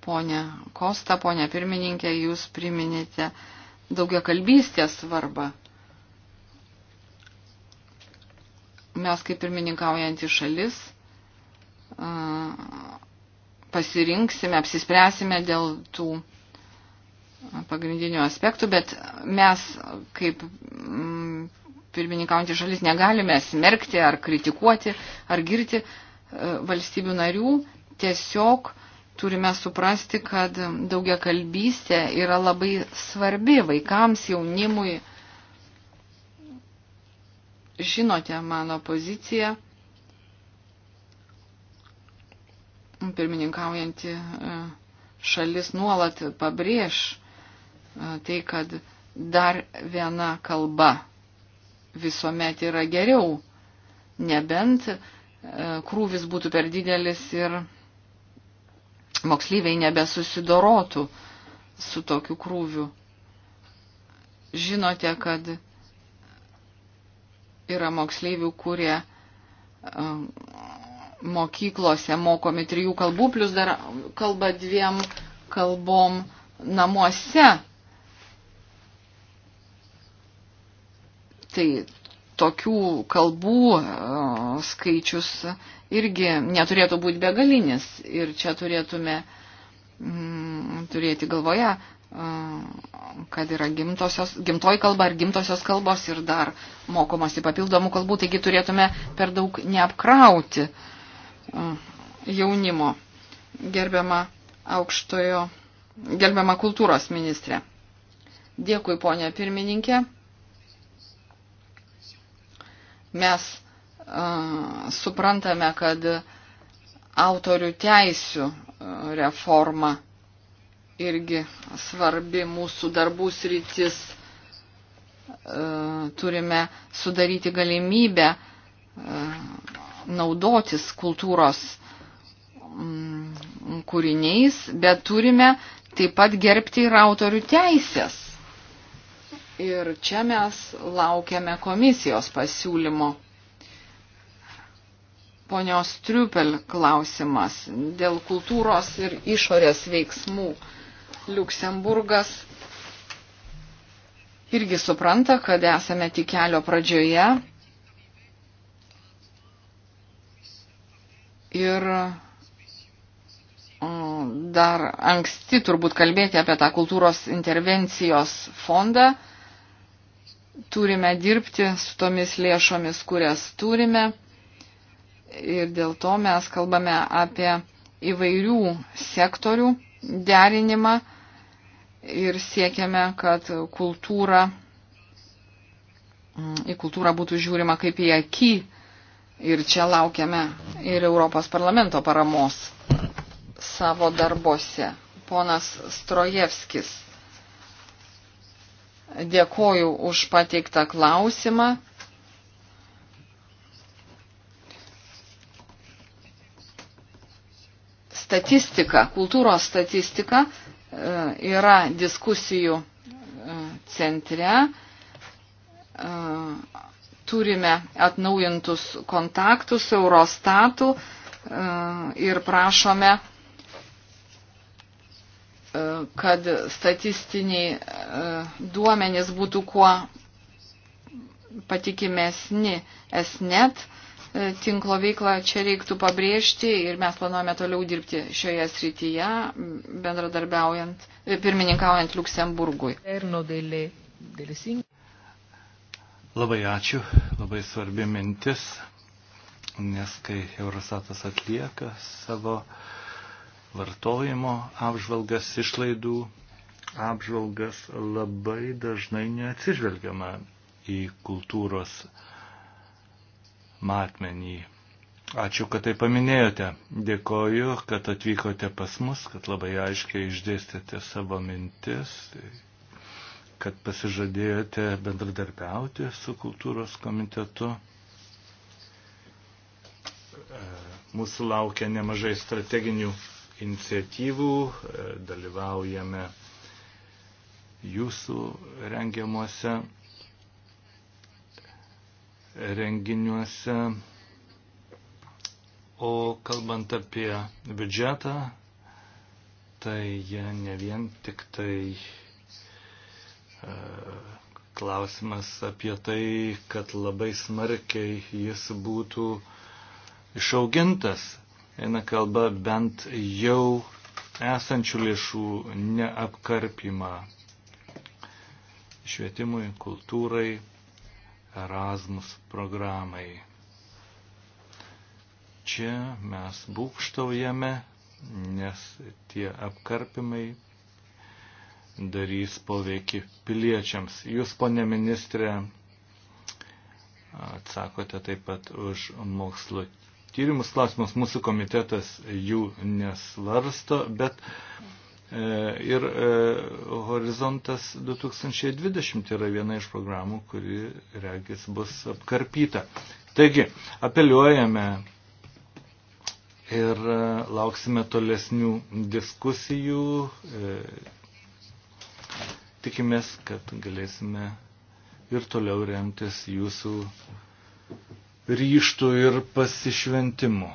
Pone Kosta, ponė pirmininkė, jūs priminėte daugia kalbystės svarbą. Mes kaip pirmininkaujantį šalis e, pasirinksime, apsispręsime dėl tų pagrindinių aspektų, bet mes kaip pirmininkaujantį šalis negalime smerkti ar kritikuoti ar girti e, valstybių narių, tiesiog turime suprasti, kad daugia kalbystė yra labai svarbi vaikams, jaunimui. Žinote mano poziciją. Pirmininkaujanti e, šalis nuolat pabrėž e, tai, kad dar viena kalba visuomet yra geriau, nebent e, krūvis būtų per didelis ir mokslyviai nebesusidorotų su tokiu krūviu. Žinote, kad yra moksleivių, kurie e, mokyklose mokomi trijų kalbų, plus dar kalba dviem kalbom namuose Tai tokių kalbų e, skaičius irgi neturėtų būti begalinis ir čia turėtume mm, turėti galvoje, e, kad yra gimtosios, gimtoji kalba ar gimtosios kalbos ir dar mokomasi papildomų kalbų, taigi turėtume per daug neapkrauti e, jaunimo gerbiama aukštojo, gerbiama kultūros ministrė. Dėkui, ponė pirmininkė. Mes uh, suprantame, kad autorių teisių reforma irgi svarbi mūsų darbų sritis. Uh, turime sudaryti galimybę uh, naudotis kultūros um, kūriniais, bet turime taip pat gerbti ir autorių teisės. Ir čia mes laukiame komisijos pasiūlymo. Ponios Triupel klausimas dėl kultūros ir išorės veiksmų. Liuksemburgas irgi supranta, kad esame tik kelio pradžioje. Ir dar anksti turbūt kalbėti apie tą kultūros intervencijos fondą turime dirbti su tomis lėšomis, kurias turime. Ir dėl to mes kalbame apie įvairių sektorių derinimą ir siekiame, kad kultūra, į kultūrą būtų žiūrima kaip į akį. Ir čia laukiame ir Europos parlamento paramos savo darbose. Ponas Strojevskis. Dėkoju už pateiktą klausimą. Statistika, kultūros statistika e, yra diskusijų e, centre. E, turime atnaujintus kontaktus Eurostatų ir prašome E, kad statistiniai e, duomenys būtų kuo patikimesni esnet e, tinklo veiklą čia reiktų pabrėžti ir mes planuojame toliau dirbti šioje srityje, bendradarbiaujant, pirmininkaujant Luksemburgui. Labai ačiū, labai svarbi mintis, nes kai Eurosatas atlieka savo uh, vartojimo apžvalgas, išlaidų apžvalgas labai dažnai neatsižvelgiama į kultūros matmenį. Ačiū, kad tai paminėjote. Dėkoju, kad atvykote pas mus, kad labai aiškiai išdėstėte savo mintis, kad pasižadėjote bendradarbiauti su kultūros komitetu. Mūsų laukia nemažai strateginių iniciatyvų, e, dalyvaujame jūsų rengiamuose renginiuose. O kalbant apie biudžetą, tai ne vien tik tai e, klausimas apie tai, kad labai smarkiai jis būtų išaugintas eina kalba bent jau esančių lėšų neapkarpimą švietimui, kultūrai, Erasmus programai. Čia mes būkštaujame, nes tie apkarpimai darys poveikį piliečiams. Jūs, ponė ministrė, atsakote taip pat už mokslo tyrimus klausimus. Mūsų komitetas jų nesvarsto, bet e, ir e, Horizontas 2020 yra viena iš programų, kuri, regis, bus apkarpyta. Taigi, apeliuojame ir e, lauksime tolesnių diskusijų. E, tikimės, kad galėsime ir toliau remtis jūsų ryštų ir pasišventimu.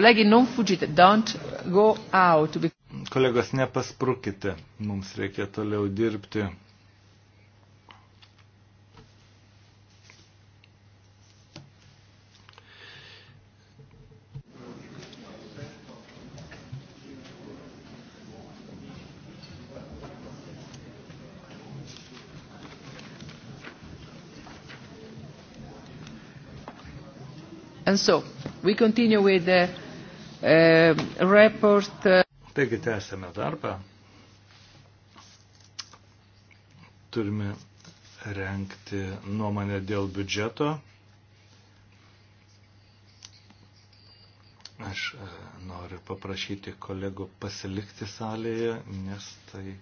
Colleghi, non nu, fuggite, don't go out. Kolegos, nepasprūkite, mums reikia toliau dirbti. And so we continue with the uh, report. Uh... Taigi tęsėme darbą. Turime renkti nuomonę dėl biudžeto. Aš e, noriu paprašyti kolegų pasilikti salėje, nes tai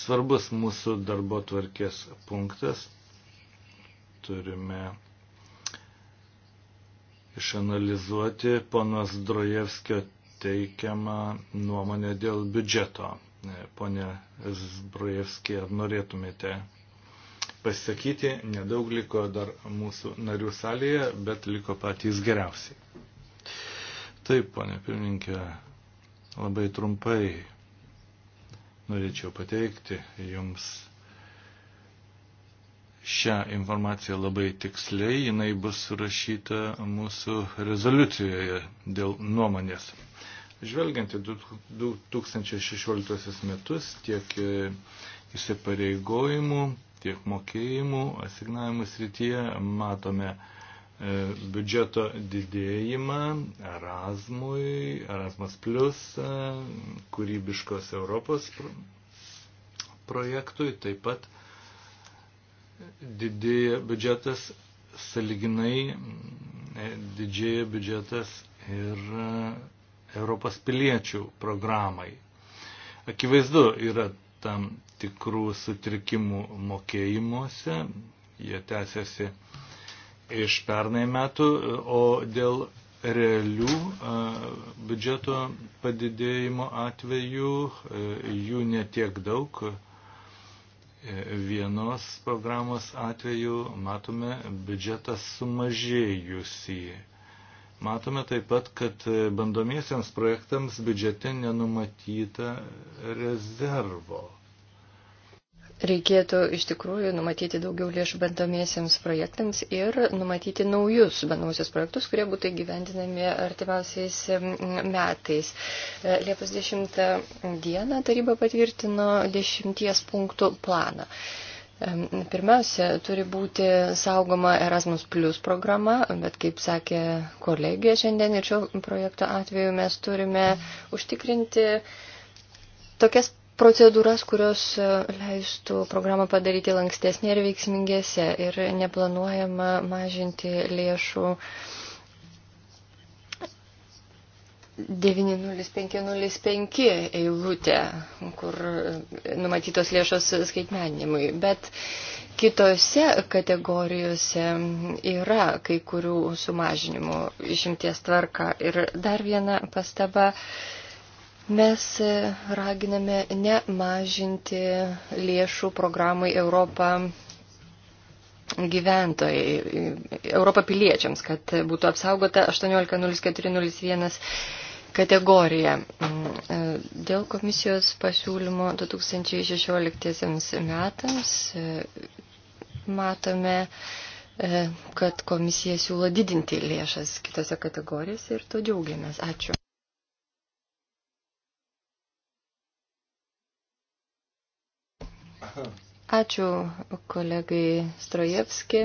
svarbus mūsų darbo tvarkės punktas. Turime išanalizuoti ponas Drojevskio teikiamą nuomonę dėl biudžeto. Pone Zbrojevskė, ar norėtumėte pasisakyti? Nedaug liko dar mūsų narių salėje, bet liko patys geriausiai. Taip, ponė pirmininkė, labai trumpai norėčiau pateikti jums šią informaciją labai tiksliai, jinai bus surašyta mūsų rezoliucijoje dėl nuomonės. Žvelgiant į 2016 metus tiek e, įsipareigojimų, tiek mokėjimų asignavimų srityje matome e, biudžeto didėjimą Erasmui, Erasmus, e, kūrybiškos Europos projektui, taip pat didėja biudžetas saliginai, e, didėja biudžetas ir e, Europos piliečių programai. Akivaizdu, yra tam tikrų sutrikimų mokėjimuose, jie tęsiasi iš pernai metų, o dėl realių e, biudžeto padidėjimo atveju jų netiek daug, vienos programos atveju matome biudžetą sumažėjusį. Matome taip pat, kad bandomiesiams projektams biudžete nenumatyta rezervo. Reikėtų iš tikrųjų numatyti daugiau lėšų bandomiesiems projektams ir numatyti naujus bandomusios projektus, kurie būtų įgyvendinami artimiausiais metais. E, Liepos 10 dieną taryba patvirtino 10 punktų planą. E, pirmiausia, turi būti saugoma Erasmus Plus programa, bet kaip sakė kolegija šiandien ir šio projekto atveju mes turime užtikrinti tokias procedūras, kurios e, leistų programą padaryti lankstesnė ir veiksmingesnė ir neplanuojama mažinti lėšų 90505 eilutė, kur e, numatytos lėšos skaitmeninimui, bet kitose kategorijose yra kai kurių sumažinimų išimties tvarka. Ir dar viena pastaba Mes e, raginame nemažinti lėšų programai Europą gyventojai, Europą piliečiams, kad būtų apsaugota 18.04.01 kategorija. Mm, e, dėl komisijos pasiūlymo 2016 metams e, matome, kad komisija siūlo didinti lėšas kitose kategorijose ir to džiaugiamės. Ačiū. Ačiū kolegai Strojevski.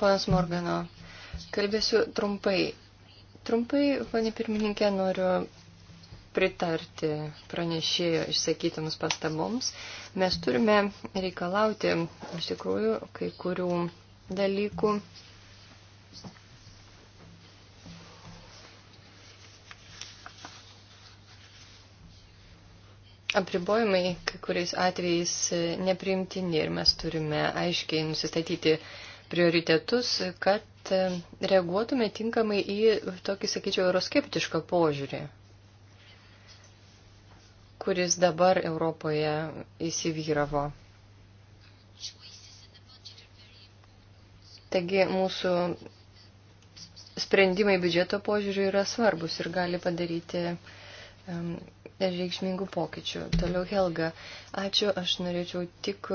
Panas Morgano, kalbėsiu trumpai. Trumpai, panė pirmininkė, noriu pritarti pranešėjo išsakytams pastaboms. Mes turime reikalauti iš tikrųjų kai kurių dalykų Apribojimai kai kuriais atvejais e, nepriimtini ir mes turime aiškiai nusistatyti prioritetus, kad e, reaguotume tinkamai į tokį, sakyčiau, euroskeptišką požiūrį, kuris dabar Europoje įsivyravo. Taigi mūsų sprendimai biudžeto požiūriu yra svarbus ir gali padaryti uh, reikšmingų pokyčių. Toliau Helga, ačiū, aš norėčiau tik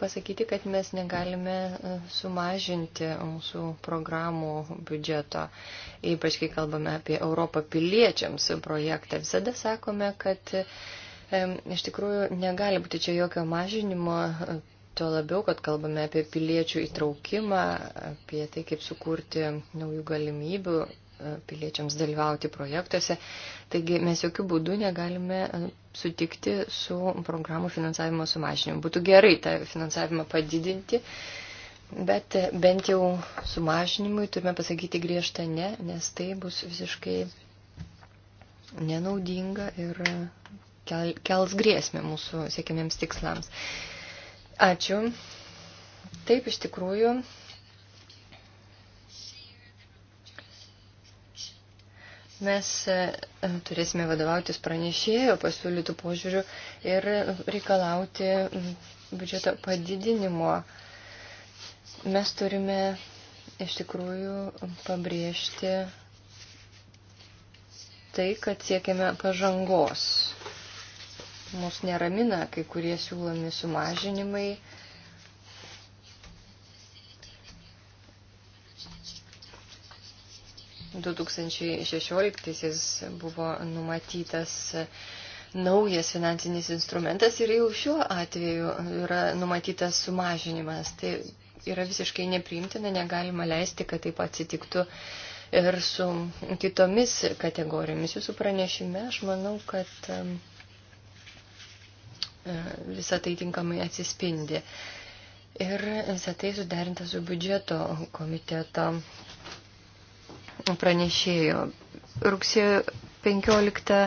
pasakyti, kad mes negalime e, sumažinti mūsų programų biudžeto, ypač kai kalbame apie Europą piliečiams projektą. Visada sakome, kad iš tikrųjų negali būti čia jokio mažinimo e, Tuo labiau, kad kalbame apie piliečių įtraukimą, apie tai, kaip sukurti naujų galimybių piliečiams dalyvauti projektuose. Taigi mes jokių būdų negalime e, sutikti su programų finansavimo sumažinimu. Būtų gerai tą finansavimą padidinti, bet e, bent jau sumažinimui turime pasakyti griežtą ne, nes tai bus visiškai nenaudinga ir e, kels grėsmę mūsų siekiamiems tikslams. Ačiū. Taip, iš tikrųjų, Mes e, e, turėsime vadovautis pranešėjo pasiūlytų požiūrių ir reikalauti biudžeto padidinimo. Mes turime iš tikrųjų pabrėžti tai, kad siekiame pažangos. Mūsų neramina kai kurie siūlomi sumažinimai 2016 buvo numatytas naujas finansinis instrumentas ir jau šiuo atveju yra numatytas sumažinimas. Tai yra visiškai nepriimtina, negalima leisti, kad taip atsitiktų ir su kitomis kategorijomis. Jūsų pranešime aš manau, kad um, e, visą tai tinkamai atsispindi. Ir visą tai suderinta su biudžeto komiteto pranešėjo. Rugsėjo 15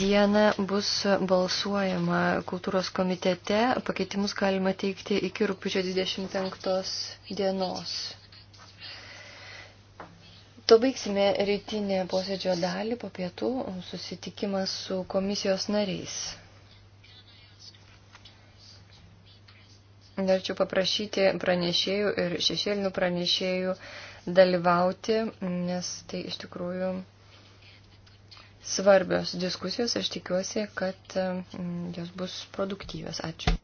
dieną bus balsuojama kultūros komitete. Pakeitimus galima teikti iki rūpiučio 25 dienos. To baigsime rytinę posėdžio dalį po pietų susitikimas su komisijos nariais. Norėčiau paprašyti pranešėjų ir šešėlinių pranešėjų dalyvauti, nes tai iš tikrųjų svarbios diskusijos. Aš tikiuosi, kad mm, jos bus produktyvios. Ačiū.